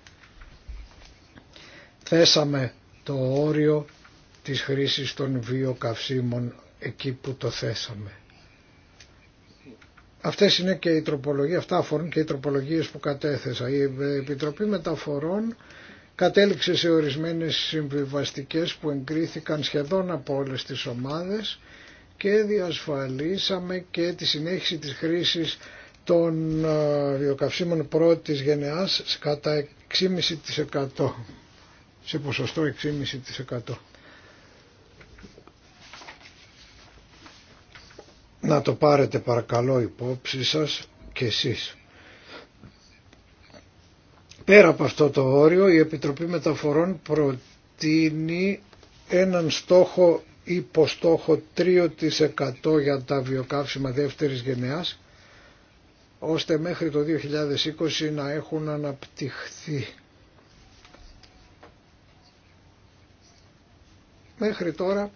θέσαμε το όριο της χρήσης των βιοκαυσίμων εκεί που το θέσαμε. Αυτές είναι και οι τροπολογίες, αυτά αφορούν και οι τροπολογίες που κατέθεσα. Η Επιτροπή Μεταφορών κατέληξε σε ορισμένες συμβιβαστικές που εγκρίθηκαν σχεδόν από όλες τις ομάδες και διασφαλίσαμε και τη συνέχιση της χρήσης των ε, βιοκαυσίμων πρώτης γενεάς κατά 6,5% σε ποσοστό 6,5%. Να το πάρετε παρακαλώ υπόψη σας και εσείς. Πέρα από αυτό το όριο η Επιτροπή Μεταφορών προτείνει έναν στόχο υποστόχο 3% για τα βιοκαύσιμα δεύτερης γενεάς ώστε μέχρι το 2020 να έχουν αναπτυχθεί. Μέχρι τώρα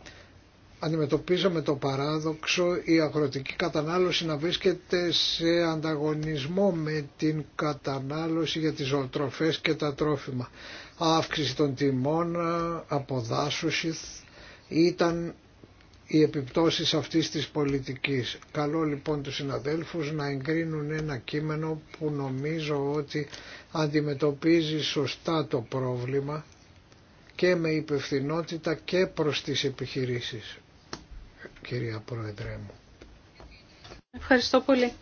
αντιμετωπίζαμε το παράδοξο η αγροτική κατανάλωση να βρίσκεται σε ανταγωνισμό με την κατανάλωση για τις ζωοτροφές και τα τρόφιμα. Αύξηση των τιμών, αποδάσωση ήταν οι επιπτώσεις αυτής της πολιτικής. Καλό λοιπόν τους συναδέλφους να εγκρίνουν ένα κείμενο που νομίζω ότι αντιμετωπίζει σωστά το πρόβλημα και με υπευθυνότητα και προς τις επιχειρήσεις κυρία Πρόεδρε μου. Ευχαριστώ πολύ.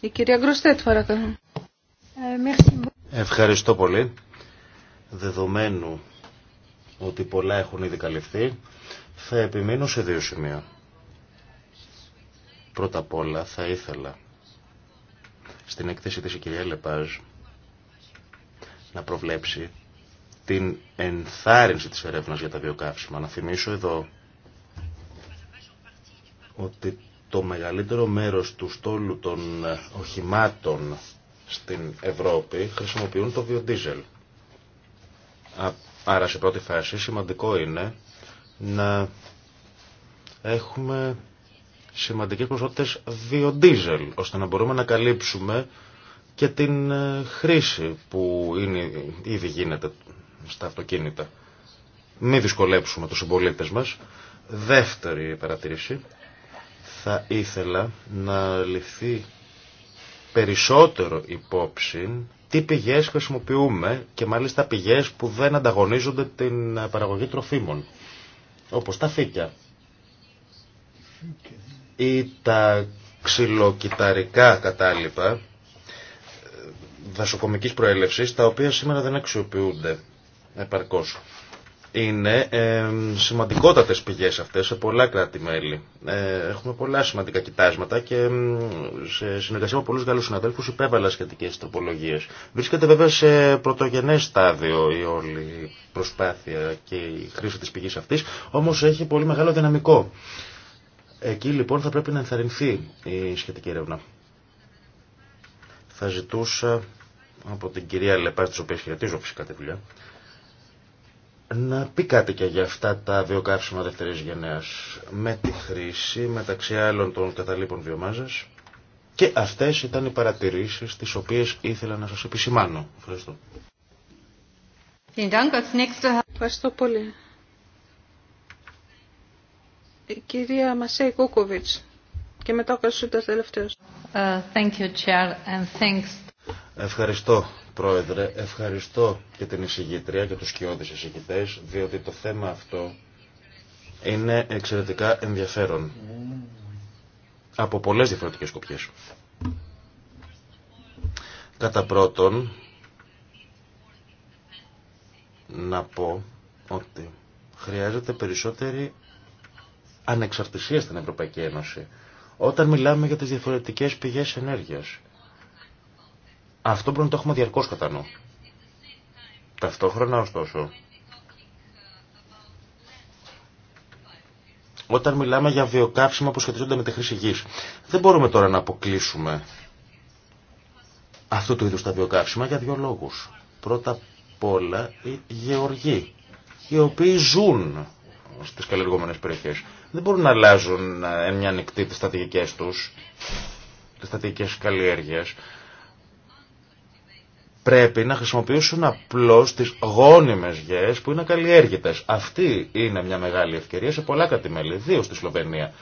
Η κυρία Γκροστέτ, παρακαλώ. Ε, Ευχαριστώ πολύ. Δεδομένου ότι πολλά έχουν ήδη καλυφθεί, θα επιμείνω σε δύο σημεία. Πρώτα απ' όλα θα ήθελα στην έκθεση της η κυρία Λεπάζ να προβλέψει την ενθάρρυνση της ερεύνας για τα βιοκαύσιμα. Να θυμίσω εδώ ότι το μεγαλύτερο μέρος του στόλου των ε, οχημάτων στην Ευρώπη χρησιμοποιούν το βιοντίζελ. Άρα σε πρώτη φάση σημαντικό είναι να έχουμε σημαντικές ποσότητες βιοντίζελ, ώστε να μπορούμε να καλύψουμε και την ε, χρήση που είναι, ήδη γίνεται στα αυτοκίνητα. Μην δυσκολέψουμε τους συμπολίτε μας. Δεύτερη παρατήρηση θα ήθελα να ληφθεί περισσότερο υπόψη τι πηγές χρησιμοποιούμε και μάλιστα πηγές που δεν ανταγωνίζονται την παραγωγή τροφίμων, όπως τα φύκια ή τα ξυλοκυταρικά κατάλοιπα δασοκομικής προέλευσης, τα οποία σήμερα δεν αξιοποιούνται επαρκώς είναι ε, σημαντικότατες πηγές αυτές σε πολλά κράτη-μέλη. Ε, έχουμε πολλά σημαντικά κοιτάσματα και σε συνεργασία με πολλούς Γαλλούς συναδέλφους υπέβαλα σχετικές τροπολογίες. Βρίσκεται βέβαια σε πρωτογενές στάδιο η όλη προσπάθεια και η χρήση της πηγής αυτής, όμως έχει πολύ μεγάλο δυναμικό. Εκεί λοιπόν θα πρέπει να ενθαρρυνθεί η σχετική έρευνα. Θα ζητούσα από την κυρία Λεπάς, της οποίας χαιρετίζω φυσικά τη δουλειά, να πει κάτι και για αυτά τα βιοκαύσιμα δεύτερη γενναίας με τη χρήση μεταξύ άλλων των καταλήπων βιομάζας και αυτέ ήταν οι παρατηρήσει τι οποίε ήθελα να σα επισημάνω. Ευχαριστώ. Ευχαριστώ πολύ. Η κυρία Μασέη Κούκοβιτ, και μετά ο Κασούτα τελευταίο. Uh, thank you, Ευχαριστώ Πρόεδρε, ευχαριστώ και την εισηγήτρια και τους σκιώδεις εισηγητές, διότι το θέμα αυτό είναι εξαιρετικά ενδιαφέρον. Από πολλές διαφορετικές σκοπιές. Κατά πρώτον, να πω ότι χρειάζεται περισσότερη ανεξαρτησία στην Ευρωπαϊκή Ένωση. Όταν μιλάμε για τις διαφορετικές πηγές ενέργειας, αυτό πρέπει να το έχουμε διαρκώς κατά νου. Ταυτόχρονα ωστόσο, όταν μιλάμε για βιοκάψιμα που σχετιζόνται με τη χρήση γης, δεν μπορούμε τώρα να αποκλείσουμε αυτού του είδους τα βιοκάψιμα για δύο λόγους. Πρώτα απ' όλα οι γεωργοί, οι οποίοι ζουν στις καλλιεργόμενες περιοχές. Δεν μπορούν να αλλάζουν ε, μια ανοιχτή τις στρατηγικές τους, τις στρατηγικές καλλιέργειες πρέπει να χρησιμοποιήσουν απλώς τις γόνιμες γεές που είναι καλλιέργητες. Αυτή είναι μια μεγάλη ευκαιρία σε πολλά κατημέλη, ιδίως στη Σλοβενία.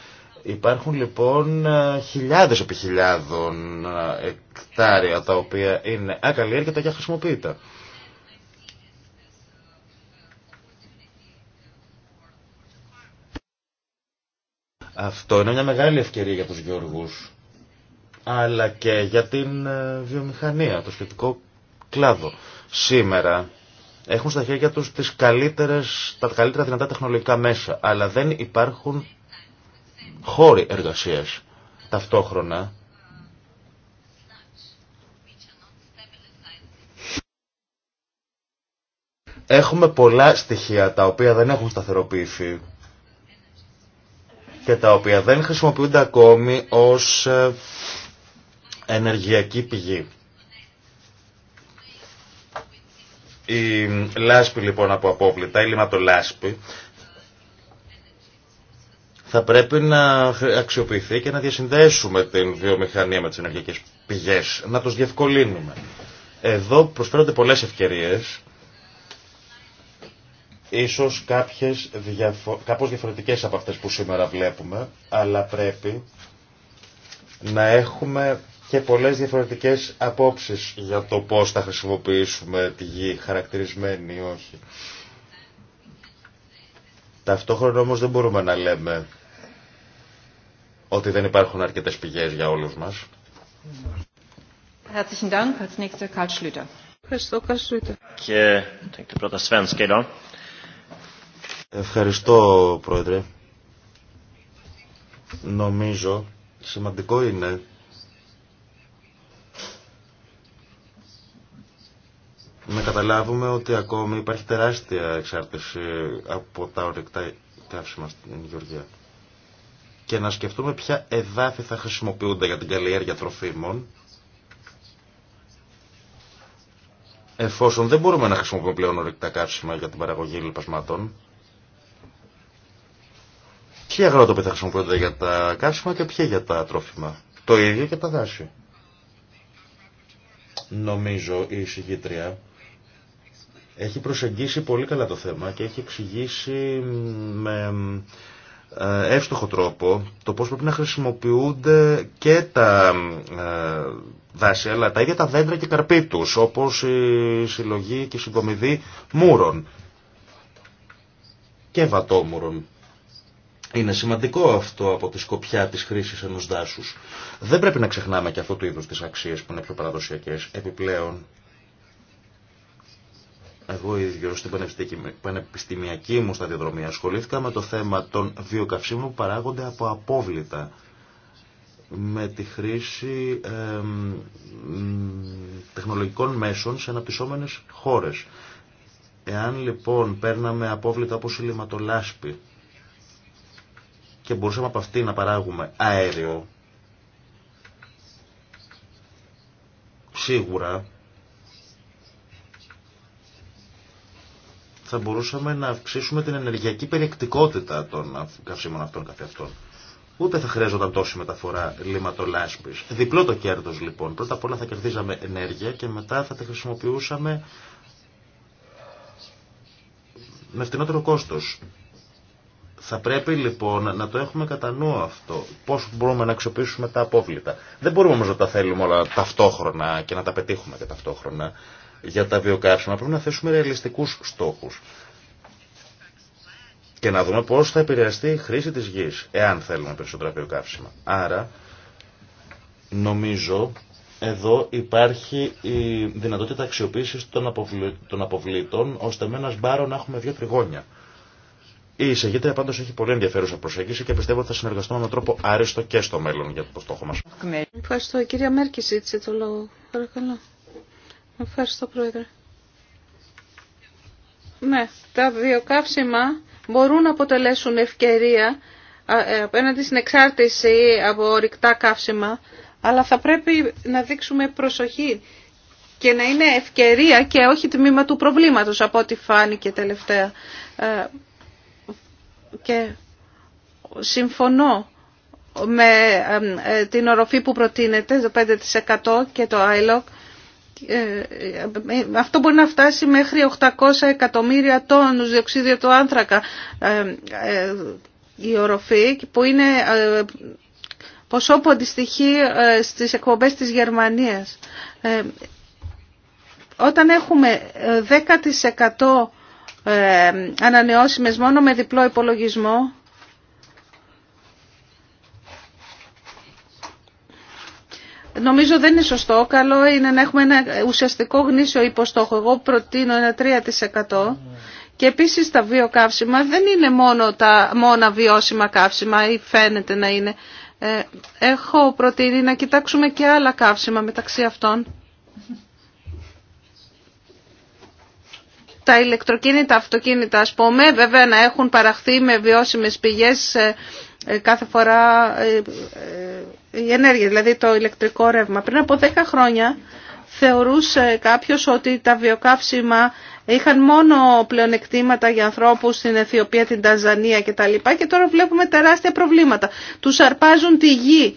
Υπάρχουν λοιπόν ε, χιλιάδες επί χιλιάδων ε, εκτάρια τα οποία είναι ακαλλιέργητα και χρησιμοποιείται. Αυτό είναι μια μεγάλη ευκαιρία για τους γεωργούς αλλά και για την ε, βιομηχανία, το σχετικό κλάδο. Σήμερα έχουν στα χέρια τους τις καλύτερες, τα καλύτερα δυνατά τεχνολογικά μέσα, αλλά δεν υπάρχουν χώροι εργασίας. Ταυτόχρονα έχουμε πολλά στοιχεία τα οποία δεν έχουν σταθεροποιηθεί και τα οποία δεν χρησιμοποιούνται ακόμη ως ε, ενεργειακή πηγή. Η λάσπη λοιπόν από απόβλητα, η λιματολάσπη, θα πρέπει να αξιοποιηθεί και να διασυνδέσουμε την βιομηχανία με τις ενεργειακές πηγές, να τους διευκολύνουμε. Εδώ προσφέρονται πολλές ευκαιρίες, ίσως κάποιες διαφο κάπως διαφορετικές από αυτές που σήμερα βλέπουμε, αλλά πρέπει να έχουμε και πολλές διαφορετικές απόψεις για το πώς θα χρησιμοποιήσουμε τη γη χαρακτηρισμένη ή όχι. Ταυτόχρονα όμως δεν μπορούμε να λέμε ότι δεν υπάρχουν αρκετές πηγές για όλους μας. Ευχαριστώ, Ευχαριστώ, Πρόεδρε. Νομίζω σημαντικό είναι να καταλάβουμε ότι ακόμη υπάρχει τεράστια εξάρτηση από τα ορυκτά καύσιμα στην Γεωργία. Και να σκεφτούμε ποια εδάφη θα χρησιμοποιούνται για την καλλιέργεια τροφίμων, εφόσον δεν μπορούμε να χρησιμοποιούμε πλέον ορυκτά καύσιμα για την παραγωγή λιπασμάτων. Ποιοι αγρότοποι θα χρησιμοποιούνται για τα καύσιμα και ποιοι για τα τρόφιμα. Το ίδιο και τα δάση. Νομίζω η εισηγήτρια έχει προσεγγίσει πολύ καλά το θέμα και έχει εξηγήσει με ε, εύστοχο τρόπο το πώς πρέπει να χρησιμοποιούνται και τα ε, δάση, αλλά τα ίδια τα δέντρα και καρπίτους τους, όπως η συλλογή και η συγκομιδή μούρων και βατόμουρων. Είναι σημαντικό αυτό από τη σκοπιά της χρήσης ενός δάσους. Δεν πρέπει να ξεχνάμε και αυτό του είδους τις αξίες που είναι πιο παραδοσιακές. Επιπλέον, εγώ ίδιο στην πανεπιστημιακή μου σταδιοδρομία ασχολήθηκα με το θέμα των βιοκαυσίμων που παράγονται από απόβλητα με τη χρήση τεχνολογικών μέσων σε αναπτυσσόμενες χώρες. Εάν λοιπόν παίρναμε απόβλητα όπως η λιματολάσπη και μπορούσαμε από αυτή να παράγουμε αέριο, σίγουρα θα μπορούσαμε να αυξήσουμε την ενεργειακή περιεκτικότητα των καυσίμων αυτών καθεαυτών. Ούτε θα χρειαζόταν τόση μεταφορά λιματολάσπη. Διπλό το κέρδο λοιπόν. Πρώτα απ' όλα θα κερδίζαμε ενέργεια και μετά θα τη χρησιμοποιούσαμε με φτηνότερο κόστο. Θα πρέπει λοιπόν να το έχουμε κατά νου αυτό. Πώ μπορούμε να αξιοποιήσουμε τα απόβλητα. Δεν μπορούμε όμω να τα θέλουμε όλα ταυτόχρονα και να τα πετύχουμε και ταυτόχρονα για τα βιοκάψιμα πρέπει να θέσουμε ρεαλιστικούς στόχους και να δούμε πώς θα επηρεαστεί η χρήση της γης, εάν θέλουμε περισσότερα βιοκάψιμα. Άρα, νομίζω, εδώ υπάρχει η δυνατότητα αξιοποίησης των, αποβλη... των αποβλήτων, ώστε με ένα σπάρο να έχουμε δύο τριγώνια. Η εισαγήτρια πάντως έχει πολύ ενδιαφέρουσα προσέγγιση και πιστεύω ότι θα συνεργαστούμε με τρόπο άριστο και στο μέλλον για το στόχο μας. Ευχαριστώ. Κυρία Μέρκη ζήτησε το λόγο. Παρακαλώ. Ευχαριστώ, Πρόεδρε. Ναι, τα βιοκαύσιμα μπορούν να αποτελέσουν ευκαιρία ε, απέναντι στην εξάρτηση από ορυκτά καύσιμα, αλλά θα πρέπει να δείξουμε προσοχή και να είναι ευκαιρία και όχι τμήμα του προβλήματος από ό,τι φάνηκε τελευταία. Ε, και συμφωνώ με ε, την οροφή που προτείνεται, το 5% και το ILOC, ε, ε, αυτό μπορεί να φτάσει μέχρι 800 εκατομμύρια τόνους διοξίδιο του άνθρακα ε, η οροφή που είναι ποσό που αντιστοιχεί στις εκπομπές της Γερμανίας. Όταν έχουμε 10% ανανεώσιμες μόνο με διπλό υπολογισμό Νομίζω δεν είναι σωστό. Καλό είναι να έχουμε ένα ουσιαστικό γνήσιο υποστόχο. Εγώ προτείνω ένα 3%. Και επίσης τα βιοκαύσιμα δεν είναι μόνο τα μόνα βιώσιμα καύσιμα ή φαίνεται να είναι. Ε, έχω προτείνει να κοιτάξουμε και άλλα καύσιμα μεταξύ αυτών. τα ηλεκτροκίνητα, αυτοκίνητα, ας πούμε, βέβαια να έχουν παραχθεί με βιώσιμες πηγές ε, ε, κάθε φορά ε, ε, η ενέργεια, δηλαδή το ηλεκτρικό ρεύμα. Πριν από 10 χρόνια θεωρούσε κάποιος ότι τα βιοκαύσιμα είχαν μόνο πλεονεκτήματα για ανθρώπους στην Αιθιοπία, την Ταζανία κτλ. Και τώρα βλέπουμε τεράστια προβλήματα. Τους αρπάζουν τη γη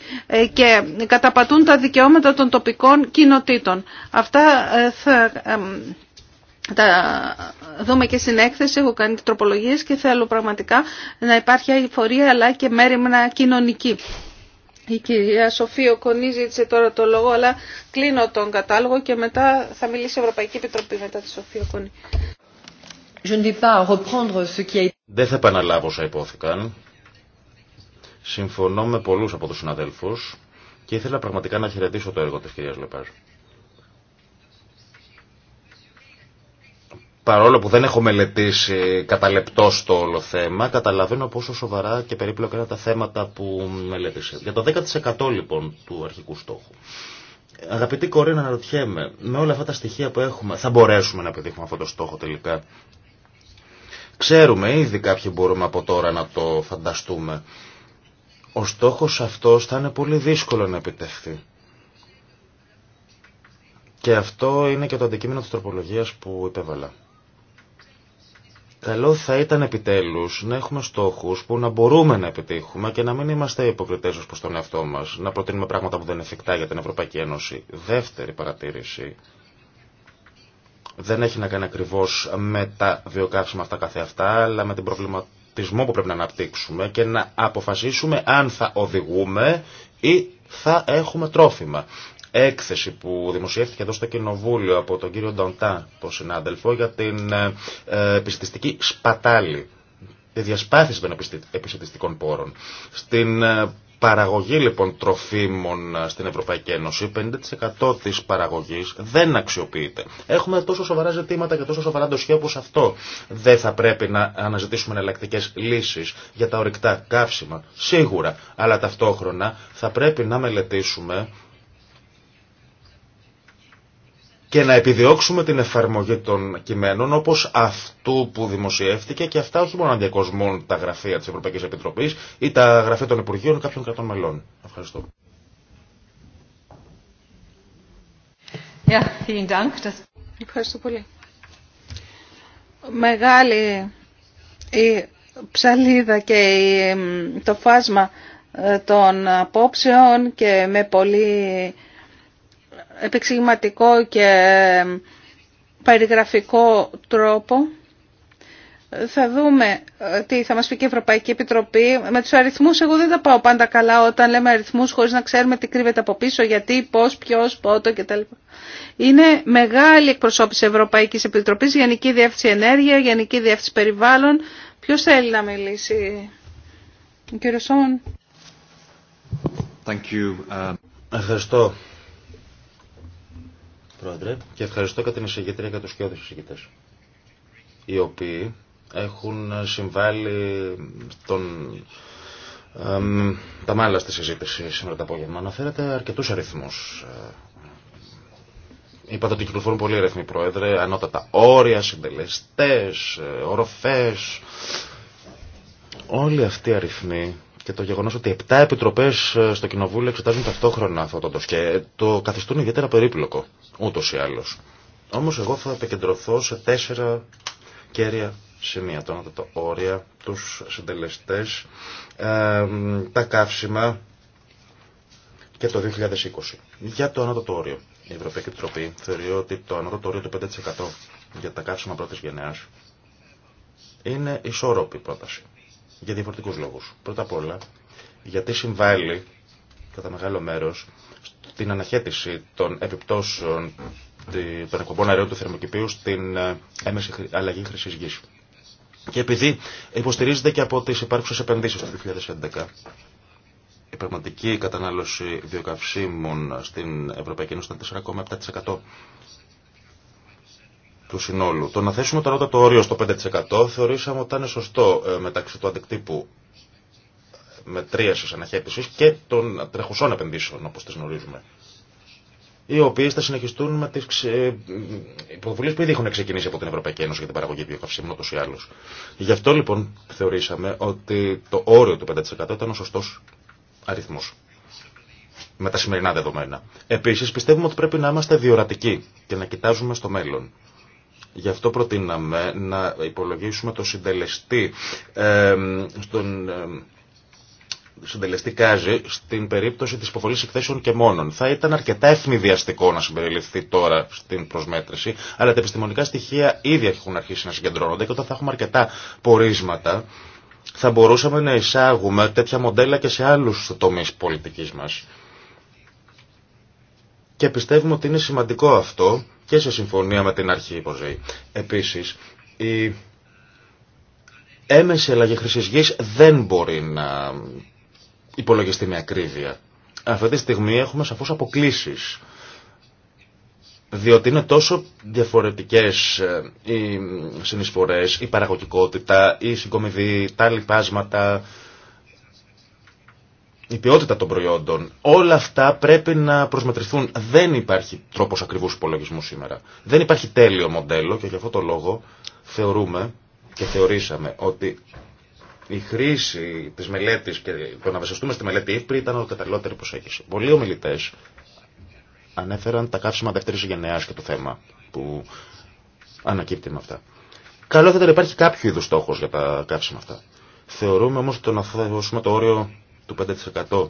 και καταπατούν τα δικαιώματα των τοπικών κοινοτήτων. Αυτά θα τα δούμε και στην έκθεση, έχω κάνει τροπολογίες και θέλω πραγματικά να υπάρχει αηφορία αλλά και μέρημνα κοινωνική. Η κυρία Σοφία Κονή ζήτησε τώρα το λόγο, αλλά κλείνω τον κατάλογο και μετά θα μιλήσει η Ευρωπαϊκή Επιτροπή μετά τη Σοφία Κονή. Δεν θα επαναλάβω όσα υπόθηκαν. Συμφωνώ με πολλούς από τους συναδέλφους και ήθελα πραγματικά να χαιρετήσω το έργο της κυρίας Λεπάζου. παρόλο που δεν έχω μελετήσει κατά λεπτό το όλο θέμα, καταλαβαίνω πόσο σοβαρά και περίπλοκα είναι τα θέματα που μελέτησε. Για το 10% λοιπόν του αρχικού στόχου. Αγαπητή Κορίνα, αναρωτιέμαι, με όλα αυτά τα στοιχεία που έχουμε, θα μπορέσουμε να επιδείχουμε αυτό το στόχο τελικά. Ξέρουμε ήδη κάποιοι μπορούμε από τώρα να το φανταστούμε. Ο στόχος αυτός θα είναι πολύ δύσκολο να επιτευχθεί. Και αυτό είναι και το αντικείμενο της τροπολογίας που υπέβαλα. Καλό θα ήταν επιτέλους να έχουμε στόχους που να μπορούμε να επιτύχουμε και να μην είμαστε υποκριτές ως προς τον εαυτό μας, να προτείνουμε πράγματα που δεν είναι εφικτά για την Ευρωπαϊκή Ένωση. Δεύτερη παρατήρηση δεν έχει να κάνει ακριβώς με τα βιοκαύσιμα αυτά καθεαυτά, αλλά με την προβληματισμό που πρέπει να αναπτύξουμε και να αποφασίσουμε αν θα οδηγούμε ή θα έχουμε τρόφιμα έκθεση που δημοσιεύτηκε εδώ στο Κοινοβούλιο από τον κύριο Ντοντά, τον συνάδελφο, για την ε, ε, επιστηστική σπατάλη, τη διασπάθηση των επιστηστικών πόρων. Στην ε, παραγωγή λοιπόν τροφίμων στην Ευρωπαϊκή Ένωση, 50% της παραγωγής δεν αξιοποιείται. Έχουμε τόσο σοβαρά ζητήματα και τόσο σοβαρά ντοσχεία όπως αυτό. Δεν θα πρέπει να αναζητήσουμε εναλλακτικέ λύσεις για τα ορυκτά καύσιμα, σίγουρα, αλλά ταυτόχρονα θα πρέπει να μελετήσουμε και να επιδιώξουμε την εφαρμογή των κειμένων όπως αυτού που δημοσιεύτηκε και αυτά όχι μόνο να διακοσμούν τα γραφεία της Ευρωπαϊκής Επιτροπής ή τα γραφεία των Υπουργείων κάποιων κρατών μελών. Ευχαριστώ. Ευχαριστώ πολύ. Μεγάλη η ψαλίδα και το φάσμα ε, των απόψεων και με πολύ επεξηγηματικό και ε, περιγραφικό τρόπο. Θα δούμε ε, τι θα μας πει και η Ευρωπαϊκή Επιτροπή. Με τους αριθμούς εγώ δεν τα πάω πάντα καλά όταν λέμε αριθμούς χωρίς να ξέρουμε τι κρύβεται από πίσω, γιατί, πώς, ποιος, πότε κτλ. Είναι μεγάλη εκπροσώπηση Ευρωπαϊκής Επιτροπής, Γενική Διεύθυνση Ενέργεια, Γενική Διεύθυνση Περιβάλλον. Ποιος θέλει να μιλήσει, ο κύριος Σόν. Uh, Ευχαριστώ Πρόεδρε, και ευχαριστώ και την εισηγήτρια και τους κοιόδους εισηγητές, οι οποίοι έχουν συμβάλει τον, τα μάλλα στη συζήτηση σήμερα το απόγευμα. Αναφέρατε αρκετούς αριθμούς. Ε, είπατε ότι κυκλοφορούν πολλοί αριθμοί, Πρόεδρε, ανώτατα όρια, συντελεστές, ε, οροφές. Όλοι αυτοί οι αριθμοί και το γεγονός ότι 7 επιτροπές ε, στο Κοινοβούλιο εξετάζουν ταυτόχρονα αυτό το το καθιστούν ιδιαίτερα περίπλοκο, ούτως ή άλλως. Όμως εγώ θα επικεντρωθώ σε τέσσερα κέρια σημεία, το τα όρια, τους συντελεστές, τα καύσιμα και το 2020. Για το ανώτατο όριο. Η Ευρωπαϊκή Επιτροπή θεωρεί ότι το ανώτατο όριο του 5% για τα καύσιμα πρώτης γενεάς είναι ισόρροπη πρόταση. Για διαφορετικούς λόγους. Πρώτα απ' όλα, γιατί συμβάλλει κατά μεγάλο μέρος στην αναχέτηση των επιπτώσεων των εκπομπών αερίων του θερμοκηπίου στην ε, έμεση αλλαγή χρυσή γη. Και επειδή υποστηρίζεται και από τις υπάρχουσες επενδύσεις του 2011, η πραγματική κατανάλωση βιοκαυσίμων στην Ευρωπαϊκή Ένωση ήταν 4,7% του συνόλου. Το να θέσουμε το όριο στο 5% θεωρήσαμε ότι ήταν σωστό ε, μεταξύ του αντικτύπου ε, μετρίασης αναχέτησης και των τρεχουσών επενδύσεων όπως τις γνωρίζουμε οι οποίε θα συνεχιστούν με τι ε, υποβουλίε που ήδη έχουν ξεκινήσει από την Ευρωπαϊκή Ένωση για την παραγωγή βιοκαυσίμων ούτω ή άλλω. Γι' αυτό λοιπόν θεωρήσαμε ότι το όριο του 5% ήταν ο σωστός αριθμός Με τα σημερινά δεδομένα. Επίσης πιστεύουμε ότι πρέπει να είμαστε διορατικοί και να κοιτάζουμε στο μέλλον. Γι' αυτό προτείναμε να υπολογίσουμε το συντελεστή ε, στον συντελεστή Κάζη στην περίπτωση της υποβολής εκθέσεων και μόνον. Θα ήταν αρκετά ευνηδιαστικό να συμπεριληφθεί τώρα στην προσμέτρηση, αλλά τα επιστημονικά στοιχεία ήδη έχουν αρχίσει να συγκεντρώνονται και όταν θα έχουμε αρκετά πορίσματα θα μπορούσαμε να εισάγουμε τέτοια μοντέλα και σε άλλους τομείς πολιτικής μας. Και πιστεύουμε ότι είναι σημαντικό αυτό και σε συμφωνία με την αρχή υποζεή. Επίσης, η έμεση αλλαγή χρυσής γης δεν μπορεί να υπολογιστεί με ακρίβεια. Αυτή τη στιγμή έχουμε σαφώς αποκλήσεις. Διότι είναι τόσο διαφορετικές ε, οι συνεισφορές, η παραγωγικότητα, η συγκομιδή, τα λοιπάσματα, η ποιότητα των προϊόντων, όλα αυτά πρέπει να προσμετρηθούν. Δεν υπάρχει τρόπο ακριβού υπολογισμού σήμερα. Δεν υπάρχει τέλειο μοντέλο και γι' αυτό το λόγο θεωρούμε και θεωρήσαμε ότι η χρήση τη μελέτη και το να βασιστούμε στη μελέτη ΕΦΠΡΙ ήταν ο καταλληλότερη προσέγγιση. Πολλοί ομιλητέ ανέφεραν τα καύσιμα δεύτερη γενεά και το θέμα που ανακύπτει με αυτά. Καλό θα ήταν να υπάρχει κάποιο είδου στόχο για τα καύσιμα αυτά. Θεωρούμε όμω ότι το να θέσουμε το όριο του 5%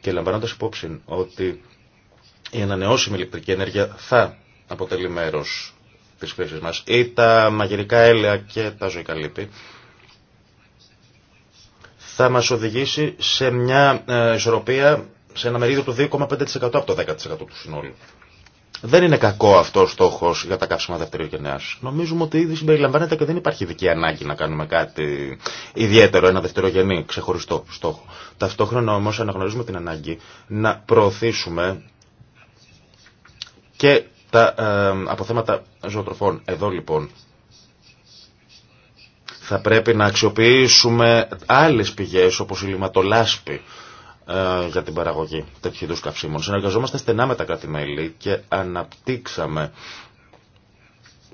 και λαμβάνοντας υπόψη ότι η ανανεώσιμη ηλεκτρική ενέργεια θα αποτελεί μέρος της χρήσης μας ή τα μαγειρικά έλαια και τα ζωικά λύπη θα μας οδηγήσει σε μια ε, ισορροπία σε ένα μερίδιο του 2,5% από το 10% του συνόλου. Δεν είναι κακό αυτό ο στόχο για τα καύσιμα δεύτερη Νομίζουμε ότι ήδη συμπεριλαμβάνεται και δεν υπάρχει δική ανάγκη να κάνουμε κάτι ιδιαίτερο, ένα δευτερογενή, ξεχωριστό στόχο. Ταυτόχρονα όμω αναγνωρίζουμε την ανάγκη να προωθήσουμε και τα ε, αποθέματα ζωοτροφών. Εδώ λοιπόν θα πρέπει να αξιοποιήσουμε άλλες πηγές όπως η λιματολάσπη ε, για την παραγωγή τέτοιου είδου καυσίμων. Συνεργαζόμαστε στενά με τα κράτη-μέλη και αναπτύξαμε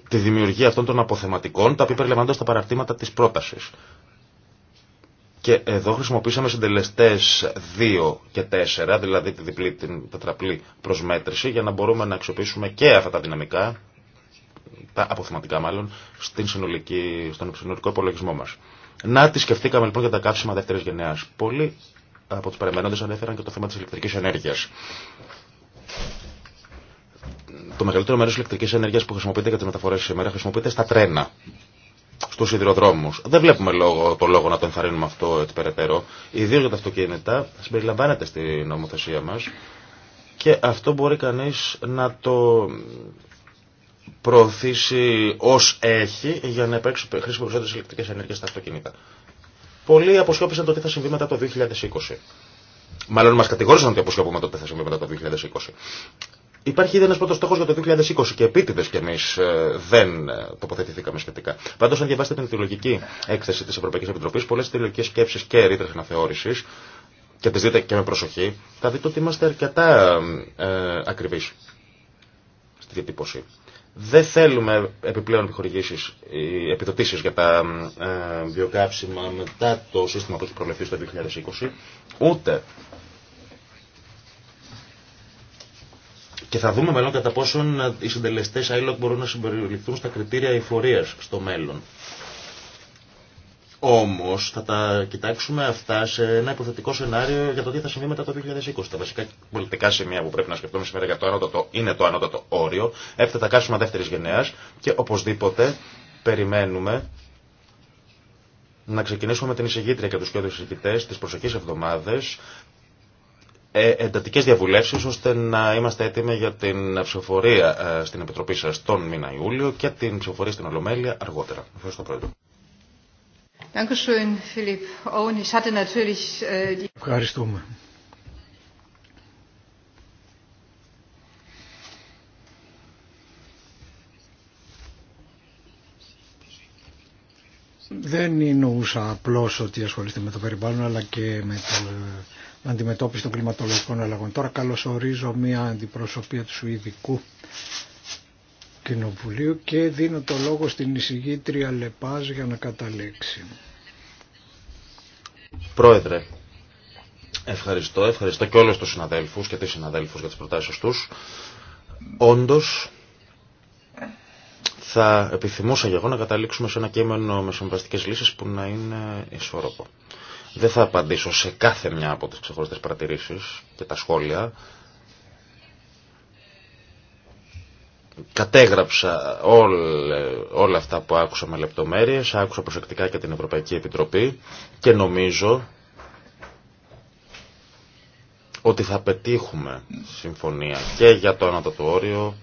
τη δημιουργία αυτών των αποθεματικών, τα οποία περιλαμβάνονται στα παραρτήματα τη πρόταση. Και εδώ χρησιμοποίησαμε συντελεστέ 2 και 4, δηλαδή τη διπλή, την τετραπλή προσμέτρηση, για να μπορούμε να αξιοποιήσουμε και αυτά τα δυναμικά, τα αποθεματικά μάλλον, στην στον συνολικό υπολογισμό μα. Να τη σκεφτήκαμε λοιπόν για τα καύσιμα δεύτερη γενιά. Πολύ από τους παρεμβαίνοντες ανέφεραν και το θέμα της ηλεκτρικής ενέργειας. Το μεγαλύτερο μέρος ηλεκτρικής ενέργειας που χρησιμοποιείται για τις μεταφορές σήμερα χρησιμοποιείται στα τρένα, στους σιδηροδρόμους. Δεν βλέπουμε λόγο, το λόγο να το ενθαρρύνουμε αυτό έτσι περαιτέρω. ιδίω για τα αυτοκίνητα συμπεριλαμβάνεται στη νομοθεσία μας και αυτό μπορεί κανείς να το προωθήσει ω έχει για να υπάρξει χρήση περισσότερη ηλεκτρική ενέργεια στα αυτοκίνητα. Πολλοί αποσιώπησαν το τι θα συμβεί μετά το 2020. Μάλλον μα κατηγόρησαν ότι αποσιώπουμε το τι θα συμβεί μετά το 2020. Υπάρχει ήδη ένα πρώτο στόχο για το 2020 και επίτηδε κι εμεί ε, δεν ε, τοποθετηθήκαμε σχετικά. Πάντω, αν διαβάσετε την ιδεολογική έκθεση τη Ευρωπαϊκή Επιτροπή, πολλέ ιδεολογικέ σκέψει και ρήτρε αναθεώρηση και τι δείτε και με προσοχή, θα δείτε ότι είμαστε αρκετά ε, ακριβεί στη διατύπωση. Δεν θέλουμε επιπλέον επιχορηγήσεις, επιδοτήσεις για τα ε, βιοκάψιμα μετά το σύστημα που έχει προβλεφθεί στο 2020, ούτε Και θα δούμε μέλλον κατά πόσον οι συντελεστέ ILOC μπορούν να συμπεριληφθούν στα κριτήρια εφορία στο μέλλον. Όμως θα τα κοιτάξουμε αυτά σε ένα υποθετικό σενάριο για το τι θα συμβεί μετά το 2020. Τα βασικά πολιτικά σημεία που πρέπει να σκεφτούμε σήμερα για το ανώτατο είναι το ανώτατο όριο, έφτατα κάσουμε δεύτερη γενέας και οπωσδήποτε περιμένουμε να ξεκινήσουμε με την εισηγήτρια και τους κοιόδους εισηγητές τις προσεχείς εβδομάδες ε, εντατικές διαβουλεύσεις ώστε να είμαστε έτοιμοι για την ψηφοφορία ε, στην Επιτροπή σας τον μήνα Ιούλιο και την ψηφοφορία στην Ολομέλεια αργότερα. Ευχαριστώ Πρόεδρο. Äh, Ευχαριστούμε. Δεν εννοούσα απλώ ότι ασχολείστε με το περιβάλλον αλλά και με την αντιμετώπιση των κλιματολογικών αλλαγών. Τώρα καλωσορίζω μια αντιπροσωπεία του Σουηδικού Κοινοβουλίου και δίνω το λόγο στην εισηγήτρια Λεπάζ για να καταλήξει. Πρόεδρε, ευχαριστώ. Ευχαριστώ και όλους τους συναδέλφους και τις συναδέλφους για τις προτάσεις τους. Όντως, θα επιθυμούσα για εγώ να καταλήξουμε σε ένα κείμενο με συμβαστικές λύσεις που να είναι ισόρροπο. Δεν θα απαντήσω σε κάθε μια από τις ξεχωριστές παρατηρήσεις και τα σχόλια. κατέγραψα όλ, όλα αυτά που άκουσα με λεπτομέρειες, άκουσα προσεκτικά και την Ευρωπαϊκή Επιτροπή και νομίζω ότι θα πετύχουμε συμφωνία και για το ανώτατο όριο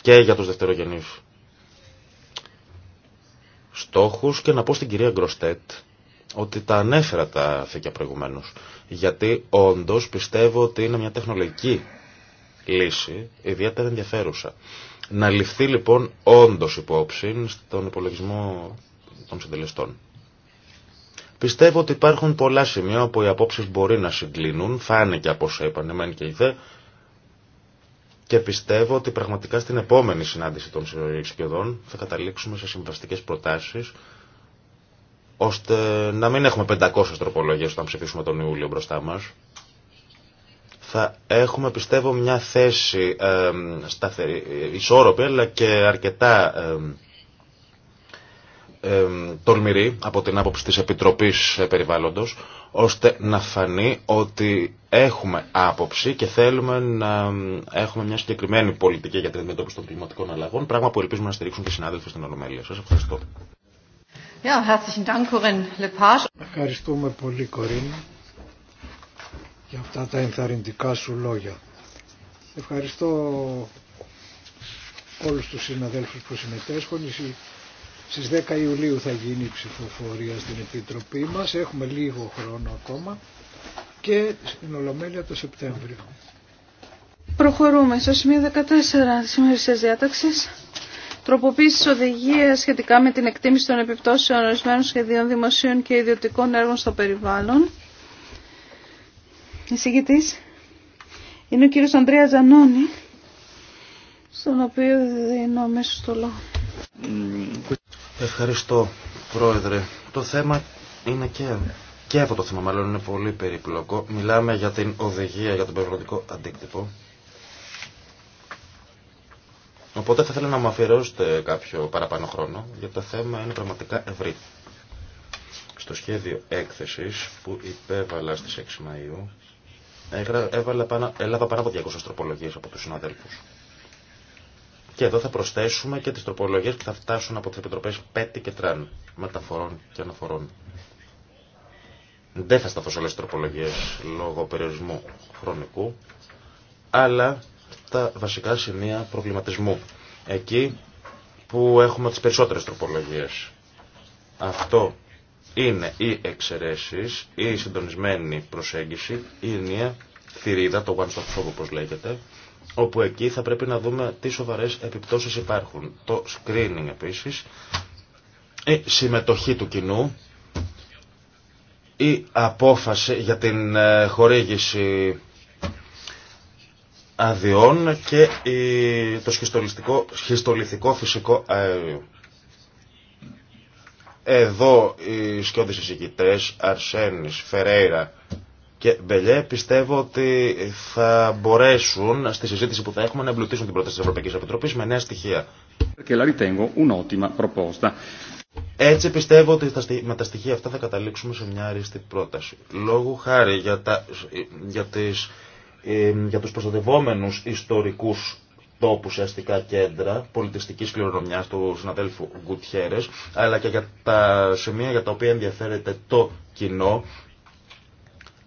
και για τους δευτερογενείς στόχους και να πω στην κυρία Γκροστέτ ότι τα ανέφερα τα θήκια προηγουμένως γιατί όντως πιστεύω ότι είναι μια τεχνολογική λύση ιδιαίτερα ενδιαφέρουσα να ληφθεί λοιπόν όντως υπόψη στον υπολογισμό των συντελεστών. Πιστεύω ότι υπάρχουν πολλά σημεία όπου οι απόψεις μπορεί να συγκλίνουν, φάνηκε από όσα είπαν εμένα και η ΔΕ, και πιστεύω ότι πραγματικά στην επόμενη συνάντηση των συνοριξικεδών θα καταλήξουμε σε συμβαστικές προτάσεις, ώστε να μην έχουμε 500 τροπολογίες όταν ψηφίσουμε τον Ιούλιο μπροστά μας, θα έχουμε πιστεύω μια θέση ε, σταθερή, ισόρροπη αλλά και αρκετά ε, τολμηρή από την άποψη της Επιτροπής Περιβάλλοντος ώστε να φανεί ότι έχουμε άποψη και θέλουμε να έχουμε μια συγκεκριμένη πολιτική για την αντιμετώπιση των κλιματικών αλλαγών πράγμα που ελπίζουμε να στηρίξουν και οι συνάδελφοι στην Ολομέλεια. Σας ευχαριστώ. Ευχαριστούμε πολύ Κορίνα για αυτά τα ενθαρρυντικά σου λόγια. Ευχαριστώ όλους τους συναδέλφους που συμμετέσχουν. Στις 10 Ιουλίου θα γίνει η ψηφοφορία στην Επιτροπή μας. Έχουμε λίγο χρόνο ακόμα και στην Ολομέλεια το Σεπτέμβριο. Προχωρούμε στο σημείο 14 της ημερησίας διάταξης. Τροποποίηση οδηγία σχετικά με την εκτίμηση των επιπτώσεων ορισμένων σχεδίων δημοσίων και ιδιωτικών έργων στο περιβάλλον εισηγητής είναι ο κύριος Ανδρέα Ζανώνη, στον οποίο δίνω αμέσως το λόγο. Ευχαριστώ, Πρόεδρε. Το θέμα είναι και, και αυτό το θέμα, μάλλον είναι πολύ περιπλοκό. Μιλάμε για την οδηγία για τον περιβαλλοντικό αντίκτυπο. Οπότε θα ήθελα να μου αφιερώσετε κάποιο παραπάνω χρόνο, γιατί το θέμα είναι πραγματικά ευρύ. Στο σχέδιο έκθεσης που υπέβαλα στις 6 Μαΐου, Έβαλα πάνω, έλαβα πάνω από 200 τροπολογίε από τους συναδέλφου. Και εδώ θα προσθέσουμε και τι τροπολογίε που θα φτάσουν από τι επιτροπέ ΠΕΤΗ και ΤΡΑΝ, μεταφορών και αναφορών. Δεν θα σταθώ σε όλε τι τροπολογίε λόγω περιορισμού χρονικού, αλλά τα βασικά σημεία προβληματισμού. Εκεί που έχουμε τι περισσότερε τροπολογίε. Αυτό είναι οι εξαιρέσει, η συντονισμένη προσέγγιση, η ενιαία θηρίδα, το one stop shop όπως λέγεται, όπου εκεί θα πρέπει να δούμε τι σοβαρές επιπτώσεις υπάρχουν. Το screening επίσης, η συμμετοχή του κοινού, η απόφαση για την ε, χορήγηση αδειών και το σχιστολιστικό, φυσικό αέριο. Ε, εδώ οι σκιώδεις εισηγητές, Αρσένης, Φερέιρα και Μπελιέ πιστεύω ότι θα μπορέσουν στη συζήτηση που θα έχουμε να εμπλουτίσουν την πρόταση της Ευρωπαϊκής Επιτροπής με νέα στοιχεία. Έτσι πιστεύω ότι με τα στοιχεία αυτά θα καταλήξουμε σε μια αρίστη πρόταση. Λόγου χάρη για, τα, για, τις, ε, για τους προστατευόμενους ιστορικούς τόπου σε αστικά κέντρα πολιτιστικής κληρονομιάς του συναδέλφου Γκουτιέρες, αλλά και για τα σημεία για τα οποία ενδιαφέρεται το κοινό,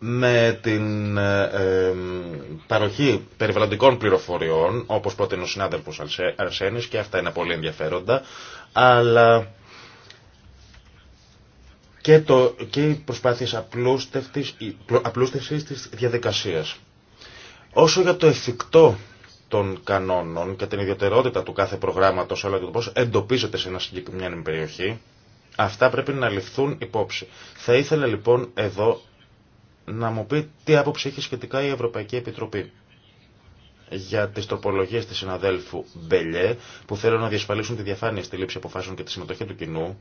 με την ε, παροχή περιβαλλοντικών πληροφοριών, όπως πρότεινε ο συνάδελφος Αρσένης, και αυτά είναι πολύ ενδιαφέροντα, αλλά και, το, και οι προσπάθειες απλούστευσης της διαδικασίας. Όσο για το εφικτό των κανόνων και την ιδιαιτερότητα του κάθε προγράμματος αλλά και το πώς εντοπίζεται σε μια συγκεκριμένη περιοχή, αυτά πρέπει να ληφθούν υπόψη. Θα ήθελα λοιπόν εδώ να μου πει τι άποψη έχει σχετικά η Ευρωπαϊκή Επιτροπή για τις τροπολογίες της συναδέλφου Μπελιέ που θέλουν να διασφαλίσουν τη διαφάνεια στη λήψη αποφάσεων και τη συμμετοχή του κοινού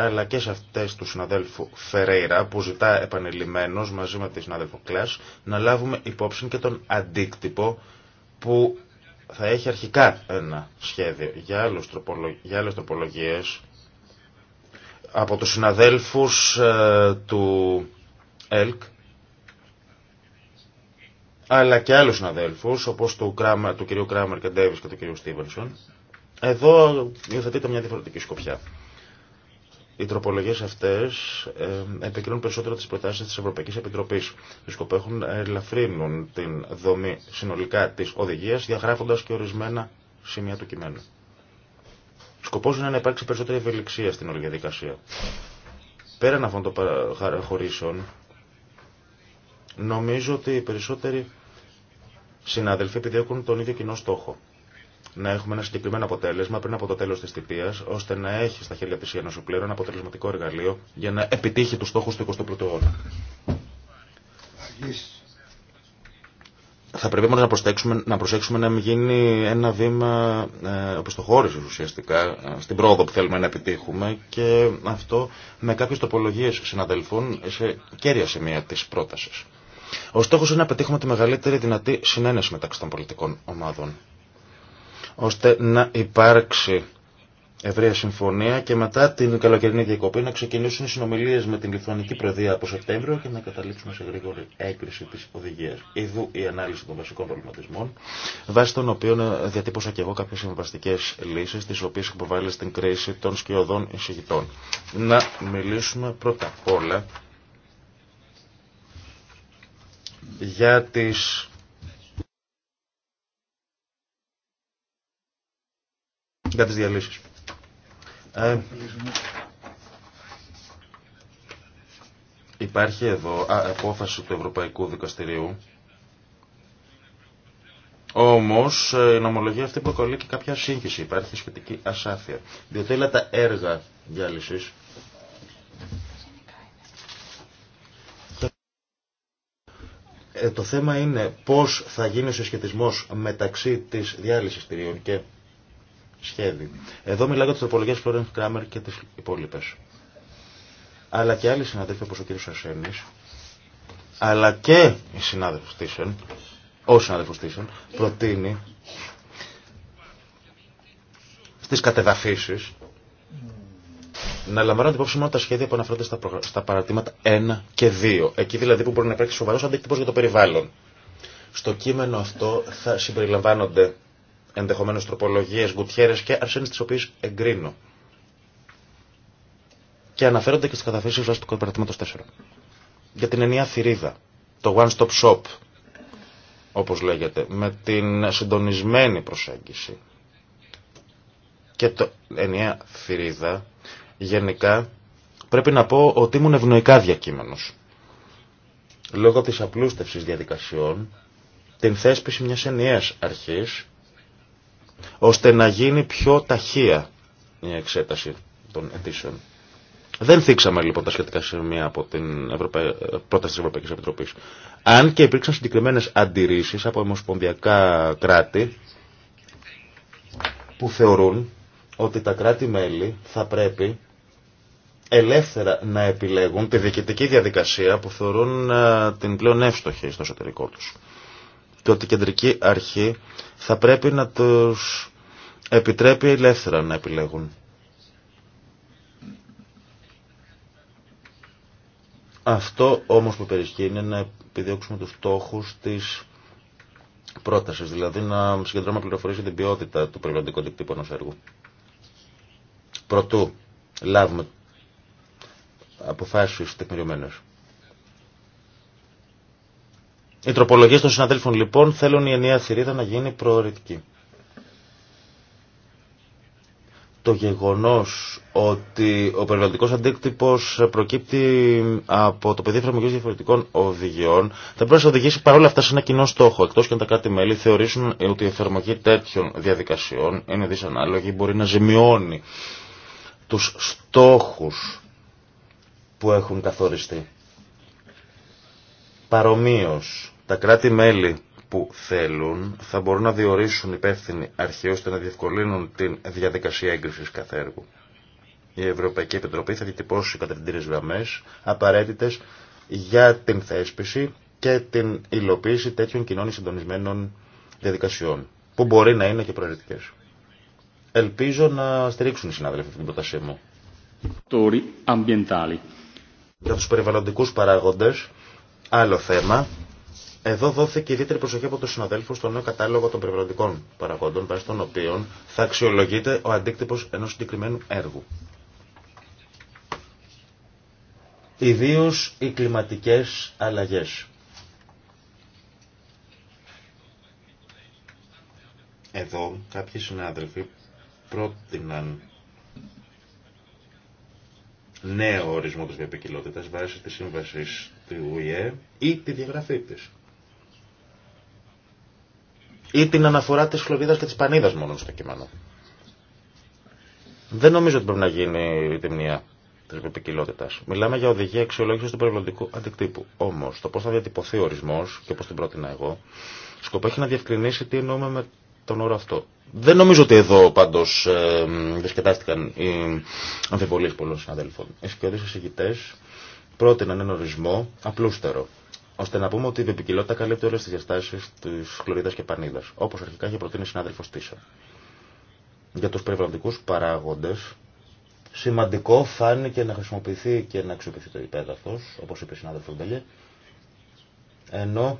αλλά και σε αυτές του συναδέλφου Φερέιρα που ζητά επανειλημμένος μαζί με τη συνάδελφο Κλάς να λάβουμε υπόψη και τον αντίκτυπο που θα έχει αρχικά ένα σχέδιο για, άλλους τροπολογ... για άλλες τροπολογίες από τους συναδέλφους ε, του ΕΛΚ αλλά και άλλους συναδέλφους όπως του, του κυρίου Κράμερ και Ντέβις και του κυρίου Στίβενσον εδώ υιοθετείται μια διαφορετική σκοπιά. Οι τροπολογίε αυτέ ε, επικρίνουν περισσότερο τι προτάσει τη Ευρωπαϊκή Επιτροπή. Οι σκοπό έχουν να ε, ελαφρύνουν την δομή συνολικά τη οδηγία, διαγράφοντα και ορισμένα σημεία του κειμένου. Σκοπό είναι να υπάρξει περισσότερη ευελιξία στην όλη διαδικασία. Πέραν αυτών των παραχωρήσεων, νομίζω ότι οι περισσότεροι συνάδελφοι επιδιώκουν τον ίδιο κοινό στόχο να έχουμε ένα συγκεκριμένο αποτέλεσμα πριν από το τέλο τη θητεία, ώστε να έχει στα χέρια τη η ένα αποτελεσματικό εργαλείο για να επιτύχει του στόχου του 21ου αιώνα. Θα πρέπει μόνο να, προσέξουμε, να προσέξουμε να μην γίνει ένα βήμα ε, οπισθοχώρησης ουσιαστικά ε, στην πρόοδο που θέλουμε να επιτύχουμε και αυτό με καποιε τοπολογιε συναδελφών σε κέρια σημεία τη προταση Ο στοχο είναι να πετύχουμε τη μεγαλύτερη δυνατή συνένεση μεταξύ των πολιτικών ομάδων ώστε να υπάρξει ευρεία συμφωνία και μετά την καλοκαιρινή διακοπή να ξεκινήσουν οι συνομιλίες με την Λιθουανική Προεδρία από Σεπτέμβριο και να καταλήξουμε σε γρήγορη έγκριση της οδηγίας. Ειδού η ανάλυση των βασικών προβληματισμών, βάσει των οποίων ε, διατύπωσα και εγώ κάποιε συμβαστικέ λύσει, τι οποίε υποβάλλει στην κρίση των σκιωδών εισηγητών. Να μιλήσουμε πρώτα απ' όλα για τις για τις διαλύσεις. Ε, υπάρχει εδώ απόφαση του Ευρωπαϊκού Δικαστηρίου όμως ε, η νομολογία αυτή προκαλεί και κάποια σύγχυση. Υπάρχει σχετική ασάφεια. Διότι όλα τα έργα διάλυσης ε, το θέμα είναι πώς θα γίνει ο συσχετισμός μεταξύ της διάλυσης τριών και σχέδι. Εδώ μιλάω για τι τροπολογίε Φλόρεν Κράμερ και τι υπόλοιπε. Αλλά και άλλοι συναδέλφοι όπω ο κ. Ασένη, αλλά και οι συνάδελφο Τίσεν, ο συνάδελφο Τίσεν, προτείνει στι κατεδαφίσει να λαμβάνονται υπόψη μόνο τα σχέδια που αναφέρονται στα, στα παρατήματα 1 και 2. Εκεί δηλαδή που μπορεί να υπάρξει σοβαρό αντίκτυπο για το περιβάλλον. Στο κείμενο αυτό θα συμπεριλαμβάνονται Ενδεχομένω τροπολογίε, γκουτιέρε και αρσένε, τι οποίε εγκρίνω. Και αναφέρονται και στι καταθέσει βάσει του παρατήματος 4. Για την ενιαία θηρίδα, το One Stop Shop, Όπω λέγεται, με την συντονισμένη προσέγγιση και το ενιαία θηρίδα, γενικά πρέπει να πω ότι ήμουν ευνοϊκά διακείμενο. Λόγω τη απλούστευση διαδικασιών, την θέσπιση μια ενιαία αρχή ώστε να γίνει πιο ταχεία η εξέταση των αιτήσεων. Δεν θίξαμε λοιπόν τα σχετικά σημεία από την Ευρωπαϊ... πρόταση τη Ευρωπαϊκή Επιτροπή. Αν και υπήρξαν συγκεκριμένε αντιρρήσει από ομοσπονδιακά κράτη που θεωρούν ότι τα κράτη-μέλη θα πρέπει ελεύθερα να επιλέγουν τη διοικητική διαδικασία που θεωρούν ε, την πλέον εύστοχη στο εσωτερικό τους και ότι η κεντρική αρχή θα πρέπει να τους επιτρέπει ελεύθερα να επιλέγουν. Αυτό όμως που περισχύει είναι να επιδιώξουμε τους στόχους της πρότασης, δηλαδή να συγκεντρώμε πληροφορίες για την ποιότητα του περιβαλλοντικού αντικτύπου ενός έργου. Πρωτού λάβουμε αποφάσεις τεκμηριωμένες. Οι τροπολογίε των συναδέλφων λοιπόν θέλουν η ενιαία θηρίδα να γίνει προοριτική. Το γεγονός ότι ο περιβαλλοντικός αντίκτυπος προκύπτει από το πεδίο εφαρμογή διαφορετικών οδηγιών θα πρέπει να σε οδηγήσει παρόλα αυτά σε ένα κοινό στόχο. Εκτός και αν τα κράτη-μέλη θεωρήσουν ότι η εφαρμογή τέτοιων διαδικασιών είναι δυσανάλογη, μπορεί να ζημιώνει τους στόχους που έχουν καθοριστεί. Παρομοίως, τα κράτη-μέλη που θέλουν θα μπορούν να διορίσουν υπεύθυνοι αρχή ώστε να διευκολύνουν την διαδικασία έγκρισης κάθε έργου. Η Ευρωπαϊκή Επιτροπή θα διατυπώσει κατευθυντήρες γραμμές απαραίτητες για την θέσπιση και την υλοποίηση τέτοιων κοινών συντονισμένων διαδικασιών, που μπορεί να είναι και προαιρετικές. Ελπίζω να στηρίξουν οι συνάδελφοι αυτή την πρότασή μου. Για τους περιβαλλοντικούς παράγοντε Άλλο θέμα. Εδώ δόθηκε ιδιαίτερη προσοχή από του συναδέλφου στο νέο κατάλογο των περιβαλλοντικών παραγόντων, βάσει των οποίων θα αξιολογείται ο αντίκτυπο ενό συγκεκριμένου έργου. Ιδίω οι κλιματικέ αλλαγέ. Εδώ κάποιοι συνάδελφοι πρότειναν νέο ορισμό της διαπικιλότητας βάσει της σύμβασης του ΟΗΕ ή τη διαγραφή τη. Ή την αναφορά της Φλωρίδας και της Πανίδας μόνο στο κείμενο. Δεν νομίζω ότι πρέπει να γίνει η τιμνία τη επικοινότητα. Μιλάμε για οδηγία αξιολόγηση του περιβαλλοντικού αντικτύπου. Όμω, το πώ θα διατυπωθεί ο ορισμό και όπω την πρότεινα εγώ, σκοπό έχει να διευκρινίσει τι εννοούμε με τον όρο αυτό. Δεν νομίζω ότι εδώ πάντω ε, διασκεδάστηκαν οι αμφιβολίε πολλών συναδέλφων. Οι σκιώδει εισηγητέ πρότειναν έναν ορισμό απλούστερο, ώστε να πούμε ότι η βιοπικιλότητα καλύπτει όλε τι διαστάσει τη χλωρίδα και πανίδα, όπω αρχικά είχε προτείνει η συνάδελφο Τίσα. Για του περιβαλλοντικού παράγοντε, σημαντικό φάνηκε να χρησιμοποιηθεί και να αξιοποιηθεί το υπέδαφο, όπω είπε η συνάδελφο Μπέλιε, ενώ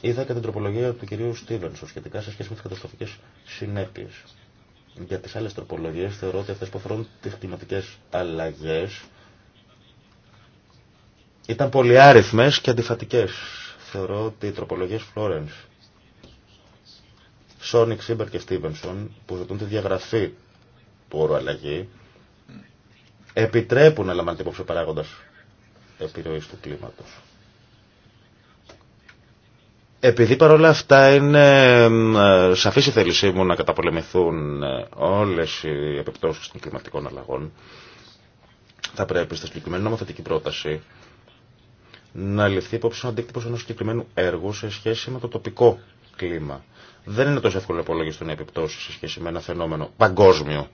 είδα και την τροπολογία του κυρίου Στίβενσο σχετικά σε σχέση με τι καταστροφικέ συνέπειε. Για τι άλλε τροπολογίε θεωρώ ότι αυτέ που αφορούν τι κλιματικέ αλλαγέ ήταν πολυάριθμες και αντιφατικές. Θεωρώ ότι οι τροπολογίες Φλόρενς, Σόνικ, Σίμπερ και Στίβενσον που ζητούν τη διαγραφή του όρου αλλαγή επιτρέπουν να λαμβάνεται υπόψη παράγοντα επιρροή του κλίματο. Επειδή παρόλα αυτά είναι ε, σαφής η θέλησή μου να καταπολεμηθούν ε, όλες οι επιπτώσεις των κλιματικών αλλαγών, θα πρέπει στη συγκεκριμένη νομοθετική πρόταση να ληφθεί υπόψη ο αντίκτυπο ενό συγκεκριμένου έργου σε σχέση με το τοπικό κλίμα. Δεν είναι τόσο εύκολο υπολογιστή οι επιπτώσει σε σχέση με ένα φαινόμενο παγκόσμιο.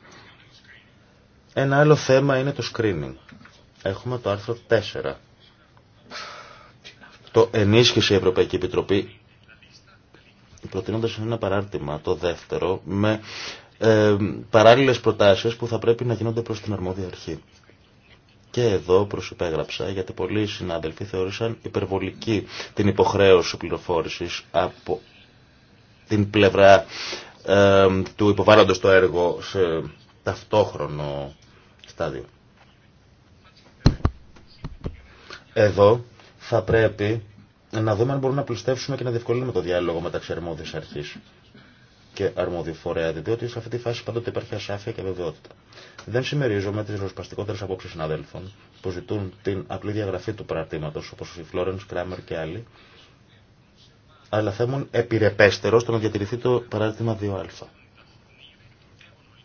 Ένα άλλο θέμα είναι το screening. Έχουμε το άρθρο 4. Το ενίσχυσε η Ευρωπαϊκή Επιτροπή προτείνοντα ένα παράρτημα, το δεύτερο, με ε, παράλληλες προτάσεις που θα πρέπει να γίνονται προς την αρμόδια αρχή. Και εδώ προσυπέγραψα γιατί πολλοί συνάδελφοι θεώρησαν υπερβολική την υποχρέωση πληροφόρησης από την πλευρά του υποβάλλοντος το έργο σε ταυτόχρονο στάδιο. Εδώ θα πρέπει να δούμε αν μπορούμε να πλουστεύσουμε και να διευκολύνουμε το διάλογο μεταξύ αρμόδιας αρχής και αρμόδιου φορέα, διότι σε αυτή τη φάση πάντοτε υπάρχει ασάφεια και βεβαιότητα. Δεν συμμερίζομαι τι ροσπαστικότερε απόψει συναδέλφων που ζητούν την απλή διαγραφή του παρατήματο, όπω η Φλόρεν, Κράμερ και άλλοι, αλλά θέμουν επιρρεπέστερο στο να διατηρηθεί το παράρτημα 2α.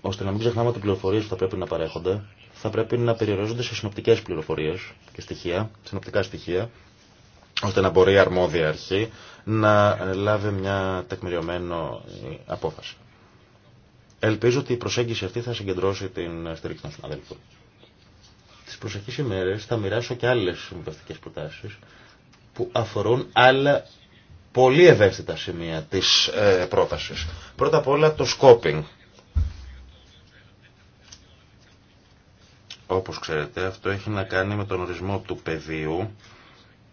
Ώστε να μην ξεχνάμε ότι πληροφορίε που θα πρέπει να παρέχονται θα πρέπει να περιορίζονται σε συνοπτικέ πληροφορίε και στοιχεία, συνοπτικά στοιχεία, ώστε να μπορεί η αρμόδια αρχή να λάβει μια τεκμηριωμένη ε, απόφαση. Ελπίζω ότι η προσέγγιση αυτή θα συγκεντρώσει την στήριξη των συναδέλφων. Τι προσεχεί ημέρε θα μοιράσω και άλλε συμβουλευτικέ προτάσει που αφορούν άλλα πολύ ευαίσθητα σημεία τη ε, πρότασης. Πρώτα απ' όλα το σκόπινγκ. Όπως ξέρετε αυτό έχει να κάνει με τον ορισμό του πεδίου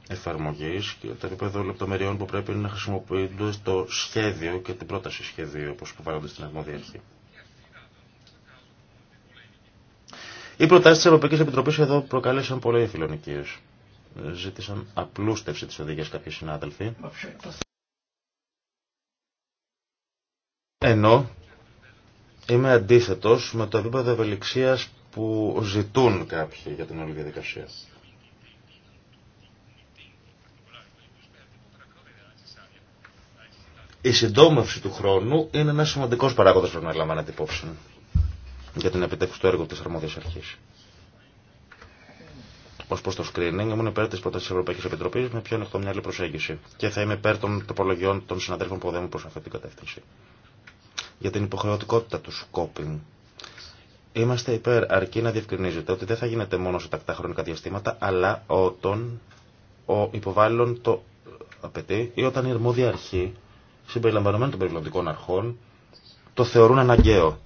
εφαρμογής και το επίπεδο λεπτομεριών που πρέπει να χρησιμοποιούνται στο σχέδιο και την πρόταση σχεδίου όπως υποβάλλονται στην αρμόδια αρχή. Οι προτάσει τη Ευρωπαϊκή Επιτροπή εδώ προκαλέσαν πολλέ φιλονικίε. Ζήτησαν απλούστευση τη οδηγία κάποιοι συνάδελφοι. Ενώ είμαι αντίθετο με το επίπεδο ευελιξία που ζητούν κάποιοι για την όλη διαδικασία. Η συντόμευση του χρόνου είναι ένα σημαντικό παράγοντα που πρέπει να λαμβάνεται υπόψη για την επιτεύξη του έργου της αρμόδιας αρχής. Ω προ το screening, ήμουν υπέρ τη πρόταση τη Ευρωπαϊκή Επιτροπή με πιο άλλη προσέγγιση και θα είμαι υπέρ των τοπολογίων των συναδέλφων που οδεύουν προ αυτή την κατεύθυνση. Για την υποχρεωτικότητα του scoping. Είμαστε υπέρ αρκεί να διευκρινίζεται ότι δεν θα γίνεται μόνο σε τακτά χρονικά διαστήματα, αλλά όταν ο υποβάλλον το απαιτεί ή όταν η αρμόδια αρχή, συμπεριλαμβανομένων των περιβαλλοντικών αρχών, το θεωρούν αναγκαίο.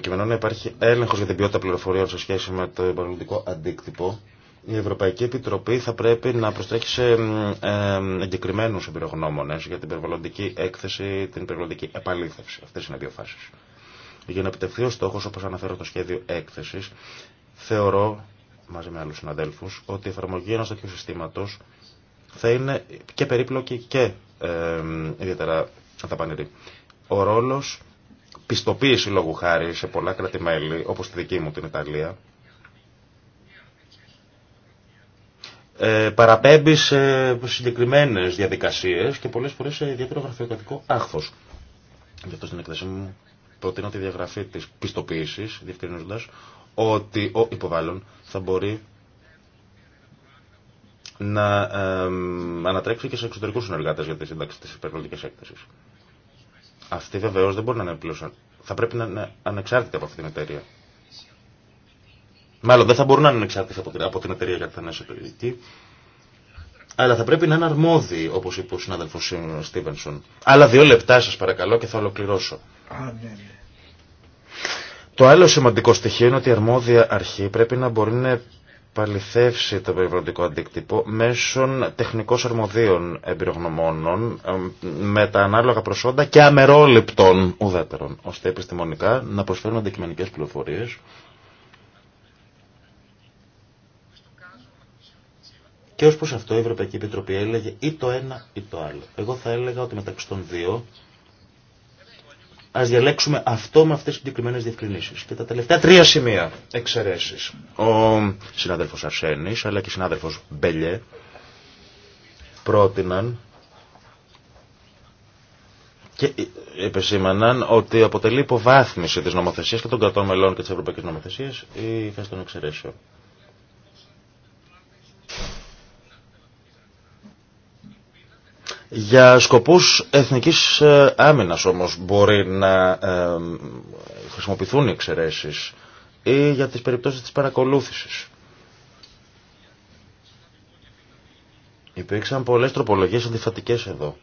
προκειμένου να υπάρχει έλεγχο για την ποιότητα πληροφοριών σε σχέση με το υπερβολικό αντίκτυπο, η Ευρωπαϊκή Επιτροπή θα πρέπει να προστρέχει σε ε, εγκεκριμένου εμπειρογνώμονε για την περιβαλλοντική έκθεση, την περιβαλλοντική επαλήθευση. Αυτέ είναι δύο φάσει. Για να επιτευχθεί ο στόχο, όπω αναφέρω το σχέδιο έκθεση, θεωρώ, μαζί με άλλου συναδέλφου, ότι η εφαρμογή ενό τέτοιου συστήματο θα είναι και περίπλοκη και ε, ιδιαίτερα θα Ο ρόλος πιστοποίηση λόγου χάρη σε πολλά κράτη-μέλη, όπως τη δική μου την Ιταλία, ε, παραπέμπει σε συγκεκριμένε διαδικασίες και πολλές φορέ σε ιδιαίτερο γραφειοκρατικό άχθος. Γι' αυτό στην εκθεσή μου προτείνω τη διαγραφή τη πιστοποίηση, διευκρινίζοντας ότι ο υποβάλλον θα μπορεί να ε, ανατρέξει και σε εξωτερικούς συνεργάτες για τη σύνταξη της υπερβολικής έκθεσης. Αυτή βεβαίω δεν μπορεί να είναι πλούσια. Θα πρέπει να είναι ανεξάρτητη από αυτή την εταιρεία. Μάλλον δεν θα μπορούν να είναι ανεξάρτητοι από την εταιρεία γιατί θα είναι εσωτερική. Αλλά θα πρέπει να είναι αρμόδιοι, όπω είπε ο συνάδελφο Στίβενσον. Άλλα δύο λεπτά σα παρακαλώ και θα ολοκληρώσω. Α, ναι, ναι, Το άλλο σημαντικό στοιχείο είναι ότι η αρμόδια αρχή πρέπει να μπορεί να επαληθεύσει το περιβαλλοντικό αντίκτυπο μέσω τεχνικών αρμοδίων εμπειρογνωμόνων ε, με τα ανάλογα προσόντα και αμερόληπτων ουδέτερων, ώστε επιστημονικά να προσφέρουν αντικειμενικές πληροφορίες Και ως προς αυτό η Ευρωπαϊκή Επιτροπή έλεγε ή το ένα ή το άλλο. Εγώ θα έλεγα ότι μεταξύ των δύο ας διαλέξουμε αυτό με αυτές τι συγκεκριμένε διευκρινήσει. Και τα τελευταία τρία σημεία εξαιρέσει. Ο συνάδελφος Αρσένη αλλά και συνάδελφος Μπελιέ πρότειναν και ε, επεσήμαναν ότι αποτελεί υποβάθμιση της νομοθεσίας και των κρατών μελών και τη Ευρωπαϊκή Νομοθεσία η θέση των εξαιρέσεων. Για σκοπούς εθνικής ε, άμυνας όμως μπορεί να ε, χρησιμοποιηθούν οι εξαιρέσεις ή για τις περιπτώσεις της παρακολούθησης. Υπήρξαν πολλές τροπολογίες αντιφατικές εδώ.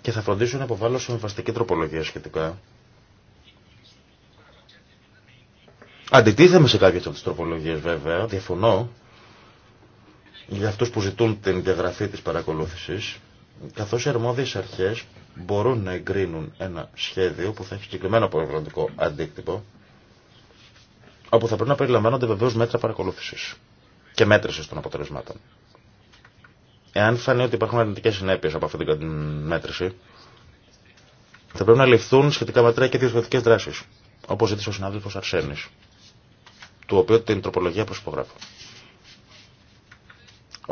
Και θα φροντίσω να αποβάλω συμβαστική τροπολογία σχετικά. Αντιτίθεμαι σε κάποιες από τις τροπολογίες βέβαια, διαφωνώ για αυτού που ζητούν την διαγραφή τη παρακολούθηση, καθώ οι αρμόδιες αρχέ μπορούν να εγκρίνουν ένα σχέδιο που θα έχει συγκεκριμένο περιβαλλοντικό αντίκτυπο, όπου θα πρέπει να περιλαμβάνονται βεβαίω μέτρα παρακολούθηση και μέτρηση των αποτελεσμάτων. Εάν φανεί ότι υπάρχουν αρνητικέ συνέπειες από αυτή την μέτρηση, θα πρέπει να ληφθούν σχετικά μέτρα και διορθωτικές δράσει, όπω ζήτησε ο συνάδελφο Αρσένη, του οποίου την τροπολογία προσυπογράφω.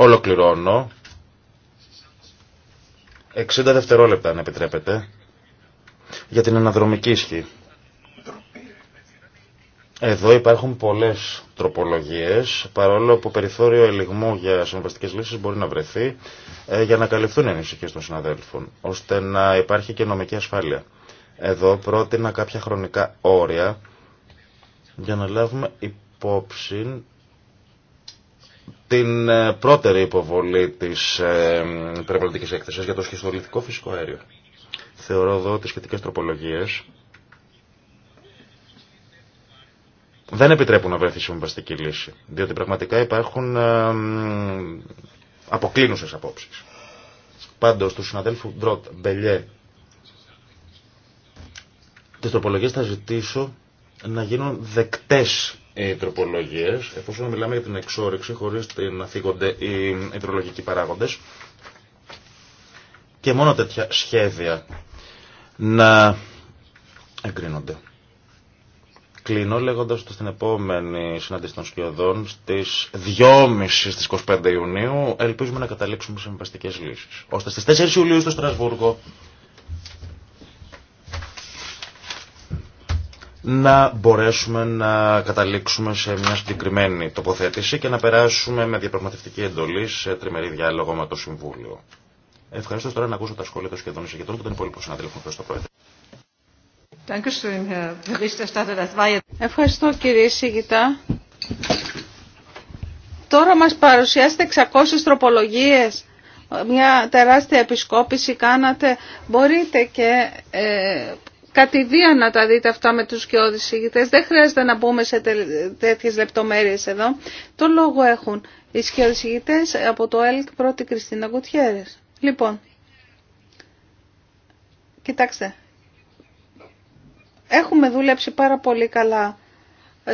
Ολοκληρώνω. 60 δευτερόλεπτα αν επιτρέπετε για την αναδρομική ισχύ. Εδώ υπάρχουν πολλές τροπολογίες, παρόλο που περιθώριο ελιγμού για συμβαστικές λύσεις μπορεί να βρεθεί ε, για να καλυφθούν οι ανησυχίες των συναδέλφων, ώστε να υπάρχει και νομική ασφάλεια. Εδώ πρότεινα κάποια χρονικά όρια για να λάβουμε υπόψη την ε, πρώτερη υποβολή της ε, περιβαλλοντικής έκθεσης για το σχιστολιθικό φυσικό αέριο. Θεωρώ εδώ τις σχετικές τροπολογίες δεν επιτρέπουν να βρεθεί συμβαστική λύση, διότι πραγματικά υπάρχουν ε, αποκλίνουσες απόψεις. Πάντως, του συναδέλφου Ντρότ Μπελιέ, τις τροπολογίες θα ζητήσω να γίνουν δεκτές οι τροπολογίε, εφόσον μιλάμε για την εξόρυξη χωρί να θίγονται οι υδρολογικοί παράγοντε, και μόνο τέτοια σχέδια να εγκρίνονται. Κλείνω λέγοντα ότι στην επόμενη συνάντηση των σκιωδών στι 2.30 στι 25 Ιουνίου ελπίζουμε να καταλήξουμε σε συμβαστικέ λύσει. ώστε στι 4 Ιουλίου στο Στρασβούργο να μπορέσουμε να καταλήξουμε σε μια συγκεκριμένη τοποθέτηση και να περάσουμε με διαπραγματευτική εντολή σε τριμερή διάλογο με το Συμβούλιο. Ευχαριστώ τώρα να ακούσω τα σχόλια των σχεδόν εισηγητών και των υπόλοιπων συναδέλφων προ το Πρόεδρο. Ευχαριστώ κύριε εισηγητά. Τώρα μας παρουσιάσετε 600 τροπολογίες. Μια τεράστια επισκόπηση κάνατε. Μπορείτε και ε, Κατηδία να τα δείτε αυτά με τους και ηγητές. Δεν χρειάζεται να μπούμε σε τέτοιες λεπτομέρειες εδώ. Το λόγο έχουν οι σκιώδεις από το ΕΛΚ πρώτη Κριστίνα Κουτιέρες. Λοιπόν, κοιτάξτε, έχουμε δουλέψει πάρα πολύ καλά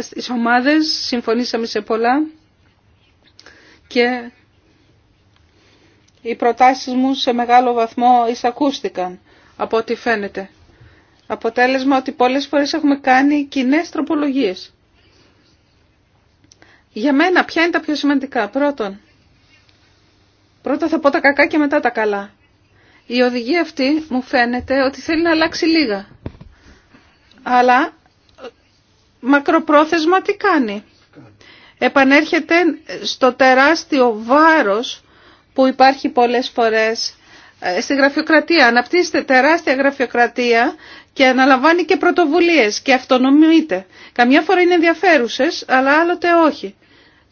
στις ομάδες, συμφωνήσαμε σε πολλά και οι προτάσεις μου σε μεγάλο βαθμό εισακούστηκαν από ό,τι φαίνεται. Αποτέλεσμα ότι πολλές φορές έχουμε κάνει κοινέ τροπολογίες. Για μένα ποια είναι τα πιο σημαντικά. Πρώτον, πρώτα θα πω τα κακά και μετά τα καλά. Η οδηγία αυτή μου φαίνεται ότι θέλει να αλλάξει λίγα. Αλλά μακροπρόθεσμα τι κάνει. Επανέρχεται στο τεράστιο βάρος που υπάρχει πολλές φορές ε, στη γραφειοκρατία. Αναπτύσσεται τεράστια γραφειοκρατία και αναλαμβάνει και πρωτοβουλίες και αυτονομείται. Καμιά φορά είναι ενδιαφέρουσες, αλλά άλλοτε όχι.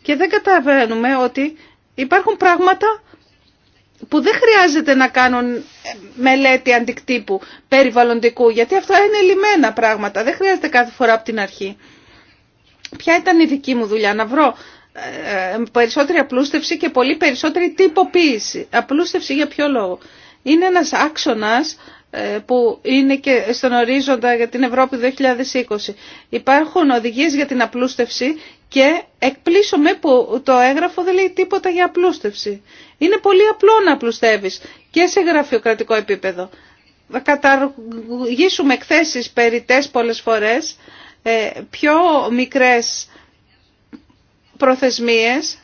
Και δεν καταβαίνουμε ότι υπάρχουν πράγματα που δεν χρειάζεται να κάνουν μελέτη αντικτύπου περιβαλλοντικού, γιατί αυτά είναι λιμένα πράγματα, δεν χρειάζεται κάθε φορά από την αρχή. Ποια ήταν η δική μου δουλειά, να βρω ε, περισσότερη απλούστευση και πολύ περισσότερη τυποποίηση. Απλούστευση για ποιο λόγο. Είναι ένας άξονας που είναι και στον ορίζοντα για την Ευρώπη 2020. Υπάρχουν οδηγίες για την απλούστευση και εκπλήσω με που το έγγραφο δεν λέει τίποτα για απλούστευση. Είναι πολύ απλό να απλουστεύεις και σε γραφειοκρατικό επίπεδο. Θα καταργήσουμε εκθέσεις περιτές πολλές φορές, ε, πιο μικρές προθεσμίες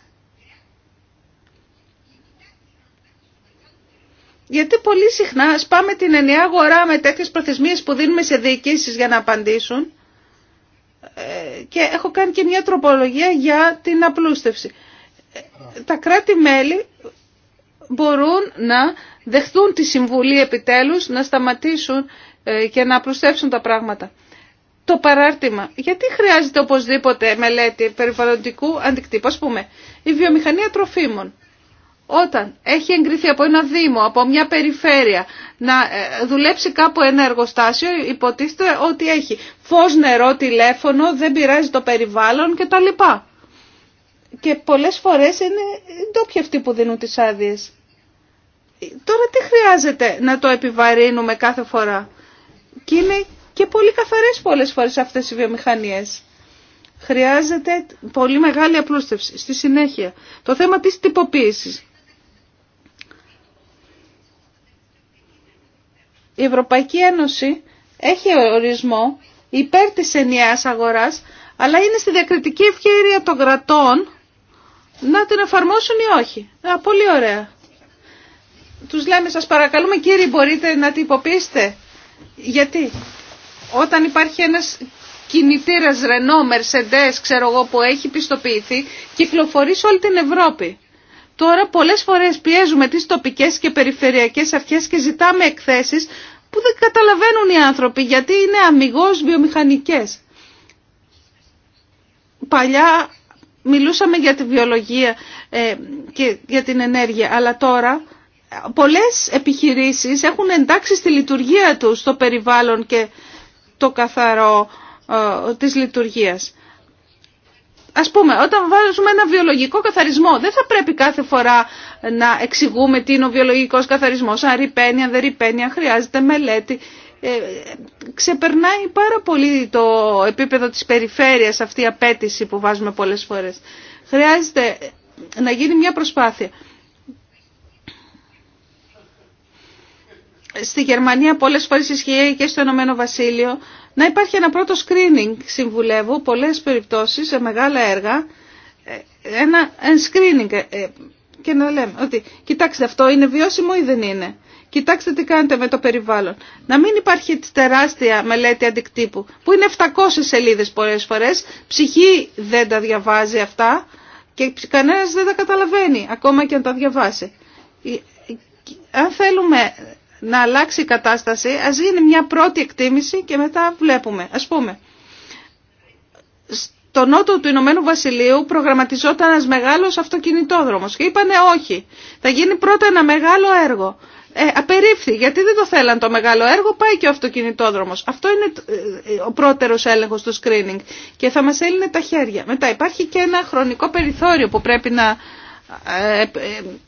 Γιατί πολύ συχνά σπάμε την ενιαία αγορά με τέτοιε προθεσμίες που δίνουμε σε διοικήσει για να απαντήσουν ε, και έχω κάνει και μια τροπολογία για την απλούστευση. Ε, τα κράτη-μέλη μπορούν να δεχθούν τη συμβουλή επιτέλους να σταματήσουν ε, και να απλουστεύσουν τα πράγματα. Το παράρτημα. Γιατί χρειάζεται οπωσδήποτε μελέτη περιβαλλοντικού αντικτύπου. Ας πούμε, η βιομηχανία τροφίμων όταν έχει εγκριθεί από ένα δήμο, από μια περιφέρεια, να ε, δουλέψει κάπου ένα εργοστάσιο, υποτίθεται ότι έχει φως, νερό, τηλέφωνο, δεν πειράζει το περιβάλλον κτλ. Και πολλές φορές είναι ντόπιοι αυτοί που δίνουν τις άδειε. Τώρα τι χρειάζεται να το επιβαρύνουμε κάθε φορά. Και είναι και πολύ καθαρές πολλές φορές αυτές οι βιομηχανίες. Χρειάζεται πολύ μεγάλη απλούστευση. Στη συνέχεια, το θέμα της τυποποίησης. Η Ευρωπαϊκή Ένωση έχει ορισμό υπέρ της ενιαίας αγοράς, αλλά είναι στη διακριτική ευκαιρία των κρατών να την εφαρμόσουν ή όχι. Α, πολύ ωραία. Τους λέμε, σας παρακαλούμε κύριοι, μπορείτε να την τυποποιήσετε. Γιατί όταν υπάρχει ένας κινητήρας Renault, Mercedes, ξέρω εγώ, που έχει πιστοποιηθεί, κυκλοφορεί σε όλη την Ευρώπη. Τώρα πολλές φορές πιέζουμε τις τοπικές και περιφερειακές αρχές και ζητάμε εκθέσεις που δεν καταλαβαίνουν οι άνθρωποι γιατί είναι αμυγός βιομηχανικές. Παλιά μιλούσαμε για τη βιολογία ε, και για την ενέργεια, αλλά τώρα πολλές επιχειρήσεις έχουν εντάξει στη λειτουργία τους το περιβάλλον και το καθαρό ε, της λειτουργίας. Α πούμε, όταν βάζουμε ένα βιολογικό καθαρισμό, δεν θα πρέπει κάθε φορά να εξηγούμε τι είναι ο βιολογικό καθαρισμό. αν ρηπαίνει, αν δεν ρηπαίνει, αν χρειάζεται μελέτη. Ε, ξεπερνάει πάρα πολύ το επίπεδο της περιφέρειας αυτή η απέτηση που βάζουμε πολλές φορές. Χρειάζεται να γίνει μια προσπάθεια. στη Γερμανία πολλές φορές ισχύει και στο Ηνωμένο Βασίλειο, να υπάρχει ένα πρώτο screening, συμβουλεύω, πολλές περιπτώσεις, σε μεγάλα έργα, ε, ένα screening ε, ε, και να λέμε ότι κοιτάξτε αυτό είναι βιώσιμο ή δεν είναι. Κοιτάξτε τι κάνετε με το περιβάλλον. Να μην υπάρχει τεράστια μελέτη αντικτύπου που είναι 700 σελίδες πολλές φορές. Ψυχή δεν τα διαβάζει αυτά και κανένας δεν τα καταλαβαίνει ακόμα και αν τα διαβάσει. Αν θέλουμε να αλλάξει η κατάσταση, ας γίνει μια πρώτη εκτίμηση και μετά βλέπουμε. Ας πούμε, στο νότο του Ηνωμένου Βασιλείου προγραμματιζόταν ένας μεγάλος αυτοκινητόδρομος και είπανε όχι, θα γίνει πρώτα ένα μεγάλο έργο. Ε, απερίφθη, γιατί δεν το θέλαν το μεγάλο έργο, πάει και ο αυτοκινητόδρομος. Αυτό είναι ε, ε, ο πρώτερος έλεγχος του screening και θα μας έλυνε τα χέρια. Μετά υπάρχει και ένα χρονικό περιθώριο που πρέπει να ε, ε,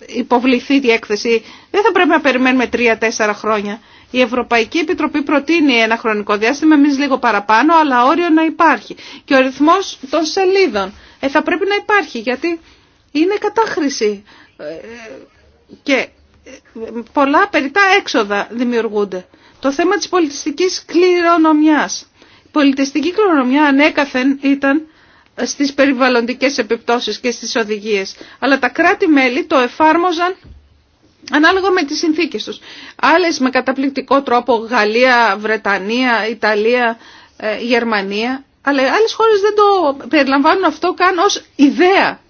υποβληθεί η έκθεση. Δεν θα πρέπει να περιμένουμε τρία-τέσσερα χρόνια. Η Ευρωπαϊκή Επιτροπή προτείνει ένα χρονικό διάστημα, εμεί λίγο παραπάνω, αλλά όριο να υπάρχει. Και ο ρυθμό των σελίδων ε, θα πρέπει να υπάρχει, γιατί είναι κατάχρηση. και πολλά περιτά έξοδα δημιουργούνται. Το θέμα της πολιτιστικής κληρονομιάς. Η πολιτιστική κληρονομιά ανέκαθεν ήταν στις περιβαλλοντικές επιπτώσεις και στις οδηγίες. Αλλά τα κράτη-μέλη το εφάρμοζαν ανάλογα με τις συνθήκες τους. Άλλες με καταπληκτικό τρόπο, Γαλλία, Βρετανία, Ιταλία, ε, Γερμανία, αλλά άλλες χώρες δεν το περιλαμβάνουν αυτό καν ως ιδέα.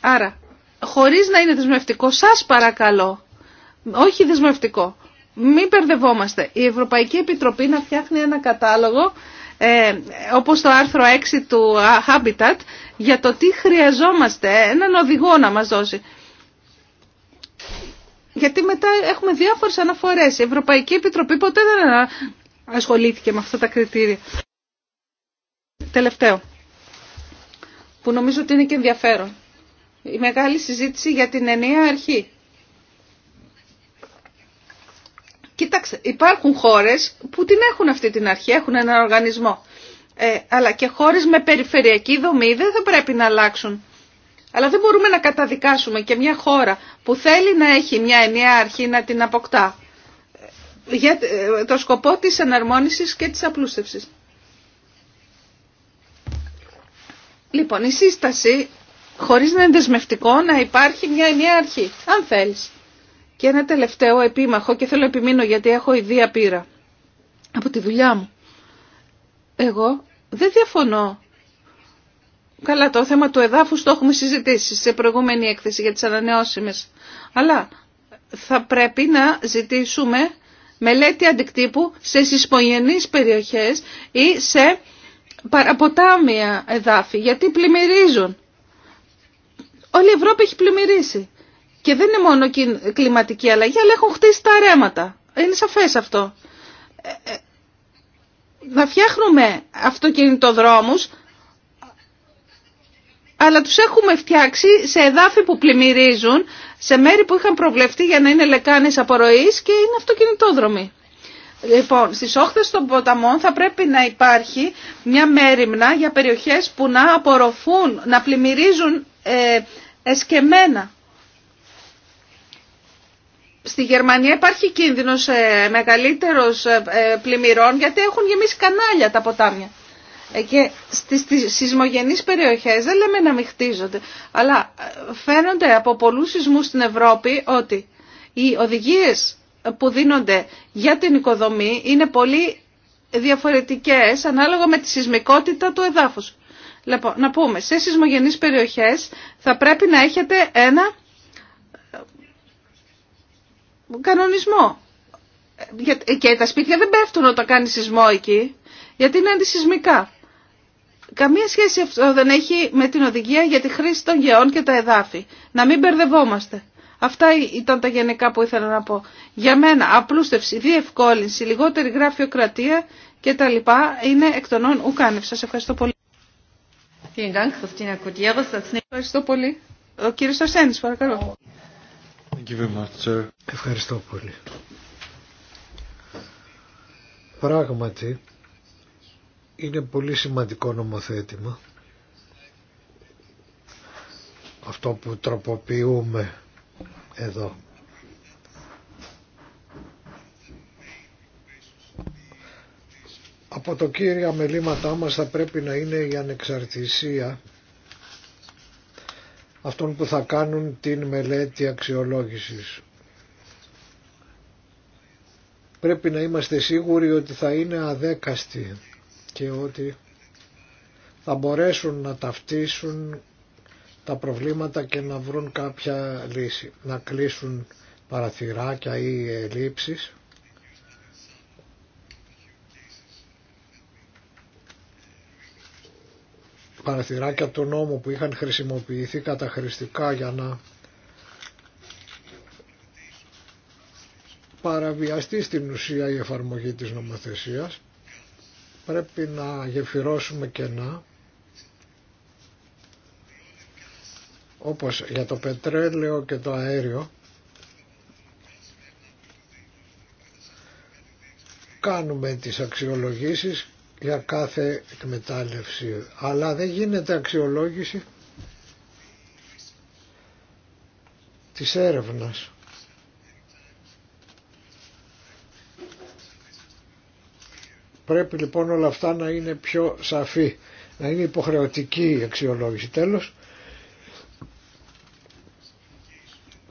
Άρα, χωρίς να είναι δεσμευτικό, σας παρακαλώ, όχι δεσμευτικό, μην περδευόμαστε. Η Ευρωπαϊκή Επιτροπή να φτιάχνει ένα κατάλογο ε, όπως το άρθρο 6 του Habitat, για το τι χρειαζόμαστε, έναν οδηγό να μας δώσει. Γιατί μετά έχουμε διάφορες αναφορές. Η Ευρωπαϊκή Επιτροπή ποτέ δεν ασχολήθηκε με αυτά τα κριτήρια. Τελευταίο, που νομίζω ότι είναι και ενδιαφέρον. Η μεγάλη συζήτηση για την ενιαία αρχή. Κοιτάξτε, υπάρχουν χώρες που την έχουν αυτή την αρχή, έχουν έναν οργανισμό. Ε, αλλά και χώρες με περιφερειακή δομή δεν θα πρέπει να αλλάξουν. Αλλά δεν μπορούμε να καταδικάσουμε και μια χώρα που θέλει να έχει μια ενιαία αρχή να την αποκτά. Ε, για ε, το σκοπό της εναρμόνισης και της απλούστευσης. Λοιπόν, η σύσταση χωρίς να είναι δεσμευτικό να υπάρχει μια ενιαία αρχή, αν θέλεις. Και ένα τελευταίο επίμαχο και θέλω επιμείνω γιατί έχω ιδία πείρα από τη δουλειά μου. Εγώ δεν διαφωνώ. Καλά, το θέμα του εδάφους το έχουμε συζητήσει σε προηγούμενη έκθεση για τις ανανεώσιμες. Αλλά θα πρέπει να ζητήσουμε μελέτη αντικτύπου σε συσπογενείς περιοχές ή σε παραποτάμια εδάφη, γιατί πλημμυρίζουν. Όλη η Ευρώπη έχει πλημμυρίσει. Και δεν είναι μόνο κλιματική αλλαγή, αλλά έχουν χτίσει τα ρέματα. Είναι σαφές αυτό. Ε, ε, να φτιάχνουμε αυτοκινητοδρόμους, αλλά τους έχουμε φτιάξει σε εδάφη που πλημμυρίζουν, σε μέρη που είχαν προβλεφτεί για να είναι λεκάνες απορροής και είναι αυτοκινητόδρομοι. Λοιπόν, στις όχθες των ποταμών θα πρέπει να υπάρχει μια μέρημνα για περιοχές που να απορροφούν, να πλημμυρίζουν ε, εσκεμένα στη Γερμανία υπάρχει κίνδυνος ε, μεγαλύτερος ε, ε, πλημμυρών γιατί έχουν γεμίσει κανάλια τα ποτάμια. Και στις σεισμογενείς περιοχές δεν λέμε να μην χτίζονται, αλλά φαίνονται από πολλούς σεισμούς στην Ευρώπη ότι οι οδηγίες που δίνονται για την οικοδομή είναι πολύ διαφορετικές ανάλογα με τη σεισμικότητα του εδάφους. Λοιπόν, να πούμε, σε σεισμογενείς περιοχές θα πρέπει να έχετε ένα κανονισμό. Και τα σπίτια δεν πέφτουν όταν κάνει σεισμό εκεί, γιατί είναι αντισυσμικά. Καμία σχέση αυτό δεν έχει με την οδηγία για τη χρήση των γεών και τα εδάφη. Να μην μπερδευόμαστε. Αυτά ήταν τα γενικά που ήθελα να πω. Για μένα, απλούστευση, διευκόλυνση, λιγότερη γραφειοκρατία και τα λοιπά είναι εκ των όν ουκάνευ. ευχαριστώ πολύ. Ευχαριστώ πολύ. Ο κύριο Αρσένης, παρακαλώ. Thank you Ευχαριστώ πολύ. Πράγματι, είναι πολύ σημαντικό νομοθέτημα αυτό που τροποποιούμε εδώ. Από το κύρια μελήματά μας θα πρέπει να είναι η ανεξαρτησία αυτών που θα κάνουν την μελέτη αξιολόγησης. Πρέπει να είμαστε σίγουροι ότι θα είναι αδέκαστοι και ότι θα μπορέσουν να ταυτίσουν τα προβλήματα και να βρουν κάποια λύση, να κλείσουν παραθυράκια ή ελλείψεις παραθυράκια του νόμου που είχαν χρησιμοποιηθεί καταχρηστικά για να παραβιαστεί στην ουσία η εφαρμογή της νομοθεσίας πρέπει να γεφυρώσουμε κενά όπως για το πετρέλαιο και το αέριο κάνουμε τις αξιολογήσεις για κάθε εκμετάλλευση. Αλλά δεν γίνεται αξιολόγηση της έρευνας. Πρέπει λοιπόν όλα αυτά να είναι πιο σαφή, να είναι υποχρεωτική η αξιολόγηση. Τέλος,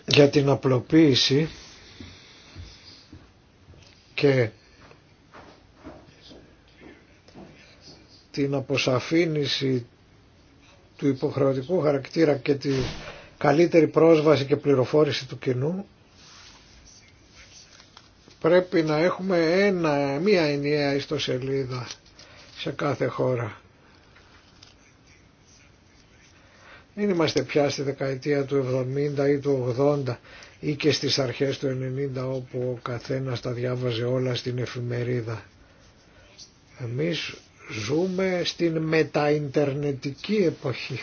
για την απλοποίηση και την αποσαφήνιση του υποχρεωτικού χαρακτήρα και τη καλύτερη πρόσβαση και πληροφόρηση του κοινού πρέπει να έχουμε ένα, μία ενιαία ιστοσελίδα σε κάθε χώρα. Μην είμαστε πια στη δεκαετία του 70 ή του 80 ή και στις αρχές του 90 όπου ο καθένας τα διάβαζε όλα στην εφημερίδα. Εμείς Ζούμε στην μεταιντερνετική εποχή.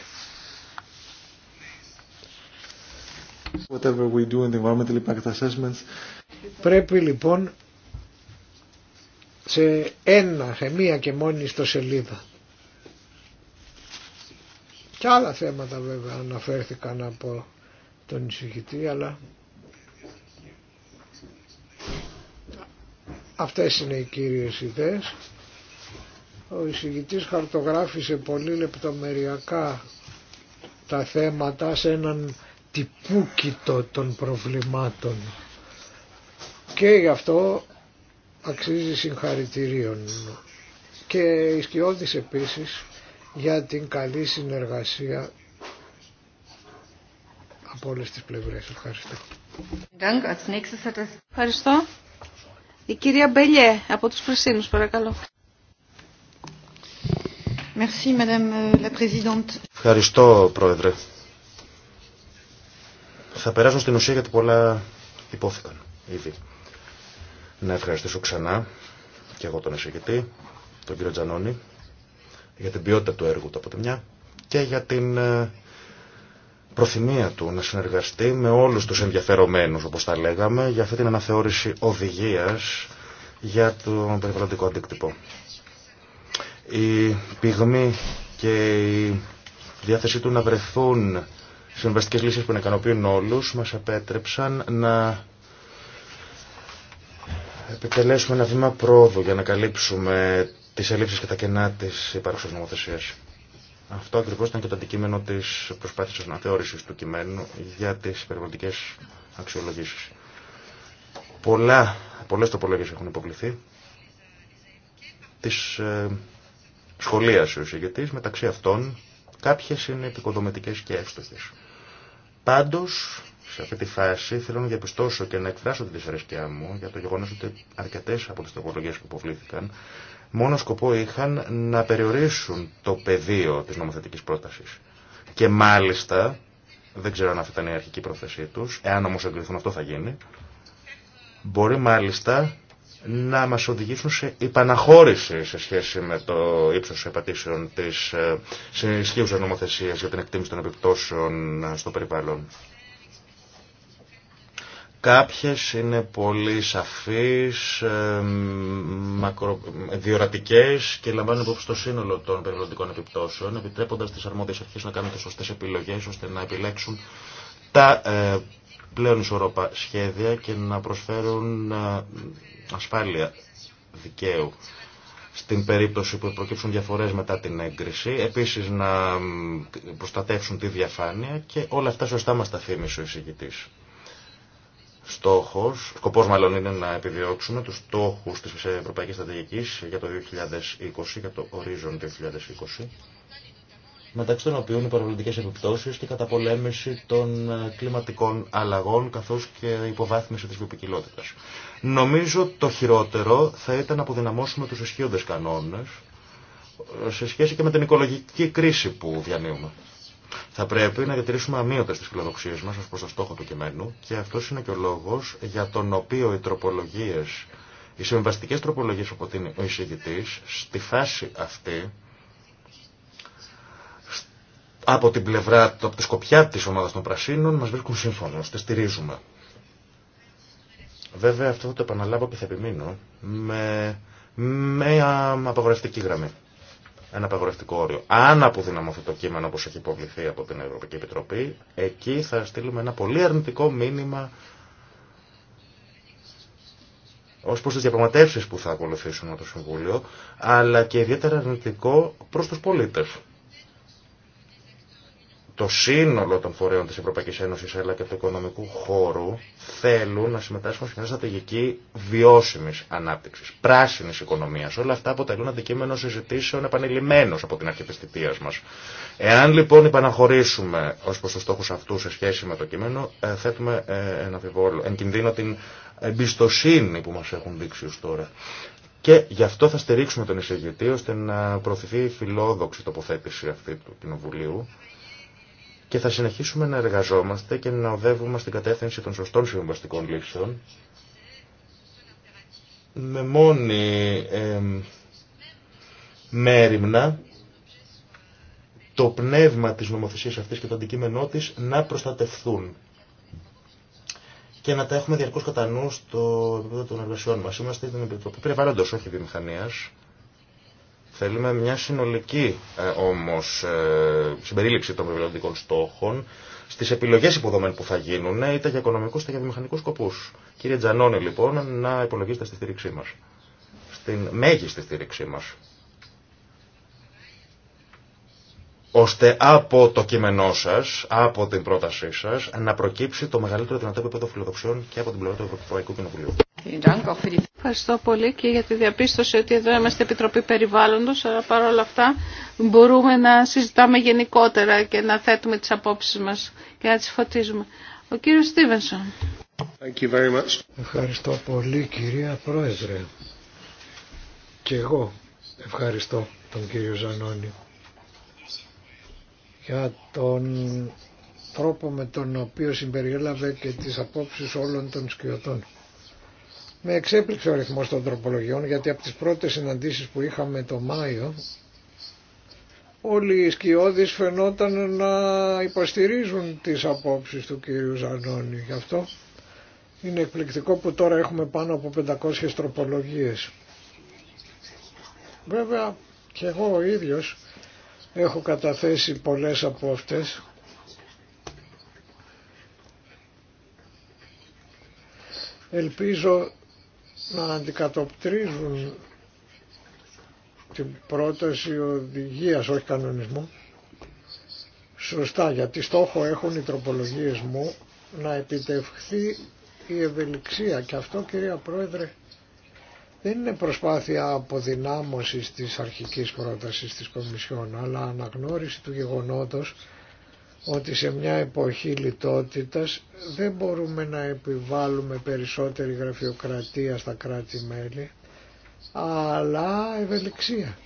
Whatever we do in the environmental impact assessments. Πρέπει λοιπόν σε ένα, σε μία και μόνη ιστοσελίδα. Και άλλα θέματα βέβαια αναφέρθηκαν από τον εισηγητή, αλλά αυτές είναι οι κύριες ιδέες. Ο εισηγητής χαρτογράφησε πολύ λεπτομεριακά τα θέματα σε έναν τυπούκητο των προβλημάτων και γι' αυτό αξίζει συγχαρητηρίων και ισχυώδης επίσης για την καλή συνεργασία από όλες τις πλευρές. Ευχαριστώ. Ευχαριστώ. Η κυρία Μπελιέ από τους Φρυσίνους, παρακαλώ. Euh, Ευχαριστώ, Πρόεδρε. Θα περάσω στην ουσία γιατί πολλά υπόθηκαν ήδη. Να ευχαριστήσω ξανά και εγώ τον εισηγητή, τον κύριο Τζανόνη, για την ποιότητα του έργου του από τη μια και για την ε, προθυμία του να συνεργαστεί με όλους τους ενδιαφερομένους, όπως τα λέγαμε, για αυτή την αναθεώρηση οδηγίας για τον περιβαλλοντικό αντίκτυπο η πυγμή και η διάθεσή του να βρεθούν συμβαστικές λύσεις που να ικανοποιούν όλους μας απέτρεψαν να επιτελέσουμε ένα βήμα πρόοδου για να καλύψουμε τις ελλείψεις και τα κενά της υπάρχουσας νομοθεσίας. Αυτό ακριβώς ήταν και το αντικείμενο της προσπάθειας αναθεώρησης του κειμένου για τις περιβαλλοντικές αξιολογήσεις. Πολλά, πολλές τοπολογίες έχουν υποβληθεί. Τις ε, σχολίασε ο εισηγητής, μεταξύ αυτών κάποιες είναι επικοδομητικές και εύστοχες. Πάντως, σε αυτή τη φάση θέλω να διαπιστώσω και να εκφράσω τη δυσαρέσκειά μου για το γεγονός ότι αρκετές από τις τροπολογίες που υποβλήθηκαν μόνο σκοπό είχαν να περιορίσουν το πεδίο της νομοθετικής πρότασης. Και μάλιστα, δεν ξέρω αν αυτή ήταν η αρχική πρόθεσή τους, εάν όμως εγκριθούν αυτό θα γίνει, μπορεί μάλιστα να μας οδηγήσουν σε υπαναχώρηση σε σχέση με το ύψος επατήσεων της ε, σε νομοθεσία νομοθεσίας για την εκτίμηση των επιπτώσεων ε, στο περιβάλλον. Κάποιες είναι πολύ σαφείς, ε, μακρο, διορατικές και λαμβάνουν υπόψη το σύνολο των περιβαλλοντικών επιπτώσεων, επιτρέποντας τις αρμόδιες αρχές να κάνουν τις σωστές επιλογές ώστε να επιλέξουν τα πλέον ισορροπά σχέδια και να προσφέρουν ε, ασφάλεια δικαίου στην περίπτωση που προκύψουν διαφορές μετά την έγκριση, επίσης να προστατεύσουν τη διαφάνεια και όλα αυτά σωστά μας τα θύμισε ο εισηγητής. Στόχος, σκοπός μάλλον είναι να επιδιώξουμε τους στόχους της Ευρωπαϊκής Στρατηγικής για το 2020, για το Horizon 2020, μεταξύ των οποίων οι περιβαλλοντικές επιπτώσει και η καταπολέμηση των ε, κλιματικών αλλαγών καθώ και η υποβάθμιση τη βιοποικιλότητας. Νομίζω το χειρότερο θα ήταν να αποδυναμώσουμε του ισχύοντε κανόνε ε, σε σχέση και με την οικολογική κρίση που διανύουμε. Θα πρέπει να διατηρήσουμε αμύωτε τι φιλοδοξίε μα ω προ το στόχο του κειμένου και αυτό είναι και ο λόγο για τον οποίο οι τροπολογίε, οι συμβαστικέ τροπολογίε που είναι ο εισηγητή, στη φάση αυτή από την πλευρά, από τη σκοπιά της ομάδα των Πρασίνων μας βρίσκουν σύμφωνο, τη στηρίζουμε. Βέβαια αυτό θα το επαναλάβω και θα επιμείνω με μια απαγορευτική γραμμή. Ένα απαγορευτικό όριο. Αν αποδυναμωθεί το κείμενο όπως έχει υποβληθεί από την Ευρωπαϊκή Επιτροπή, εκεί θα στείλουμε ένα πολύ αρνητικό μήνυμα ως προς τις διαπραγματεύσεις που θα ακολουθήσουν με το Συμβούλιο, αλλά και ιδιαίτερα αρνητικό προς τους πολίτες το σύνολο των φορέων της Ευρωπαϊκής Ένωσης αλλά και του οικονομικού χώρου θέλουν να συμμετάσχουν σε μια στρατηγική βιώσιμης ανάπτυξης, πράσινης οικονομίας. Όλα αυτά αποτελούν αντικείμενο συζητήσεων επανειλημμένως από την αρχή της θητείας μας. Εάν λοιπόν υπαναχωρήσουμε ως προς τους στόχους αυτούς σε σχέση με το κείμενο, ε, θέτουμε ε, ένα βιβόλο, εν κινδύνο την εμπιστοσύνη που μας έχουν δείξει ως τώρα. Και γι' αυτό θα στηρίξουμε τον εισηγητή ώστε να προωθηθεί η φιλόδοξη τοποθέτηση αυτή του Κοινοβουλίου και θα συνεχίσουμε να εργαζόμαστε και να οδεύουμε στην κατεύθυνση των σωστών συμβαστικών λύσεων με μόνη μέρημνα το πνεύμα της νομοθεσίας αυτής και το αντικείμενό της να προστατευθούν και να τα έχουμε διαρκώς κατά νου στο επίπεδο των εργασιών μας. Είμαστε την Επιτροπή Περιβάλλοντος, όχι Βιομηχανίας, Θέλουμε μια συνολική ε, όμως ε, συμπερίληψη των περιβαλλοντικών στόχων στις επιλογές υποδομών που θα γίνουν, είτε για οικονομικούς είτε για μηχανικού σκοπούς. Κύριε Τζανόνι, λοιπόν, να υπολογίσετε στη στήριξή μας. Στην μέγιστη στήριξή μας. ώστε από το κείμενό σας, από την πρότασή σας, να προκύψει το μεγαλύτερο δυνατό επίπεδο φιλοδοξιών και από την πλευρά του Ευρωπαϊκού Κοινοβουλίου. Ευχαριστώ πολύ και για τη διαπίστωση ότι εδώ είμαστε Επιτροπή Περιβάλλοντος, αλλά παρόλα αυτά μπορούμε να συζητάμε γενικότερα και να θέτουμε τις απόψεις μας και να τις φωτίζουμε. Ο κύριος Στίβενσον. Ευχαριστώ πολύ κυρία Πρόεδρε. Και εγώ ευχαριστώ τον κύριο Ζανώνη για τον τρόπο με τον οποίο συμπεριέλαβε και τις απόψεις όλων των σκιωτών. Με εξέπληξε ο ρυθμός των τροπολογιών γιατί από τις πρώτες συναντήσεις που είχαμε το Μάιο όλοι οι σκιώδεις φαινόταν να υποστηρίζουν τις απόψεις του κύριου Ζανώνη. Γι' αυτό είναι εκπληκτικό που τώρα έχουμε πάνω από 500 τροπολογίες. Βέβαια και εγώ ο ίδιος Έχω καταθέσει πολλές από αυτές. Ελπίζω να αντικατοπτρίζουν την πρόταση οδηγίας, όχι κανονισμού. Σωστά, γιατί στόχο έχουν οι τροπολογίες μου να επιτευχθεί η ευελιξία. Και αυτό κυρία Πρόεδρε δεν είναι προσπάθεια αποδυνάμωσης της αρχικής πρότασης της Κομισιόν, αλλά αναγνώριση του γεγονότος ότι σε μια εποχή λιτότητας δεν μπορούμε να επιβάλλουμε περισσότερη γραφειοκρατία στα κράτη-μέλη, αλλά ευελιξία.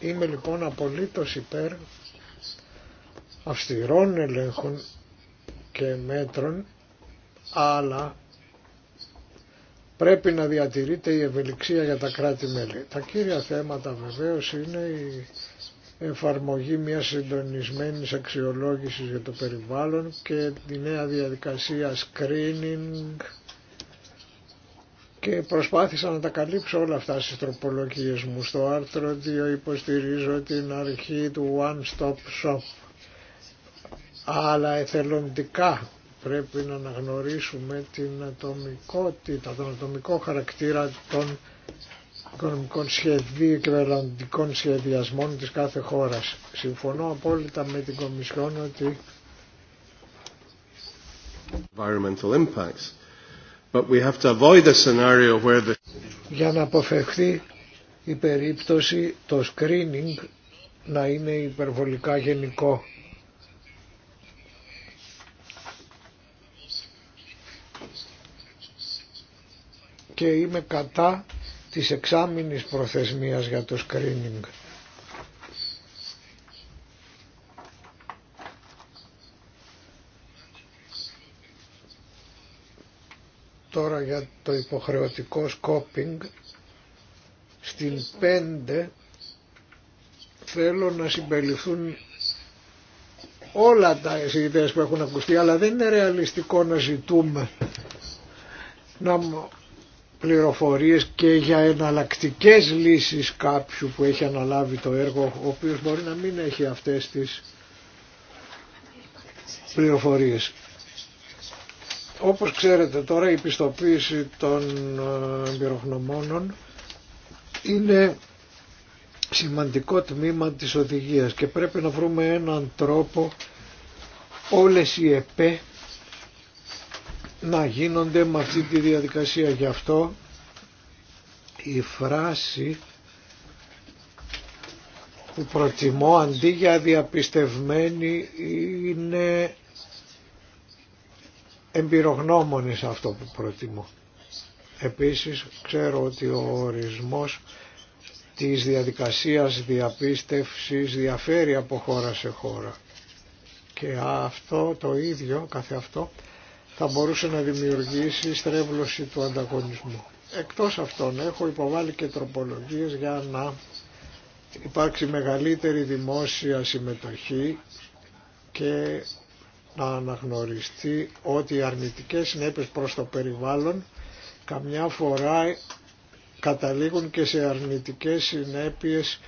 Είμαι λοιπόν απολύτως υπέρ αυστηρών ελέγχων και μέτρων αλλά πρέπει να διατηρείται η ευελιξία για τα κράτη-μέλη. Τα κύρια θέματα βεβαίως είναι η εφαρμογή μιας συντονισμένης αξιολόγησης για το περιβάλλον και τη νέα διαδικασία screening και προσπάθησα να τα καλύψω όλα αυτά στις τροπολογίες μου. Στο άρθρο 2 υποστηρίζω την αρχή του One Stop Shop αλλά εθελοντικά πρέπει να αναγνωρίσουμε την ατομικότητα, τον ατομικό χαρακτήρα των οικονομικών σχεδίων και μελλοντικών σχεδιασμών της κάθε χώρας. Συμφωνώ απόλυτα με την Κομισιόν ότι για να αποφευχθεί η περίπτωση το screening να είναι υπερβολικά γενικό και είμαι κατά της εξάμηνης προθεσμίας για το screening. Τώρα για το υποχρεωτικό scoping στην 5 θέλω να συμπεριληφθούν όλα τα ιδέες που έχουν ακουστεί αλλά δεν είναι ρεαλιστικό να ζητούμε να πληροφορίες και για εναλλακτικέ λύσεις κάποιου που έχει αναλάβει το έργο, ο οποίος μπορεί να μην έχει αυτές τις πληροφορίες. Όπως ξέρετε τώρα η πιστοποίηση των ε, πυρογνωμόνων είναι σημαντικό τμήμα της οδηγίας και πρέπει να βρούμε έναν τρόπο όλες οι ΕΠΕ να γίνονται με αυτή τη διαδικασία. Γι' αυτό η φράση που προτιμώ αντί για διαπιστευμένη είναι σε αυτό που προτιμώ. Επίσης ξέρω ότι ο ορισμός της διαδικασίας διαπίστευσης διαφέρει από χώρα σε χώρα. Και αυτό το ίδιο, καθε αυτό, θα μπορούσε να δημιουργήσει στρέβλωση του ανταγωνισμού. Εκτός αυτών έχω υποβάλει και τροπολογίες για να υπάρξει μεγαλύτερη δημόσια συμμετοχή και να αναγνωριστεί ότι οι αρνητικές συνέπειες προς το περιβάλλον καμιά φορά καταλήγουν και σε αρνητικές συνέπειες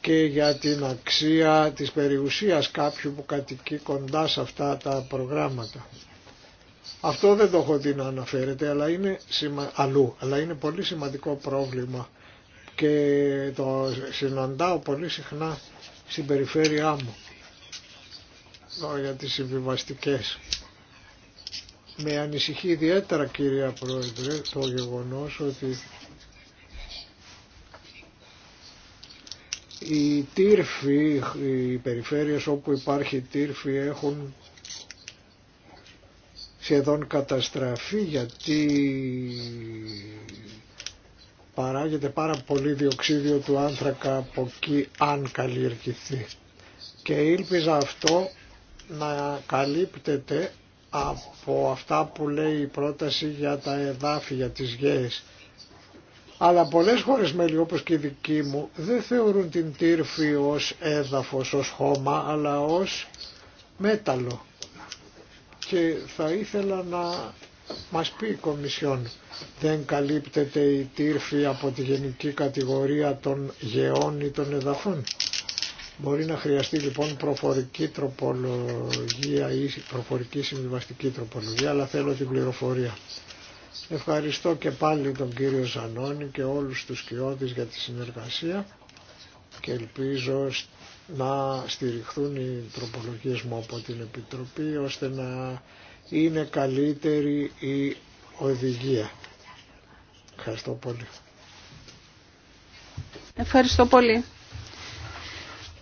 και για την αξία της περιουσίας κάποιου που κατοικεί κοντά σε αυτά τα προγράμματα. Αυτό δεν το έχω δει να αναφέρεται αλλά είναι σημα... αλλού, αλλά είναι πολύ σημαντικό πρόβλημα και το συναντάω πολύ συχνά στην περιφέρειά μου ε, για τις συμβιβαστικές. Με ανησυχεί ιδιαίτερα κυρία Πρόεδρε το γεγονός ότι οι τύρφοι, οι περιφέρειες όπου υπάρχει τύρφοι έχουν σχεδόν καταστραφεί γιατί παράγεται πάρα πολύ διοξίδιο του άνθρακα από εκεί αν καλλιεργηθεί. Και ήλπιζα αυτό να καλύπτεται από αυτά που λέει η πρόταση για τα εδάφη, για τις γέες. Αλλά πολλές χώρες μέλη όπως και η δική μου δεν θεωρούν την τύρφη ως έδαφος, ως χώμα, αλλά ως μέταλλο και θα ήθελα να μας πει η Κομισιόν δεν καλύπτεται η τύρφη από τη γενική κατηγορία των γεών ή των εδαφών. Μπορεί να χρειαστεί λοιπόν προφορική τροπολογία ή προφορική συμβιβαστική τροπολογία, αλλά θέλω την πληροφορία. Ευχαριστώ και πάλι τον κύριο Ζανώνη και όλους τους κοιότης για τη συνεργασία και ελπίζω να στηριχθούν οι τροπολογίες μου από την Επιτροπή ώστε να είναι καλύτερη η οδηγία. Ευχαριστώ πολύ. Ευχαριστώ πολύ.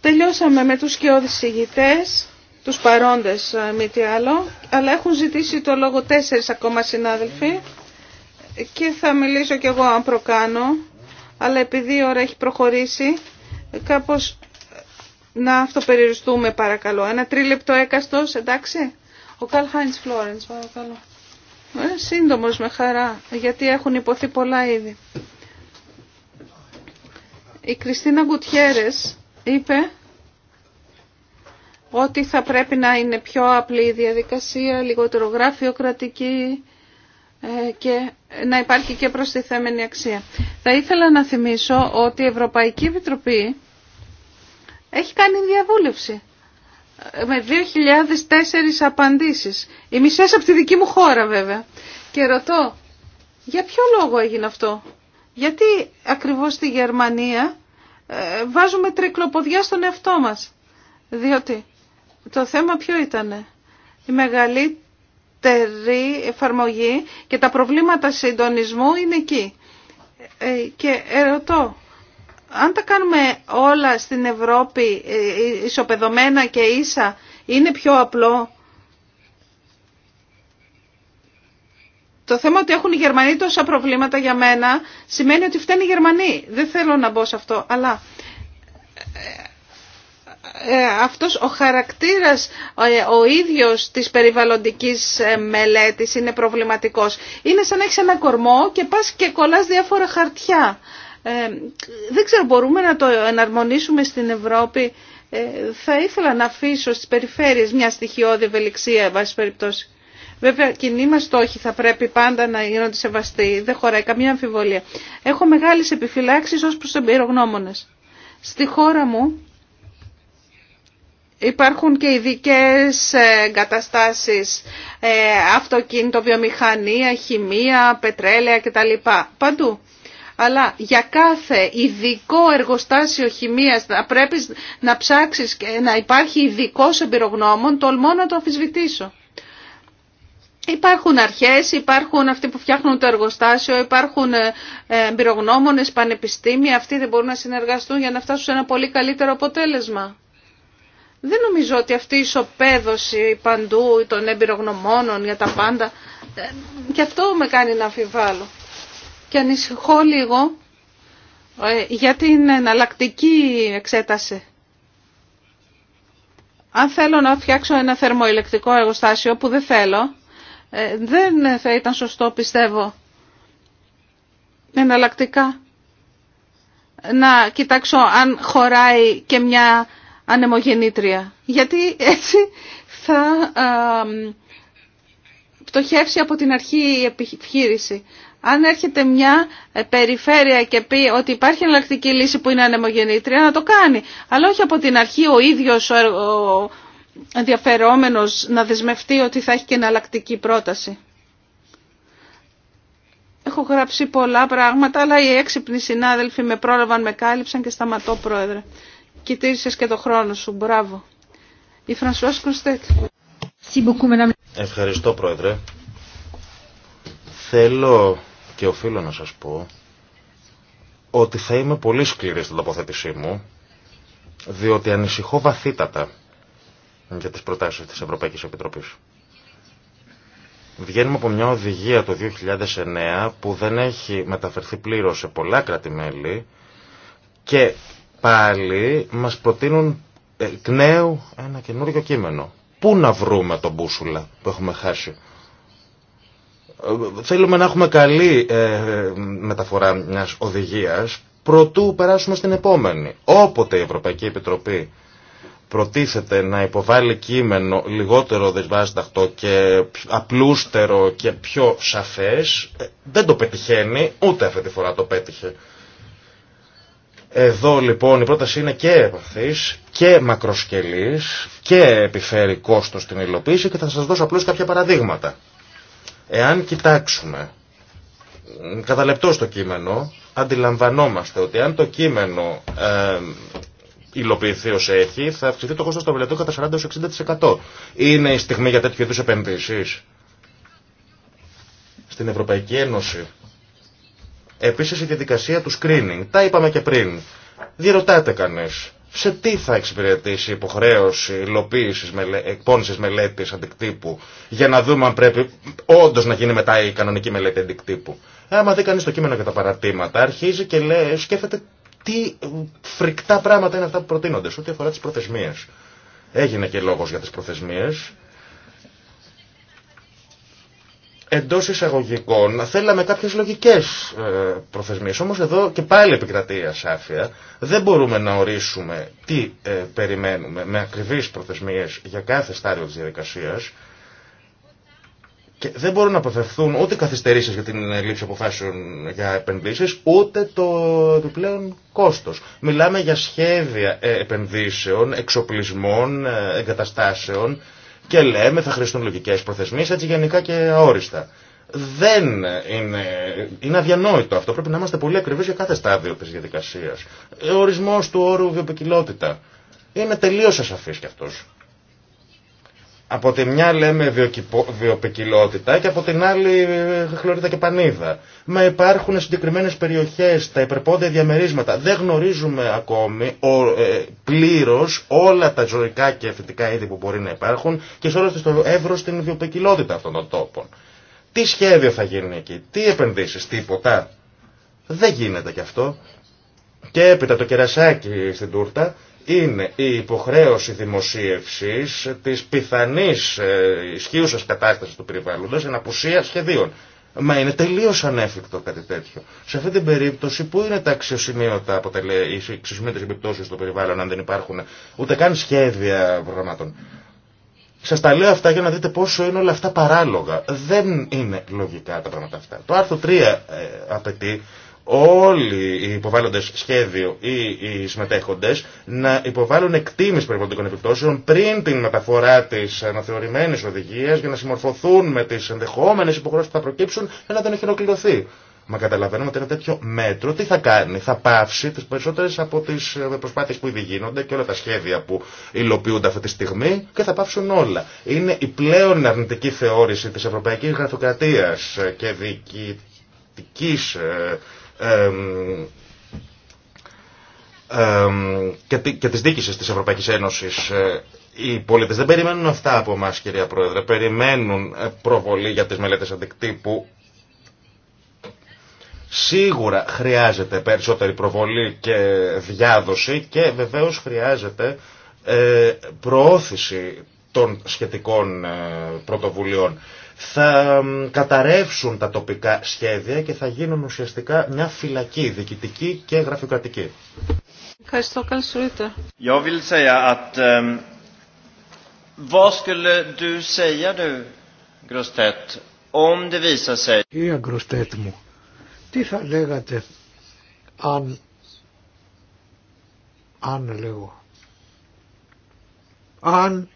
Τελειώσαμε με τους σκιώδεις ηγητές, τους παρόντες ε, μη τι άλλο, αλλά έχουν ζητήσει το λόγο τέσσερις ακόμα συνάδελφοι και θα μιλήσω κι εγώ αν προκάνω, αλλά επειδή η ώρα έχει προχωρήσει ε, κάπως ε, να αυτοπεριοριστούμε παρακαλώ. Ένα τρίλεπτο έκαστος, εντάξει. Ο Καλ Χάιντς Φλόρενς, παρακαλώ. Ε, σύντομος με χαρά, γιατί έχουν υποθεί πολλά ήδη. Η Κριστίνα Γκουτιέρες είπε ότι θα πρέπει να είναι πιο απλή η διαδικασία, λιγότερο κρατική. Ε, και να υπάρχει και προστιθέμενη αξία. Θα ήθελα να θυμίσω ότι η Ευρωπαϊκή Επιτροπή έχει κάνει διαβούλευση ε, με 2.004 απαντήσεις. Οι μισές από τη δική μου χώρα βέβαια. Και ρωτώ, για ποιο λόγο έγινε αυτό. Γιατί ακριβώς στη Γερμανία ε, βάζουμε τρικλοποδιά στον εαυτό μας. Διότι το θέμα ποιο ήτανε. Η μεγαλύτερη δεύτερη εφαρμογή και τα προβλήματα συντονισμού είναι εκεί. Ε, και ερωτώ, αν τα κάνουμε όλα στην Ευρώπη ε, ισοπεδωμένα και ίσα, είναι πιο απλό. Το θέμα ότι έχουν οι Γερμανοί τόσα προβλήματα για μένα σημαίνει ότι φταίνει οι Γερμανοί. Δεν θέλω να μπω σε αυτό, αλλά ε, ε, αυτός ο χαρακτήρας ε, ο ίδιος της περιβαλλοντικής ε, μελέτης είναι προβληματικός. Είναι σαν να έχεις ένα κορμό και πας και κολλάς διάφορα χαρτιά. Δεν ξέρω μπορούμε να το εναρμονίσουμε στην Ευρώπη. Θα ήθελα να αφήσω στις περιφέρειες μια στοιχειώδη ευελιξία, βάση περιπτώσει. Βέβαια, κοινή μα στόχη θα πρέπει πάντα να γίνονται σεβαστοί. Δεν χωράει καμία αμφιβολία. Έχω μεγάλε επιφυλάξει ω προ του εμπειρογνώμονε. Στη χώρα μου, Υπάρχουν και ειδικέ εγκαταστάσει ε, αυτοκίνητο, βιομηχανία, χημεία, πετρέλαια κτλ. Παντού. Αλλά για κάθε ειδικό εργοστάσιο χημίας θα πρέπει να ψάξεις και να υπάρχει ειδικό εμπειρογνώμων, τολμώ να το αμφισβητήσω. Υπάρχουν αρχές, υπάρχουν αυτοί που φτιάχνουν το εργοστάσιο, υπάρχουν ε, ε, εμπειρογνώμονες, πανεπιστήμια, αυτοί δεν μπορούν να συνεργαστούν για να φτάσουν σε ένα πολύ καλύτερο αποτέλεσμα. Δεν νομίζω ότι αυτή η ισοπαίδωση παντού των εμπειρογνωμόνων για τα πάντα, ε, και αυτό με κάνει να αμφιβάλλω. Και ανησυχώ λίγο ε, για την εναλλακτική εξέταση. Αν θέλω να φτιάξω ένα θερμοηλεκτρικό εργοστάσιο που δεν θέλω, ε, δεν θα ήταν σωστό πιστεύω εναλλακτικά να κοιτάξω αν χωράει και μια ανεμογεννήτρια. Γιατί έτσι θα πτωχεύσει από την αρχή η επιχείρηση. Αν έρχεται μια ε, περιφέρεια και πει ότι υπάρχει εναλλακτική λύση που είναι ανεμογεννήτρια, να το κάνει. Αλλά όχι από την αρχή ο ίδιος ε, ο ενδιαφερόμενος να δεσμευτεί ότι θα έχει και εναλλακτική πρόταση. Έχω γράψει πολλά πράγματα, αλλά οι έξυπνοι συνάδελφοι με πρόλαβαν, με κάλυψαν και σταματώ, Πρόεδρε κοιτήρισε και το χρόνο σου. Μπράβο. Η Φρανσουά Κρουστέτ. Ευχαριστώ Πρόεδρε. Θέλω και οφείλω να σας πω ότι θα είμαι πολύ σκληρή στην τοποθέτησή μου διότι ανησυχώ βαθύτατα για τις προτάσεις της Ευρωπαϊκής Επιτροπής. Βγαίνουμε από μια οδηγία το 2009 που δεν έχει μεταφερθεί πλήρως σε πολλά κράτη-μέλη και πάλι μας προτείνουν ε, εκ νέου ένα καινούριο κείμενο. Πού να βρούμε τον μπούσουλα που έχουμε χάσει. Ε, θέλουμε να έχουμε καλή ε, μεταφορά μιας οδηγίας προτού περάσουμε στην επόμενη. Όποτε η Ευρωπαϊκή Επιτροπή προτίθεται να εχουμε καλη μεταφορα μιας κείμενο λιγότερο δεσβάσταχτο και απλούστερο και πιο σαφές, ε, δεν το πετυχαίνει, ούτε αυτή τη φορά το πέτυχε. Εδώ λοιπόν η πρόταση είναι και επαφής και μακροσκελής και επιφέρει κόστος στην υλοποίηση και θα σας δώσω απλώς κάποια παραδείγματα. Εάν κοιτάξουμε καταλεπτό το κείμενο, αντιλαμβανόμαστε ότι αν το κείμενο ε, υλοποιηθεί ω έχει, θα αυξηθεί το κόστο των βελετων κατα κατά 40-60%. Είναι η στιγμή για τέτοιου είδου επενδύσει. Στην Ευρωπαϊκή Ένωση Επίσης η διαδικασία του screening, τα είπαμε και πριν, διερωτάται κανείς σε τι θα εξυπηρετήσει η υποχρέωση υλοποίηση μελε... εκπόνηση μελέτη αντικτύπου για να δούμε αν πρέπει όντω να γίνει μετά η κανονική μελέτη αντικτύπου. Άμα δει κανείς το κείμενο και τα παρατήματα, αρχίζει και λέει, σκέφτεται τι φρικτά πράγματα είναι αυτά που προτείνονται σε ό,τι αφορά τι προθεσμίε. Έγινε και λόγο για τι προθεσμίε εντό εισαγωγικών θέλαμε κάποιε λογικέ ε, προθεσμίε. Όμω εδώ και πάλι επικρατεί η ασάφεια. Δεν μπορούμε να ορίσουμε τι ε, περιμένουμε με ακριβεί προθεσμίε για κάθε στάδιο τη διαδικασία. Και δεν μπορούν να αποφευθούν ούτε καθυστερήσει για την ε, λήψη αποφάσεων για επενδύσει, ούτε το επιπλέον κόστο. Μιλάμε για σχέδια επενδύσεων, εξοπλισμών, εγκαταστάσεων και λέμε θα χρειαστούν λογικές προθεσμίες έτσι γενικά και αόριστα. Δεν είναι, είναι αδιανόητο αυτό. Πρέπει να είμαστε πολύ ακριβεί για κάθε στάδιο τη διαδικασία. Ο ε, ορισμό του όρου βιοπικιλότητα είναι τελείω ασαφή κι αυτό από τη μια λέμε βιοπικιλότητα και από την άλλη ε, χλωρίδα και πανίδα. Μα υπάρχουν συγκεκριμένε περιοχέ, τα υπερπόδια διαμερίσματα. Δεν γνωρίζουμε ακόμη ε, πλήρω όλα τα ζωικά και φυτικά είδη που μπορεί να υπάρχουν και σε όλο το εύρο την βιοπικιλότητα αυτών των τόπων. Τι σχέδιο θα γίνει εκεί, τι επενδύσει, τίποτα. Δεν γίνεται κι αυτό. Και έπειτα το κερασάκι στην τούρτα είναι η υποχρέωση δημοσίευσης της πιθανής ε, ισχύουσας κατάστασης του περιβάλλοντος εν απουσία σχεδίων. Μα είναι τελείω ανέφικτο κάτι τέτοιο. Σε αυτή την περίπτωση, πού είναι τα αξιοσημείωτα αποτελέσματα, οι αξιοσημείωτε επιπτώσει στο περιβάλλον, αν δεν υπάρχουν ούτε καν σχέδια προγραμμάτων. Σα τα λέω αυτά για να δείτε πόσο είναι όλα αυτά παράλογα. Δεν είναι λογικά τα πράγματα αυτά. Το άρθρο 3 ε, απαιτεί όλοι οι υποβάλλοντε σχέδιο ή οι συμμετέχοντε να υποβάλουν εκτίμηση περιβαλλοντικών επιπτώσεων πριν την μεταφορά τη αναθεωρημένη οδηγία για να συμμορφωθούν με τι ενδεχόμενε υποχρεώσει που θα προκύψουν να δεν έχει ολοκληρωθεί. Μα καταλαβαίνουμε ότι ένα τέτοιο μέτρο τι θα κάνει, θα πάυσει τι περισσότερε από τι ε, προσπάθειε που ήδη γίνονται και όλα τα σχέδια που υλοποιούνται αυτή τη στιγμή και θα πάψουν όλα. Είναι η πλέον αρνητική θεώρηση τη ευρωπαϊκή γραφειοκρατία ε, και και της δίκησης της Ευρωπαϊκής Ένωσης ε, οι πολίτες δεν περιμένουν αυτά από εμά, κυρία Πρόεδρε. Περιμένουν ε, προβολή για τις μελέτες αντικτύπου. Σίγουρα χρειάζεται περισσότερη προβολή και διάδοση και βεβαίως χρειάζεται ε, προώθηση των σχετικών πρωτοβουλειών θα καταρρεύσουν τα τοπικά σχέδια και θα γίνουν ουσιαστικά μια φυλακή διοικητική και γραφειοκρατική. Ευχαριστώ, καλώς Jag vill säga att, ähm, vad skulle du säga du, Grostet, om det visar sig... Κυρία Γκροστέτ μου, τι θα λέγατε αν, αν λέγω, αν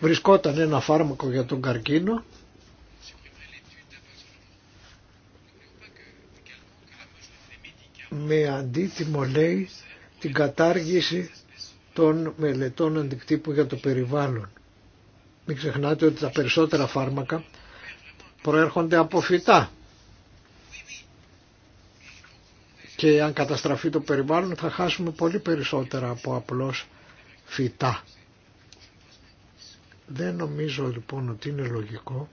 βρισκόταν ένα φάρμακο για τον καρκίνο με αντίτιμο λέει την κατάργηση των μελετών αντικτύπου για το περιβάλλον. Μην ξεχνάτε ότι τα περισσότερα φάρμακα προέρχονται από φυτά και αν καταστραφεί το περιβάλλον θα χάσουμε πολύ περισσότερα από απλώς φυτά δεν νομίζω λοιπόν ότι είναι λογικό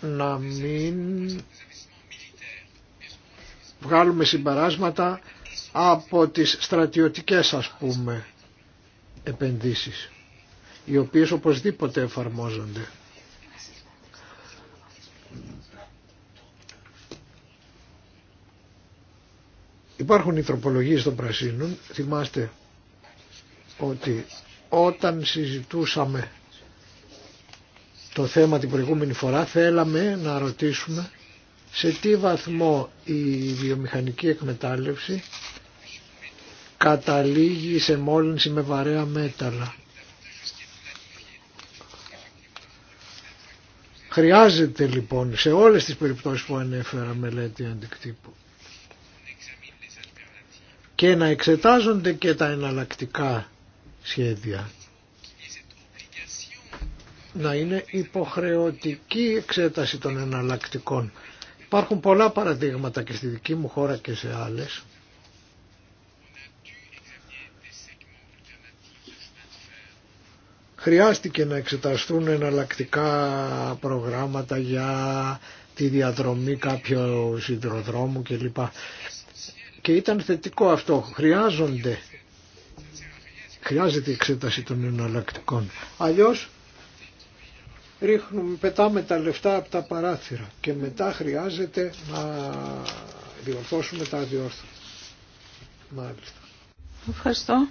να μην βγάλουμε συμπαράσματα από τις στρατιωτικές ας πούμε επενδύσεις οι οποίες οπωσδήποτε εφαρμόζονται. Υπάρχουν οι τροπολογίες των πρασίνων, θυμάστε ότι όταν συζητούσαμε το θέμα την προηγούμενη φορά θέλαμε να ρωτήσουμε σε τι βαθμό η βιομηχανική εκμετάλλευση καταλήγει σε μόλυνση με βαρέα μέταλλα. Χρειάζεται λοιπόν σε όλες τις περιπτώσεις που ανέφερα μελέτη αντικτύπου και να εξετάζονται και τα εναλλακτικά σχέδια να είναι υποχρεωτική εξέταση των εναλλακτικών. Υπάρχουν πολλά παραδείγματα και στη δική μου χώρα και σε άλλες. Χρειάστηκε να εξεταστούν εναλλακτικά προγράμματα για τη διαδρομή κάποιου σιδηροδρόμου κλπ. Και ήταν θετικό αυτό. Χρειάζονται Χρειάζεται η εξέταση των εναλλακτικών. Αλλιώς ρίχνουμε, πετάμε τα λεφτά από τα παράθυρα και μετά χρειάζεται να διορθώσουμε τα αδιόρθωτα. Μάλιστα. Ευχαριστώ.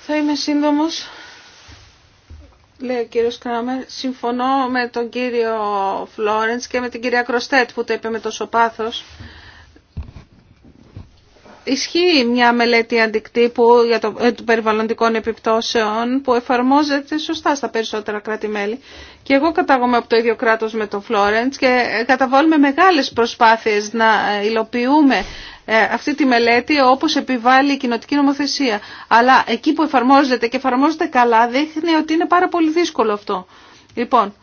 Θα είμαι σύντομος. Λέει ο κύριος Κράμερ, συμφωνώ με τον κύριο Φλόρεντς και με την κυρία Κροστέτ που το είπε με τόσο πάθος Ισχύει μια μελέτη αντικτύπου για το, ε, περιβαλλοντικών επιπτώσεων που εφαρμόζεται σωστά στα περισσότερα κράτη-μέλη. Και εγώ κατάγομαι από το ίδιο κράτος με το Φλόρεντς και ε, καταβάλουμε μεγάλες προσπάθειες να ε, υλοποιούμε ε, αυτή τη μελέτη όπως επιβάλλει η κοινοτική νομοθεσία. Αλλά εκεί που εφαρμόζεται και εφαρμόζεται καλά δείχνει ότι είναι πάρα πολύ δύσκολο αυτό. Λοιπόν,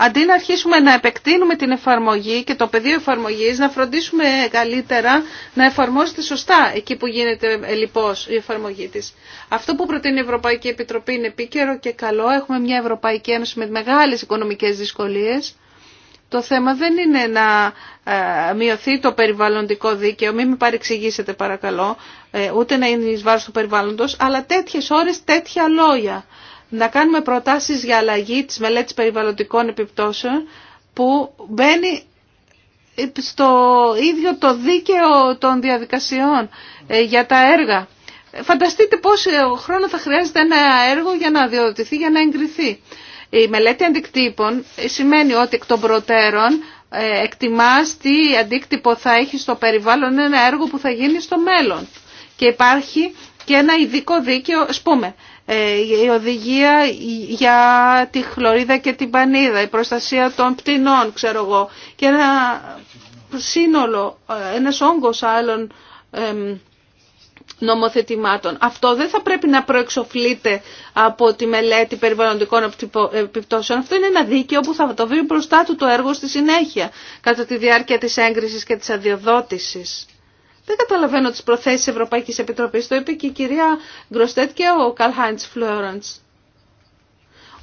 Αντί να αρχίσουμε να επεκτείνουμε την εφαρμογή και το πεδίο εφαρμογής, να φροντίσουμε καλύτερα να εφαρμόσετε σωστά εκεί που γίνεται ε, λοιπός η εφαρμογή της. Αυτό που προτείνει η Ευρωπαϊκή Επιτροπή είναι επίκαιρο και καλό. Έχουμε μια Ευρωπαϊκή Ένωση με μεγάλες οικονομικές δυσκολίες. Το θέμα δεν είναι να ε, μειωθεί το περιβαλλοντικό δίκαιο, μην με παρεξηγήσετε παρακαλώ, ε, ούτε να είναι εις βάρος του περιβάλλοντος, αλλά τέτοιες ώρες τέτοια λόγια να κάνουμε προτάσεις για αλλαγή της μελέτης περιβαλλοντικών επιπτώσεων που μπαίνει στο ίδιο το δίκαιο των διαδικασιών ε, για τα έργα. Φανταστείτε πόσο χρόνο θα χρειάζεται ένα έργο για να διοδοτηθεί, για να εγκριθεί. Η μελέτη αντικτύπων σημαίνει ότι εκ των προτέρων ε, εκτιμάς τι αντίκτυπο θα έχει στο περιβάλλον ένα έργο που θα γίνει στο μέλλον. Και υπάρχει και ένα ειδικό δίκαιο, ας πούμε, ε, η οδηγία για τη χλωρίδα και την πανίδα, η προστασία των πτηνών, ξέρω εγώ, και ένα σύνολο, ε, ένας όγκος άλλων νομοθετημάτων. Αυτό δεν θα πρέπει να προεξοφλείται από τη μελέτη περιβαλλοντικών επιπτώσεων. Αυτό είναι ένα δίκαιο που θα το βρει μπροστά του το έργο στη συνέχεια, κατά τη διάρκεια της έγκρισης και της αδειοδότησης. Δεν καταλαβαίνω τις προθέσεις της Ευρωπαϊκής Επιτροπής. Το είπε και η κυρία Γκροστέτ και ο Καλχάιντς Χάιντς Φλόραντς.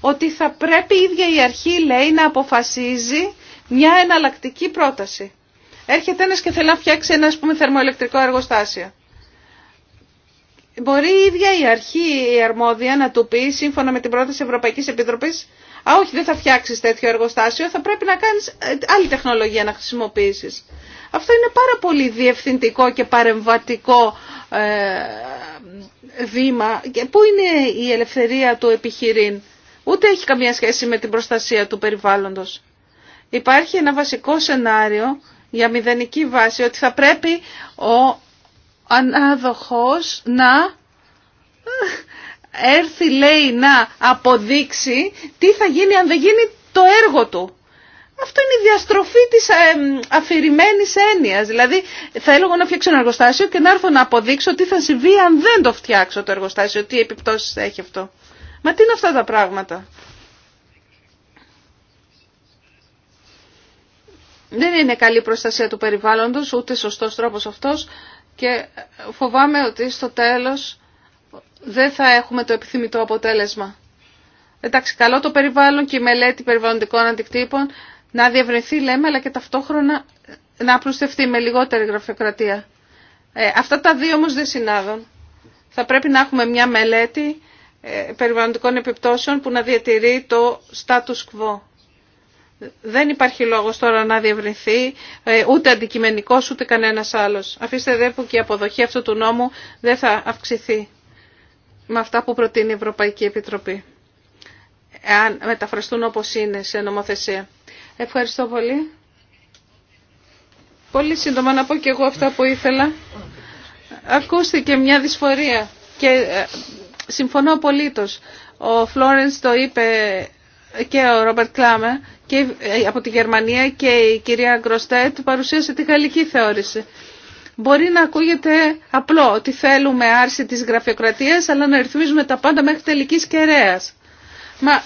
Ότι θα πρέπει η ίδια η αρχή, λέει, να αποφασίζει μια εναλλακτική πρόταση. Έρχεται ένας και θέλει να φτιάξει ένα, ας πούμε, θερμοελεκτρικό εργοστάσιο. Μπορεί η ίδια η αρχή, η αρμόδια, να του πει, σύμφωνα με την πρόταση Ευρωπαϊκής Επιτροπής, α όχι δεν θα φτιάξει τέτοιο εργοστάσιο, θα πρέπει να κάνεις ε, άλλη τεχνολογία να χρησιμοποιήσεις. Αυτό είναι πάρα πολύ διευθυντικό και παρεμβατικό ε, βήμα. Και πού είναι η ελευθερία του επιχειρήν. Ούτε έχει καμία σχέση με την προστασία του περιβάλλοντος. Υπάρχει ένα βασικό σενάριο για μηδενική βάση ότι θα πρέπει ο ανάδοχος να έρθει λέει να αποδείξει τι θα γίνει αν δεν γίνει το έργο του. Αυτό είναι η διαστροφή της ε, αφηρημένης έννοιας. Δηλαδή θα έλεγα να φτιάξω ένα εργοστάσιο και να έρθω να αποδείξω τι θα συμβεί αν δεν το φτιάξω το εργοστάσιο, τι επιπτώσεις θα έχει αυτό. Μα τι είναι αυτά τα πράγματα. Δεν είναι καλή προστασία του περιβάλλοντος, ούτε σωστός τρόπος αυτός και φοβάμαι ότι στο τέλος δεν θα έχουμε το επιθυμητό αποτέλεσμα. Εντάξει, καλό το περιβάλλον και η μελέτη περιβαλλοντικών αντικτύπων να διευρυνθεί, λέμε, αλλά και ταυτόχρονα να απλουστευτεί με λιγότερη γραφειοκρατία. Ε, αυτά τα δύο όμως δεν συνάδουν. Θα πρέπει να έχουμε μια μελέτη ε, περιβαλλοντικών επιπτώσεων που να διατηρεί το status quo. Δεν υπάρχει λόγος τώρα να διευρυνθεί ε, ούτε αντικειμενικός ούτε κανένα άλλο. Αφήστε δε που και η αποδοχή αυτού του νόμου δεν θα αυξηθεί με αυτά που προτείνει η Ευρωπαϊκή Επιτροπή, εάν μεταφραστούν όπως είναι σε νομοθεσία. Ευχαριστώ πολύ. Πολύ σύντομα να πω και εγώ αυτά που ήθελα. Ακούστηκε μια δυσφορία και ε, συμφωνώ απολύτως. Ο Φλόρενς το είπε και ο Ρόμπερτ Κλάμε και ε, από τη Γερμανία και η κυρία Γκροστέτ παρουσίασε τη γαλλική θεώρηση. Μπορεί να ακούγεται απλό ότι θέλουμε άρση της γραφειοκρατίας, αλλά να ρυθμίζουμε τα πάντα μέχρι τελικής κεραίας. Μα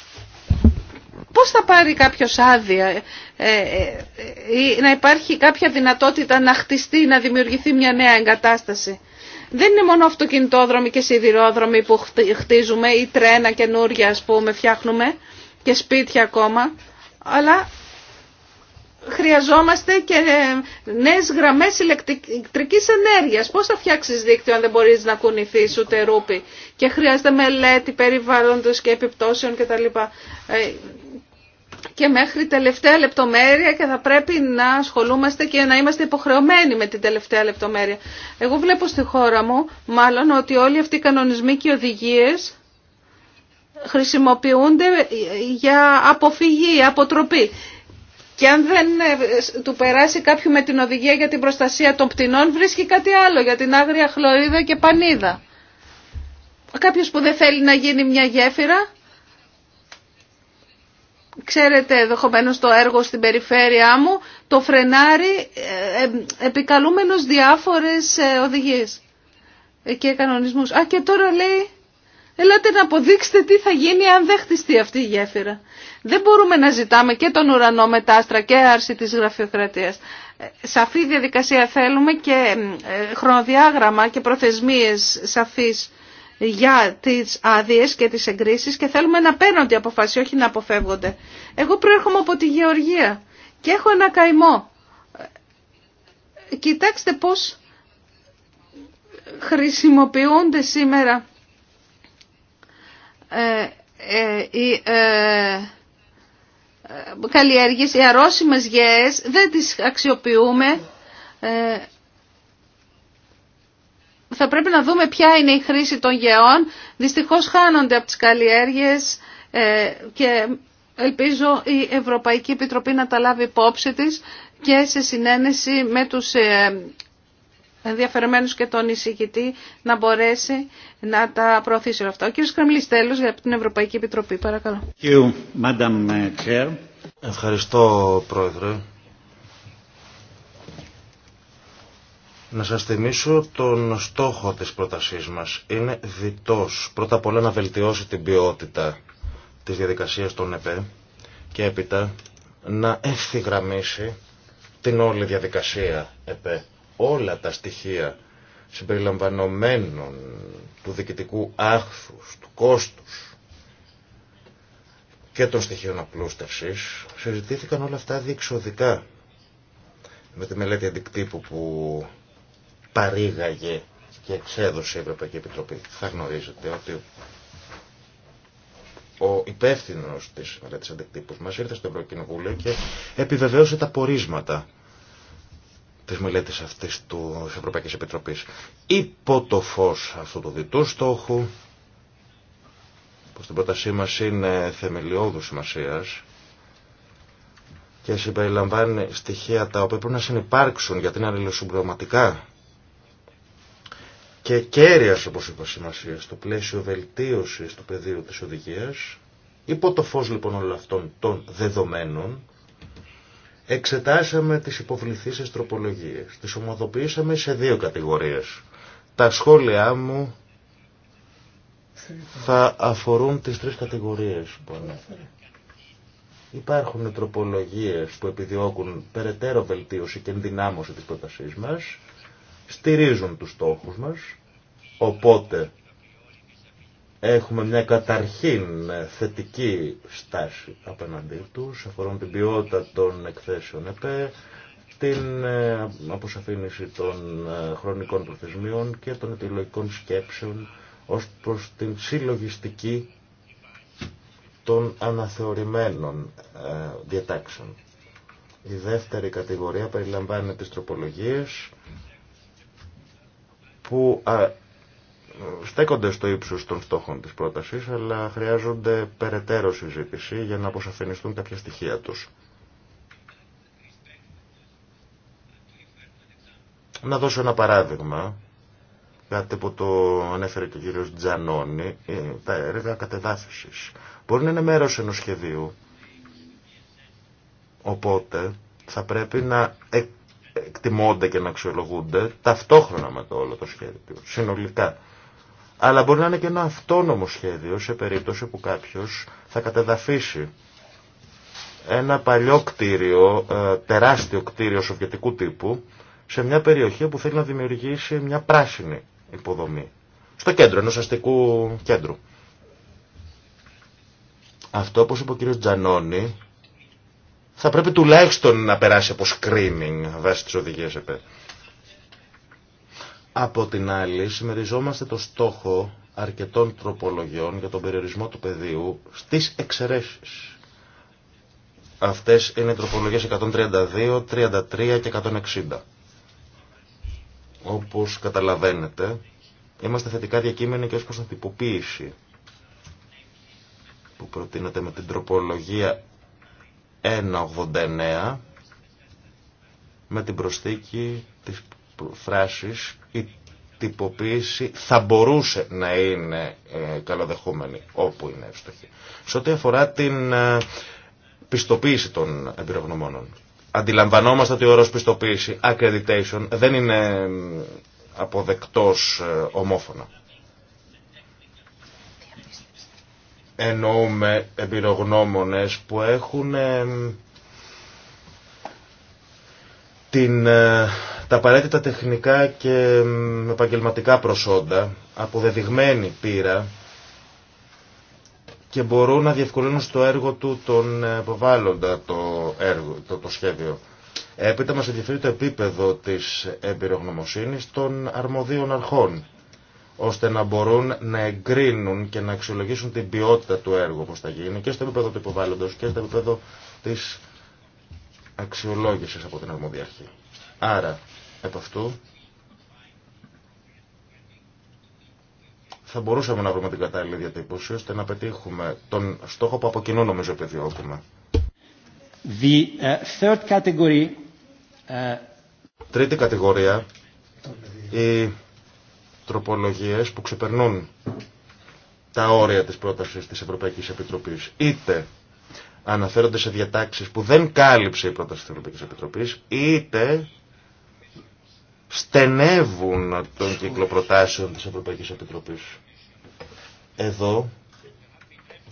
πώς θα πάρει κάποιος άδεια ε, ε, ε, ή να υπάρχει κάποια δυνατότητα να χτιστεί, να δημιουργηθεί μια νέα εγκατάσταση. Δεν είναι μόνο αυτοκινητόδρομοι και σιδηρόδρομοι που χτίζουμε ή τρένα καινούρια ας πούμε φτιάχνουμε και σπίτια ακόμα, αλλά χρειαζόμαστε και ε, νέες γραμμές ηλεκτρικής ενέργειας. Πώς θα φτιάξεις δίκτυο αν δεν μπορείς να κουνηθείς ούτε ρούπι. Και χρειάζεται μελέτη περιβάλλοντος και επιπτώσεων κτλ. Ε, και μέχρι τελευταία λεπτομέρεια και θα πρέπει να ασχολούμαστε και να είμαστε υποχρεωμένοι με την τελευταία λεπτομέρεια. Εγώ βλέπω στη χώρα μου μάλλον ότι όλοι αυτοί οι κανονισμοί και οι οδηγίες χρησιμοποιούνται για αποφυγή, αποτροπή. Και αν δεν ε, του περάσει κάποιο με την οδηγία για την προστασία των πτηνών, βρίσκει κάτι άλλο για την άγρια χλωρίδα και πανίδα. Κάποιο που δεν θέλει να γίνει μια γέφυρα, ξέρετε δεχομένως το έργο στην περιφέρειά μου, το φρενάρι ε, ε, επικαλούμενος διάφορες οδηγίες και κανονισμούς. Α, και τώρα λέει, ελάτε να αποδείξετε τι θα γίνει αν δεν χτιστεί αυτή η γέφυρα. Δεν μπορούμε να ζητάμε και τον ουρανό με τα άστρα και άρση της γραφειοκρατίας. Ε, σαφή διαδικασία θέλουμε και ε, χρονοδιάγραμμα και προθεσμίες σαφείς για τις άδειε και τις εγκρίσεις και θέλουμε να παίρνονται οι όχι να αποφεύγονται. Εγώ προέρχομαι από τη Γεωργία και έχω ένα καημό. Ε, κοιτάξτε πώς χρησιμοποιούνται σήμερα ε, ε, καλλιέργειες, οι αρρώσιμες γέες δεν τις αξιοποιούμε. Ε, θα πρέπει να δούμε ποια είναι η χρήση των γεών. Δυστυχώς χάνονται από τις καλλιέργειες ε, και ελπίζω η Ευρωπαϊκή Επιτροπή να τα λάβει υπόψη της και σε συνένεση με τους ε, ενδιαφερμένους και τον εισηγητή να μπορέσει να τα προωθήσει όλα αυτά. Ο κύριος Κρεμλής τέλος για την Ευρωπαϊκή Επιτροπή. Παρακαλώ. Ευχαριστώ Πρόεδρε. Να σας θυμίσω τον στόχο της πρότασής μας. Είναι διτός. Πρώτα απ' όλα να βελτιώσει την ποιότητα της διαδικασίας των ΕΠΕ και έπειτα να ευθυγραμμίσει την όλη διαδικασία ΕΠΕ όλα τα στοιχεία συμπεριλαμβανομένων του διοικητικού άχθους, του κόστους και των στοιχείων απλούστευσης, συζητήθηκαν όλα αυτά διεξοδικά με τη μελέτη αντικτύπου που παρήγαγε και εξέδωσε η Ευρωπαϊκή Επιτροπή. Θα γνωρίζετε ότι ο υπεύθυνο της μελέτης αντικτύπου μας ήρθε στο Ευρωκοινοβούλιο και επιβεβαίωσε τα πορίσματα της μελέτης αυτής του, της Ευρωπαϊκής Επιτροπής υπό το φως αυτού του διτού στόχου που στην πρότασή μας είναι θεμελιώδου σημασίας και συμπεριλαμβάνει στοιχεία τα οποία πρέπει να συνεπάρξουν γιατί είναι αλληλοσυμπληρωματικά και κέρια, όπως είπα, σημασία στο πλαίσιο βελτίωσης του πεδίου της οδηγίας υπό το φως λοιπόν όλων αυτών των δεδομένων Εξετάσαμε τις υποβληθήσεις τροπολογίες. Τις ομοδοποιήσαμε σε δύο κατηγορίες. Τα σχόλιά μου θα αφορούν τις τρεις κατηγορίες που ανέφερε. Υπάρχουν τροπολογίες που επιδιώκουν περαιτέρω βελτίωση και ενδυνάμωση της πρότασής μας, στηρίζουν τους στόχους μας, οπότε έχουμε μια καταρχήν θετική στάση απέναντί τους, αφορούν την ποιότητα των εκθέσεων ΕΠΕ, την ε, αποσαφήνιση των ε, χρονικών προθεσμίων και των επιλογικών σκέψεων ως προς την συλλογιστική των αναθεωρημένων ε, διατάξεων. Η δεύτερη κατηγορία περιλαμβάνει τις τροπολογίες που στέκονται στο ύψος των στόχων της πρότασης, αλλά χρειάζονται περαιτέρω συζήτηση για να αποσαφινιστούν κάποια στοιχεία τους. Να δώσω ένα παράδειγμα, κάτι που το ανέφερε και ο κύριος Τζανώνη, ε, τα έργα κατεδάφισης. Μπορεί να είναι μέρος ενός σχεδίου, οπότε θα πρέπει να εκτιμώνται και να αξιολογούνται ταυτόχρονα με το όλο το σχέδιο, συνολικά αλλά μπορεί να είναι και ένα αυτόνομο σχέδιο σε περίπτωση που κάποιος θα κατεδαφίσει ένα παλιό κτίριο, ε, τεράστιο κτίριο σοβιετικού τύπου, σε μια περιοχή που θέλει να δημιουργήσει μια πράσινη υποδομή. Στο κέντρο, ενός αστικού κέντρου. Αυτό, όπως είπε ο κ. Τζανόνι, θα πρέπει τουλάχιστον να περάσει από screening βάσει τη οδηγίες ΕΠΕ. Από την άλλη, συμμεριζόμαστε το στόχο αρκετών τροπολογιών για τον περιορισμό του πεδίου στις εξαιρέσεις. Αυτές είναι οι τροπολογίες 132, 33 και 160. Όπως καταλαβαίνετε, είμαστε θετικά διακείμενοι και ως προς την τυποποίηση που προτείνεται με την τροπολογία 189 με την προσθήκη της φράσεις η τυποποίηση θα μπορούσε να είναι ε, καλοδεχούμενη όπου είναι εύστοχη. Σε ό,τι αφορά την ε, πιστοποίηση των εμπειρογνωμόνων. Αντιλαμβανόμαστε ότι ο όρος πιστοποίηση, accreditation, δεν είναι αποδεκτός ε, ομόφωνα. Εννοούμε εμπειρογνώμονες που έχουν την, ε, τα απαραίτητα τεχνικά και επαγγελματικά προσόντα, αποδεδειγμένη πείρα και μπορούν να διευκολύνουν στο έργο του τον υποβάλλοντα το, έργο, το, το σχέδιο. Έπειτα μας ενδιαφέρει το επίπεδο της εμπειρογνωμοσύνης των αρμοδίων αρχών, ώστε να μπορούν να εγκρίνουν και να αξιολογήσουν την ποιότητα του έργου όπως θα γίνει και στο επίπεδο του υποβάλλοντος και στο επίπεδο της αξιολόγησης από την αρμόδια αρχή. Άρα, επ' αυτού, θα μπορούσαμε να βρούμε την κατάλληλη διατύπωση ώστε να πετύχουμε τον στόχο που από κοινού νομίζω επιδιώκουμε. The ε, third category, ε, Τρίτη κατηγορία, οι τροπολογίες που ξεπερνούν τα όρια της πρότασης της Ευρωπαϊκής Επιτροπής. Είτε αναφέρονται σε διατάξεις που δεν κάλυψε η πρόταση της Ευρωπαϊκής Επιτροπής, είτε στενεύουν τον κύκλο προτάσεων της Ευρωπαϊκής Επιτροπής. Εδώ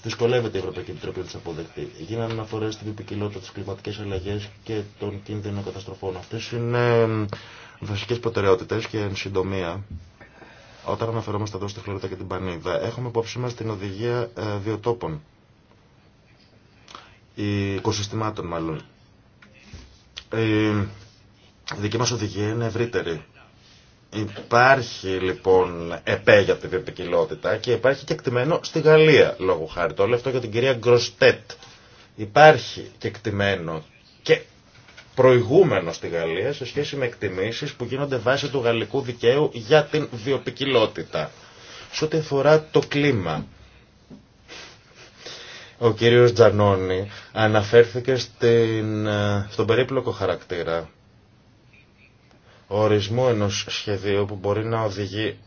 δυσκολεύεται η Ευρωπαϊκή Επιτροπή να τι αποδεχτεί. Γίνανε αναφορέ στην επικοινότητα τι κλιματικέ αλλαγέ και των κίνδυνων καταστροφών. Αυτέ είναι βασικέ προτεραιότητε και εν συντομία, όταν αναφερόμαστε εδώ στη Χλωρίδα και την Πανίδα, έχουμε υπόψη μα την οδηγία ε, βιοτόπων ε, οικοσυστημάτων μάλλον. Ε, η δική μας οδηγία είναι ευρύτερη. Υπάρχει λοιπόν επέ για τη βιοπικιλότητα και υπάρχει και εκτιμένο στη Γαλλία λόγω χάρη. Το όλο αυτό για την κυρία Γκροστέτ. Υπάρχει και εκτιμένο και προηγούμενο στη Γαλλία σε σχέση με εκτιμήσεις που γίνονται βάσει του γαλλικού δικαίου για την βιοπικιλότητα. Σε ό,τι αφορά το κλίμα, ο κύριος Τζανόνι αναφέρθηκε στην, ε, στον περίπλοκο χαρακτήρα ορισμό ενός σχεδίου που μπορεί να οδηγεί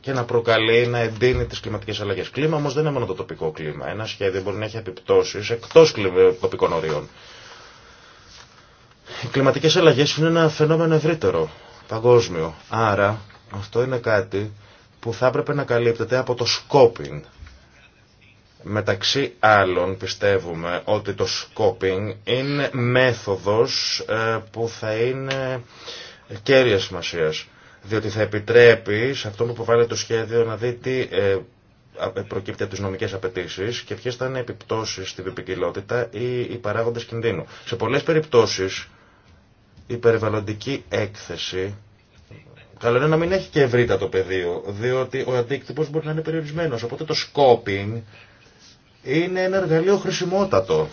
και να προκαλεί, να εντείνει τις κλιματικές αλλαγές. Κλίμα όμως δεν είναι μόνο το τοπικό κλίμα. Ένα σχέδιο μπορεί να έχει επιπτώσεις εκτός ε, τοπικών ορίων. Οι κλιματικές αλλαγές είναι ένα φαινόμενο ευρύτερο, παγκόσμιο. Άρα αυτό είναι κάτι που θα έπρεπε να καλύπτεται από το σκόπινγκ. Μεταξύ άλλων πιστεύουμε ότι το scoping είναι μέθοδος ε, που θα είναι κέρια σημασία. Διότι θα επιτρέπει σε αυτό που βάλει το σχέδιο να δει τι ε, προκύπτει από τι νομικέ απαιτήσει και ποιε θα είναι επιπτώσεις επιπτώσει στην επικοινότητα ή παράγοντες κινδύνου. Σε πολλές περιπτώσεις η περιβαλλοντική έκθεση καλό είναι να μην έχει και ευρύτατο πεδίο, διότι ο αντίκτυπο μπορεί να είναι περιορισμένο. Οπότε το scoping είναι ένα εργαλείο χρησιμότατο.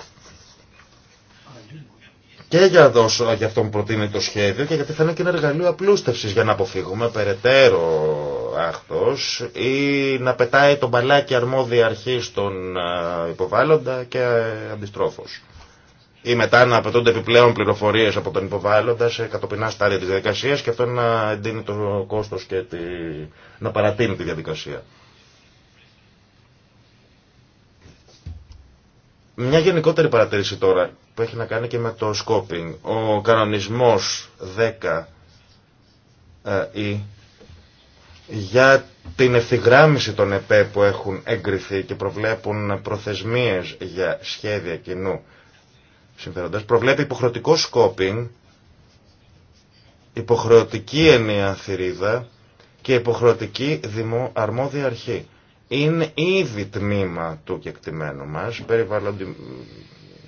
Και για, δώσω, αυτό που προτείνει το σχέδιο και γιατί θα είναι και ένα εργαλείο απλούστευσης για να αποφύγουμε περαιτέρω άχθος ή να πετάει τον μπαλάκι αρμόδια αρχή στον υποβάλλοντα και αντιστρόφως. Ή μετά να απαιτούνται επιπλέον πληροφορίες από τον υποβάλλοντα σε κατοπινά στάδια της διαδικασίας και αυτό να εντείνει το κόστος και τη... να παρατείνει τη διαδικασία. Μια γενικότερη παρατήρηση τώρα που έχει να κάνει και με το σκόπινγκ. Ο κανονισμός 10 ή ε, για την ευθυγράμμιση των ΕΠΕ που έχουν εγκριθεί και προβλέπουν προθεσμίες για σχέδια κοινού συμφέροντας, προβλέπει υποχρεωτικό σκόπινγκ, υποχρεωτική ενιαία θηρίδα και υποχρεωτική αρμόδια αρχή είναι ήδη τμήμα του κεκτημένου μας,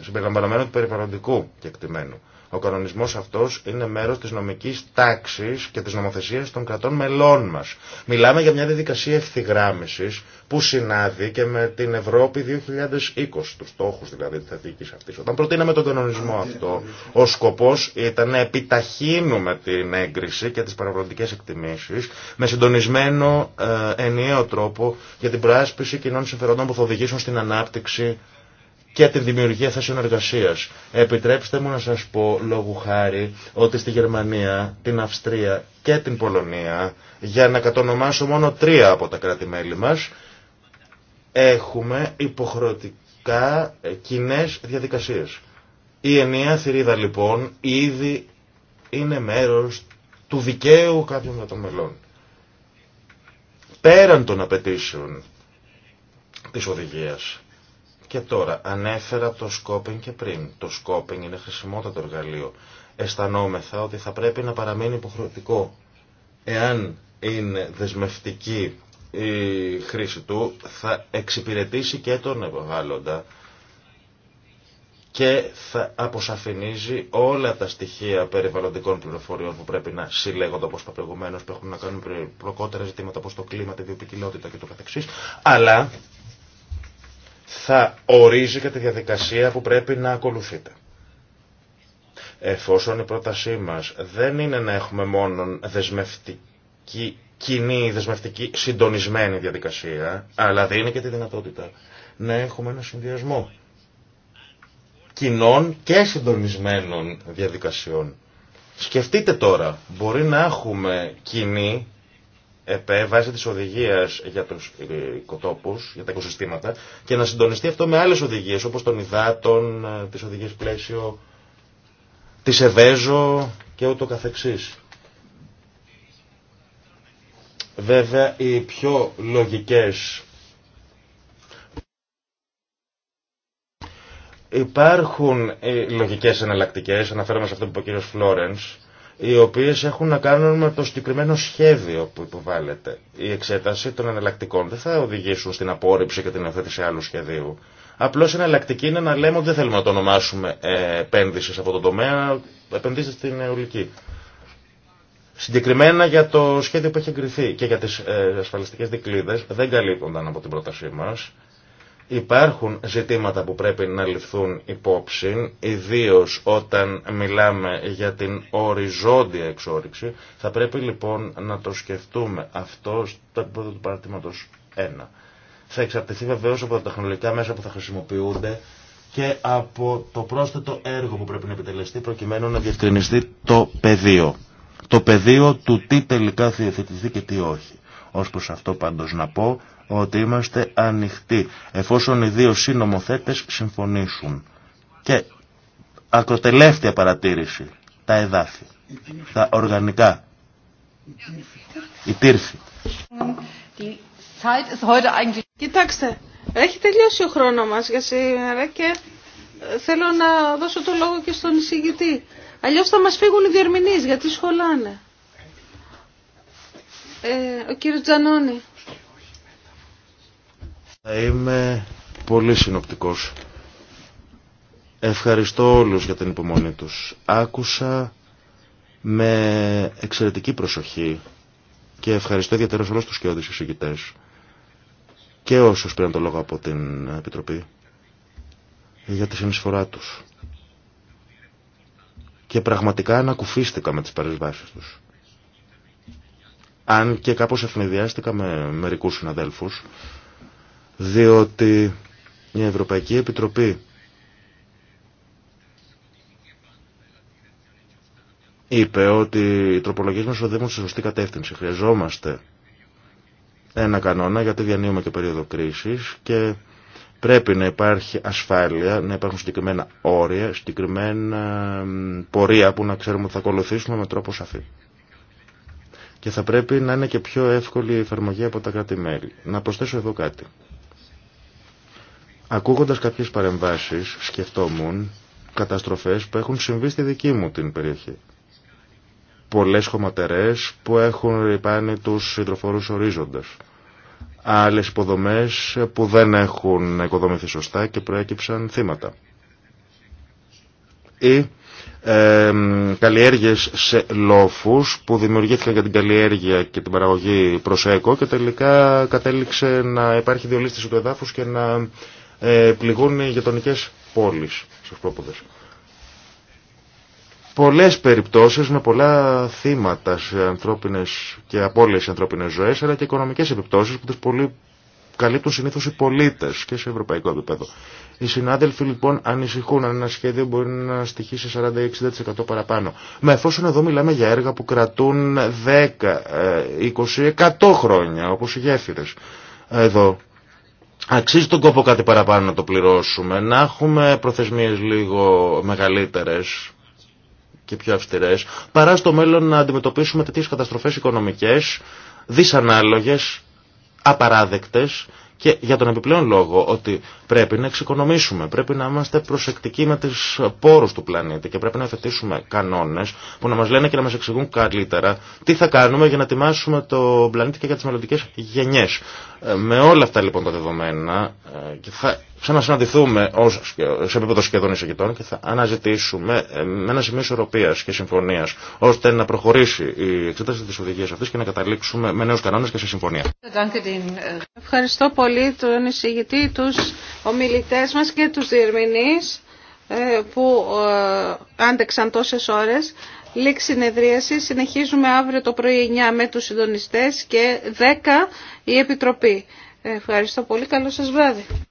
συμπεριλαμβανομένου του περιβαλλοντικού κεκτημένου. Ο κανονισμός αυτός είναι μέρος της νομικής τάξης και της νομοθεσίας των κρατών μελών μας. Μιλάμε για μια διαδικασία ευθυγράμμιση που συνάδει και με την Ευρώπη 2020, τους στόχους δηλαδή τη θετικής αυτή. Όταν προτείναμε τον κανονισμό αυτό, ο σκοπός ήταν να επιταχύνουμε την έγκριση και τις παραγωγικέ εκτιμήσει με συντονισμένο ε, ενιαίο τρόπο για την προάσπιση κοινών συμφερόντων που θα οδηγήσουν στην ανάπτυξη και την δημιουργία θέσεων εργασία. Επιτρέψτε μου να σας πω λόγου χάρη ότι στη Γερμανία, την Αυστρία και την Πολωνία, για να κατονομάσω μόνο τρία από τα κράτη-μέλη μας, έχουμε υποχρεωτικά κοινέ διαδικασίες. Η ενιαία θηρίδα λοιπόν ήδη είναι μέρος του δικαίου κάποιων των μελών. Πέραν των απαιτήσεων της οδηγίας και τώρα, ανέφερα το σκόπεν και πριν. Το σκόπεν είναι χρησιμότατο εργαλείο. Αισθανόμεθα ότι θα πρέπει να παραμείνει υποχρεωτικό. Εάν είναι δεσμευτική η χρήση του, θα εξυπηρετήσει και τον επαγάλλοντα και θα αποσαφηνίζει όλα τα στοιχεία περιβαλλοντικών πληροφοριών που πρέπει να συλλέγονται όπως τα προηγουμένως που έχουν να κάνουν προκότερα ζητήματα όπως το κλίμα, τη βιοπικιλότητα και το καθεξής, αλλά θα ορίζει και τη διαδικασία που πρέπει να ακολουθείτε. Εφόσον η πρότασή μας δεν είναι να έχουμε μόνο δεσμευτική, κοινή, δεσμευτική, συντονισμένη διαδικασία, αλλά δίνει και τη δυνατότητα να έχουμε ένα συνδυασμό κοινών και συντονισμένων διαδικασιών. Σκεφτείτε τώρα, μπορεί να έχουμε κοινή ΕΠΕ βάσει τη οδηγία για του ε, οικοτόπου, για τα οικοσυστήματα και να συντονιστεί αυτό με άλλε οδηγίε όπω των υδάτων, ε, τις οδηγίες πλαίσιο, τη ΕΒΕΖΟ και ούτω καθεξής. Βέβαια οι πιο λογικές υπάρχουν λογικέ λογικές εναλλακτικές, αναφέρομαι σε αυτό που είπε ο κύριος Φλόρενς, οι οποίες έχουν να κάνουν με το συγκεκριμένο σχέδιο που υποβάλλεται. Η εξέταση των εναλλακτικών δεν θα οδηγήσουν στην απόρριψη και την ευθέτηση άλλου σχεδίου. Απλώς η εναλλακτική είναι να λέμε ότι δεν θέλουμε να το ονομάσουμε ε, επένδυση σε αυτό το τομέα, επένδυση στην αιωλική. Συγκεκριμένα για το σχέδιο που έχει εγκριθεί και για τις ε, ασφαλιστικές δικλείδες δεν καλύπτονταν από την πρότασή μας Υπάρχουν ζητήματα που πρέπει να ληφθούν υπόψη, ιδίως όταν μιλάμε για την οριζόντια εξόριξη. Θα πρέπει λοιπόν να το σκεφτούμε αυτό στο επίπεδο του παρατήματος 1. Θα εξαρτηθεί βεβαίως από τα τεχνολογικά μέσα που θα χρησιμοποιούνται και από το πρόσθετο έργο που πρέπει να επιτελεστεί προκειμένου να διευκρινιστεί το πεδίο. Το πεδίο του τι τελικά θα και τι όχι. Ως προς αυτό πάντως να πω ότι είμαστε ανοιχτοί εφόσον οι δύο συνομοθέτες συμφωνήσουν. Και ακροτελεύτια παρατήρηση, τα εδάφη, τα οργανικά, η τύρφη. Κοιτάξτε, έχει τελειώσει ο χρόνο μας για σήμερα και ε, θέλω να δώσω το λόγο και στον εισηγητή. Αλλιώς θα μας φύγουν οι διερμηνείς γιατί σχολάνε. Ε, ο κύριος Τζανώνη. Είμαι πολύ συνοπτικός. Ευχαριστώ όλους για την υπομονή τους. Άκουσα με εξαιρετική προσοχή και ευχαριστώ ιδιαίτερα όλους τους και εισηγητές και όσους πήραν το λόγο από την Επιτροπή για τη συνεισφορά τους. Και πραγματικά ανακουφίστηκα με τις παρεσβάσεις τους. Αν και κάπως ευνηδιάστηκα με μερικούς συναδέλφους, διότι η Ευρωπαϊκή Επιτροπή είπε ότι οι τροπολογίες μας οδεύουν σε σωστή κατεύθυνση. Χρειαζόμαστε ένα κανόνα γιατί διανύουμε και περίοδο κρίσης και πρέπει να υπάρχει ασφάλεια, να υπάρχουν συγκεκριμένα όρια, συγκεκριμένα πορεία που να ξέρουμε ότι θα ακολουθήσουμε με τρόπο σαφή. Και θα πρέπει να είναι και πιο εύκολη η εφαρμογή από τα κράτη-μέλη. Να προσθέσω εδώ κάτι. Ακούγοντας κάποιες παρεμβάσεις, σκεφτόμουν καταστροφές που έχουν συμβεί στη δική μου την περιοχή. Πολλές χωματερές που έχουν ρηπάνει τους συντροφόρους ορίζοντας. Άλλες υποδομές που δεν έχουν οικοδομηθεί σωστά και προέκυψαν θύματα. Ή ε, καλλιέργειες σε λόφους που δημιουργήθηκαν για την καλλιέργεια και την παραγωγή προσέκο και τελικά κατέληξε να υπάρχει διολύστηση του εδάφους και να πληγούν οι γειτονικέ πόλεις στους πρόποδες. Πολλές περιπτώσεις με πολλά θύματα σε ανθρώπινες και απώλειες σε ανθρώπινες ζωές, αλλά και οικονομικές επιπτώσεις που τις πολύ καλύπτουν συνήθως οι πολίτες και σε ευρωπαϊκό επίπεδο. Οι συνάδελφοι λοιπόν ανησυχούν αν ένα σχέδιο μπορεί να στοιχήσει 40-60% παραπάνω. με εφόσον εδώ μιλάμε για έργα που κρατούν 10-20-100 ε, χρόνια, όπως οι γέφυρες. Εδώ Αξίζει τον κόπο κάτι παραπάνω να το πληρώσουμε, να έχουμε προθεσμίες λίγο μεγαλύτερες και πιο αυστηρές, παρά στο μέλλον να αντιμετωπίσουμε τέτοιες καταστροφές οικονομικές, δυσανάλογες, απαράδεκτες και για τον επιπλέον λόγο ότι πρέπει να εξοικονομήσουμε, πρέπει να είμαστε προσεκτικοί με τις πόρους του πλανήτη και πρέπει να εφετήσουμε κανόνες που να μας λένε και να μας εξηγούν καλύτερα τι θα κάνουμε για να ετοιμάσουμε το πλανήτη και για τις μελλοντικέ γενιές. Ε, με όλα αυτά λοιπόν τα δεδομένα ε, θα ξανασυναντηθούμε ως, σε επίπεδο σχεδόν εισηγητών και θα αναζητήσουμε ε, με ένα σημείο ισορροπία και συμφωνία ώστε να προχωρήσει η εξέταση τη οδηγία αυτή και να καταλήξουμε με νέου κανόνε και σε συμφωνία. Ευχαριστώ πολύ τον εισηγητή, του ομιλητέ μα και του διερμηνεί ε, που ε, άντεξαν τόσες ώρες. Λήξη συνεδρίαση. Συνεχίζουμε αύριο το πρωί 9 με τους συντονιστές και 10 η Επιτροπή. Ευχαριστώ πολύ. Καλό σας βράδυ.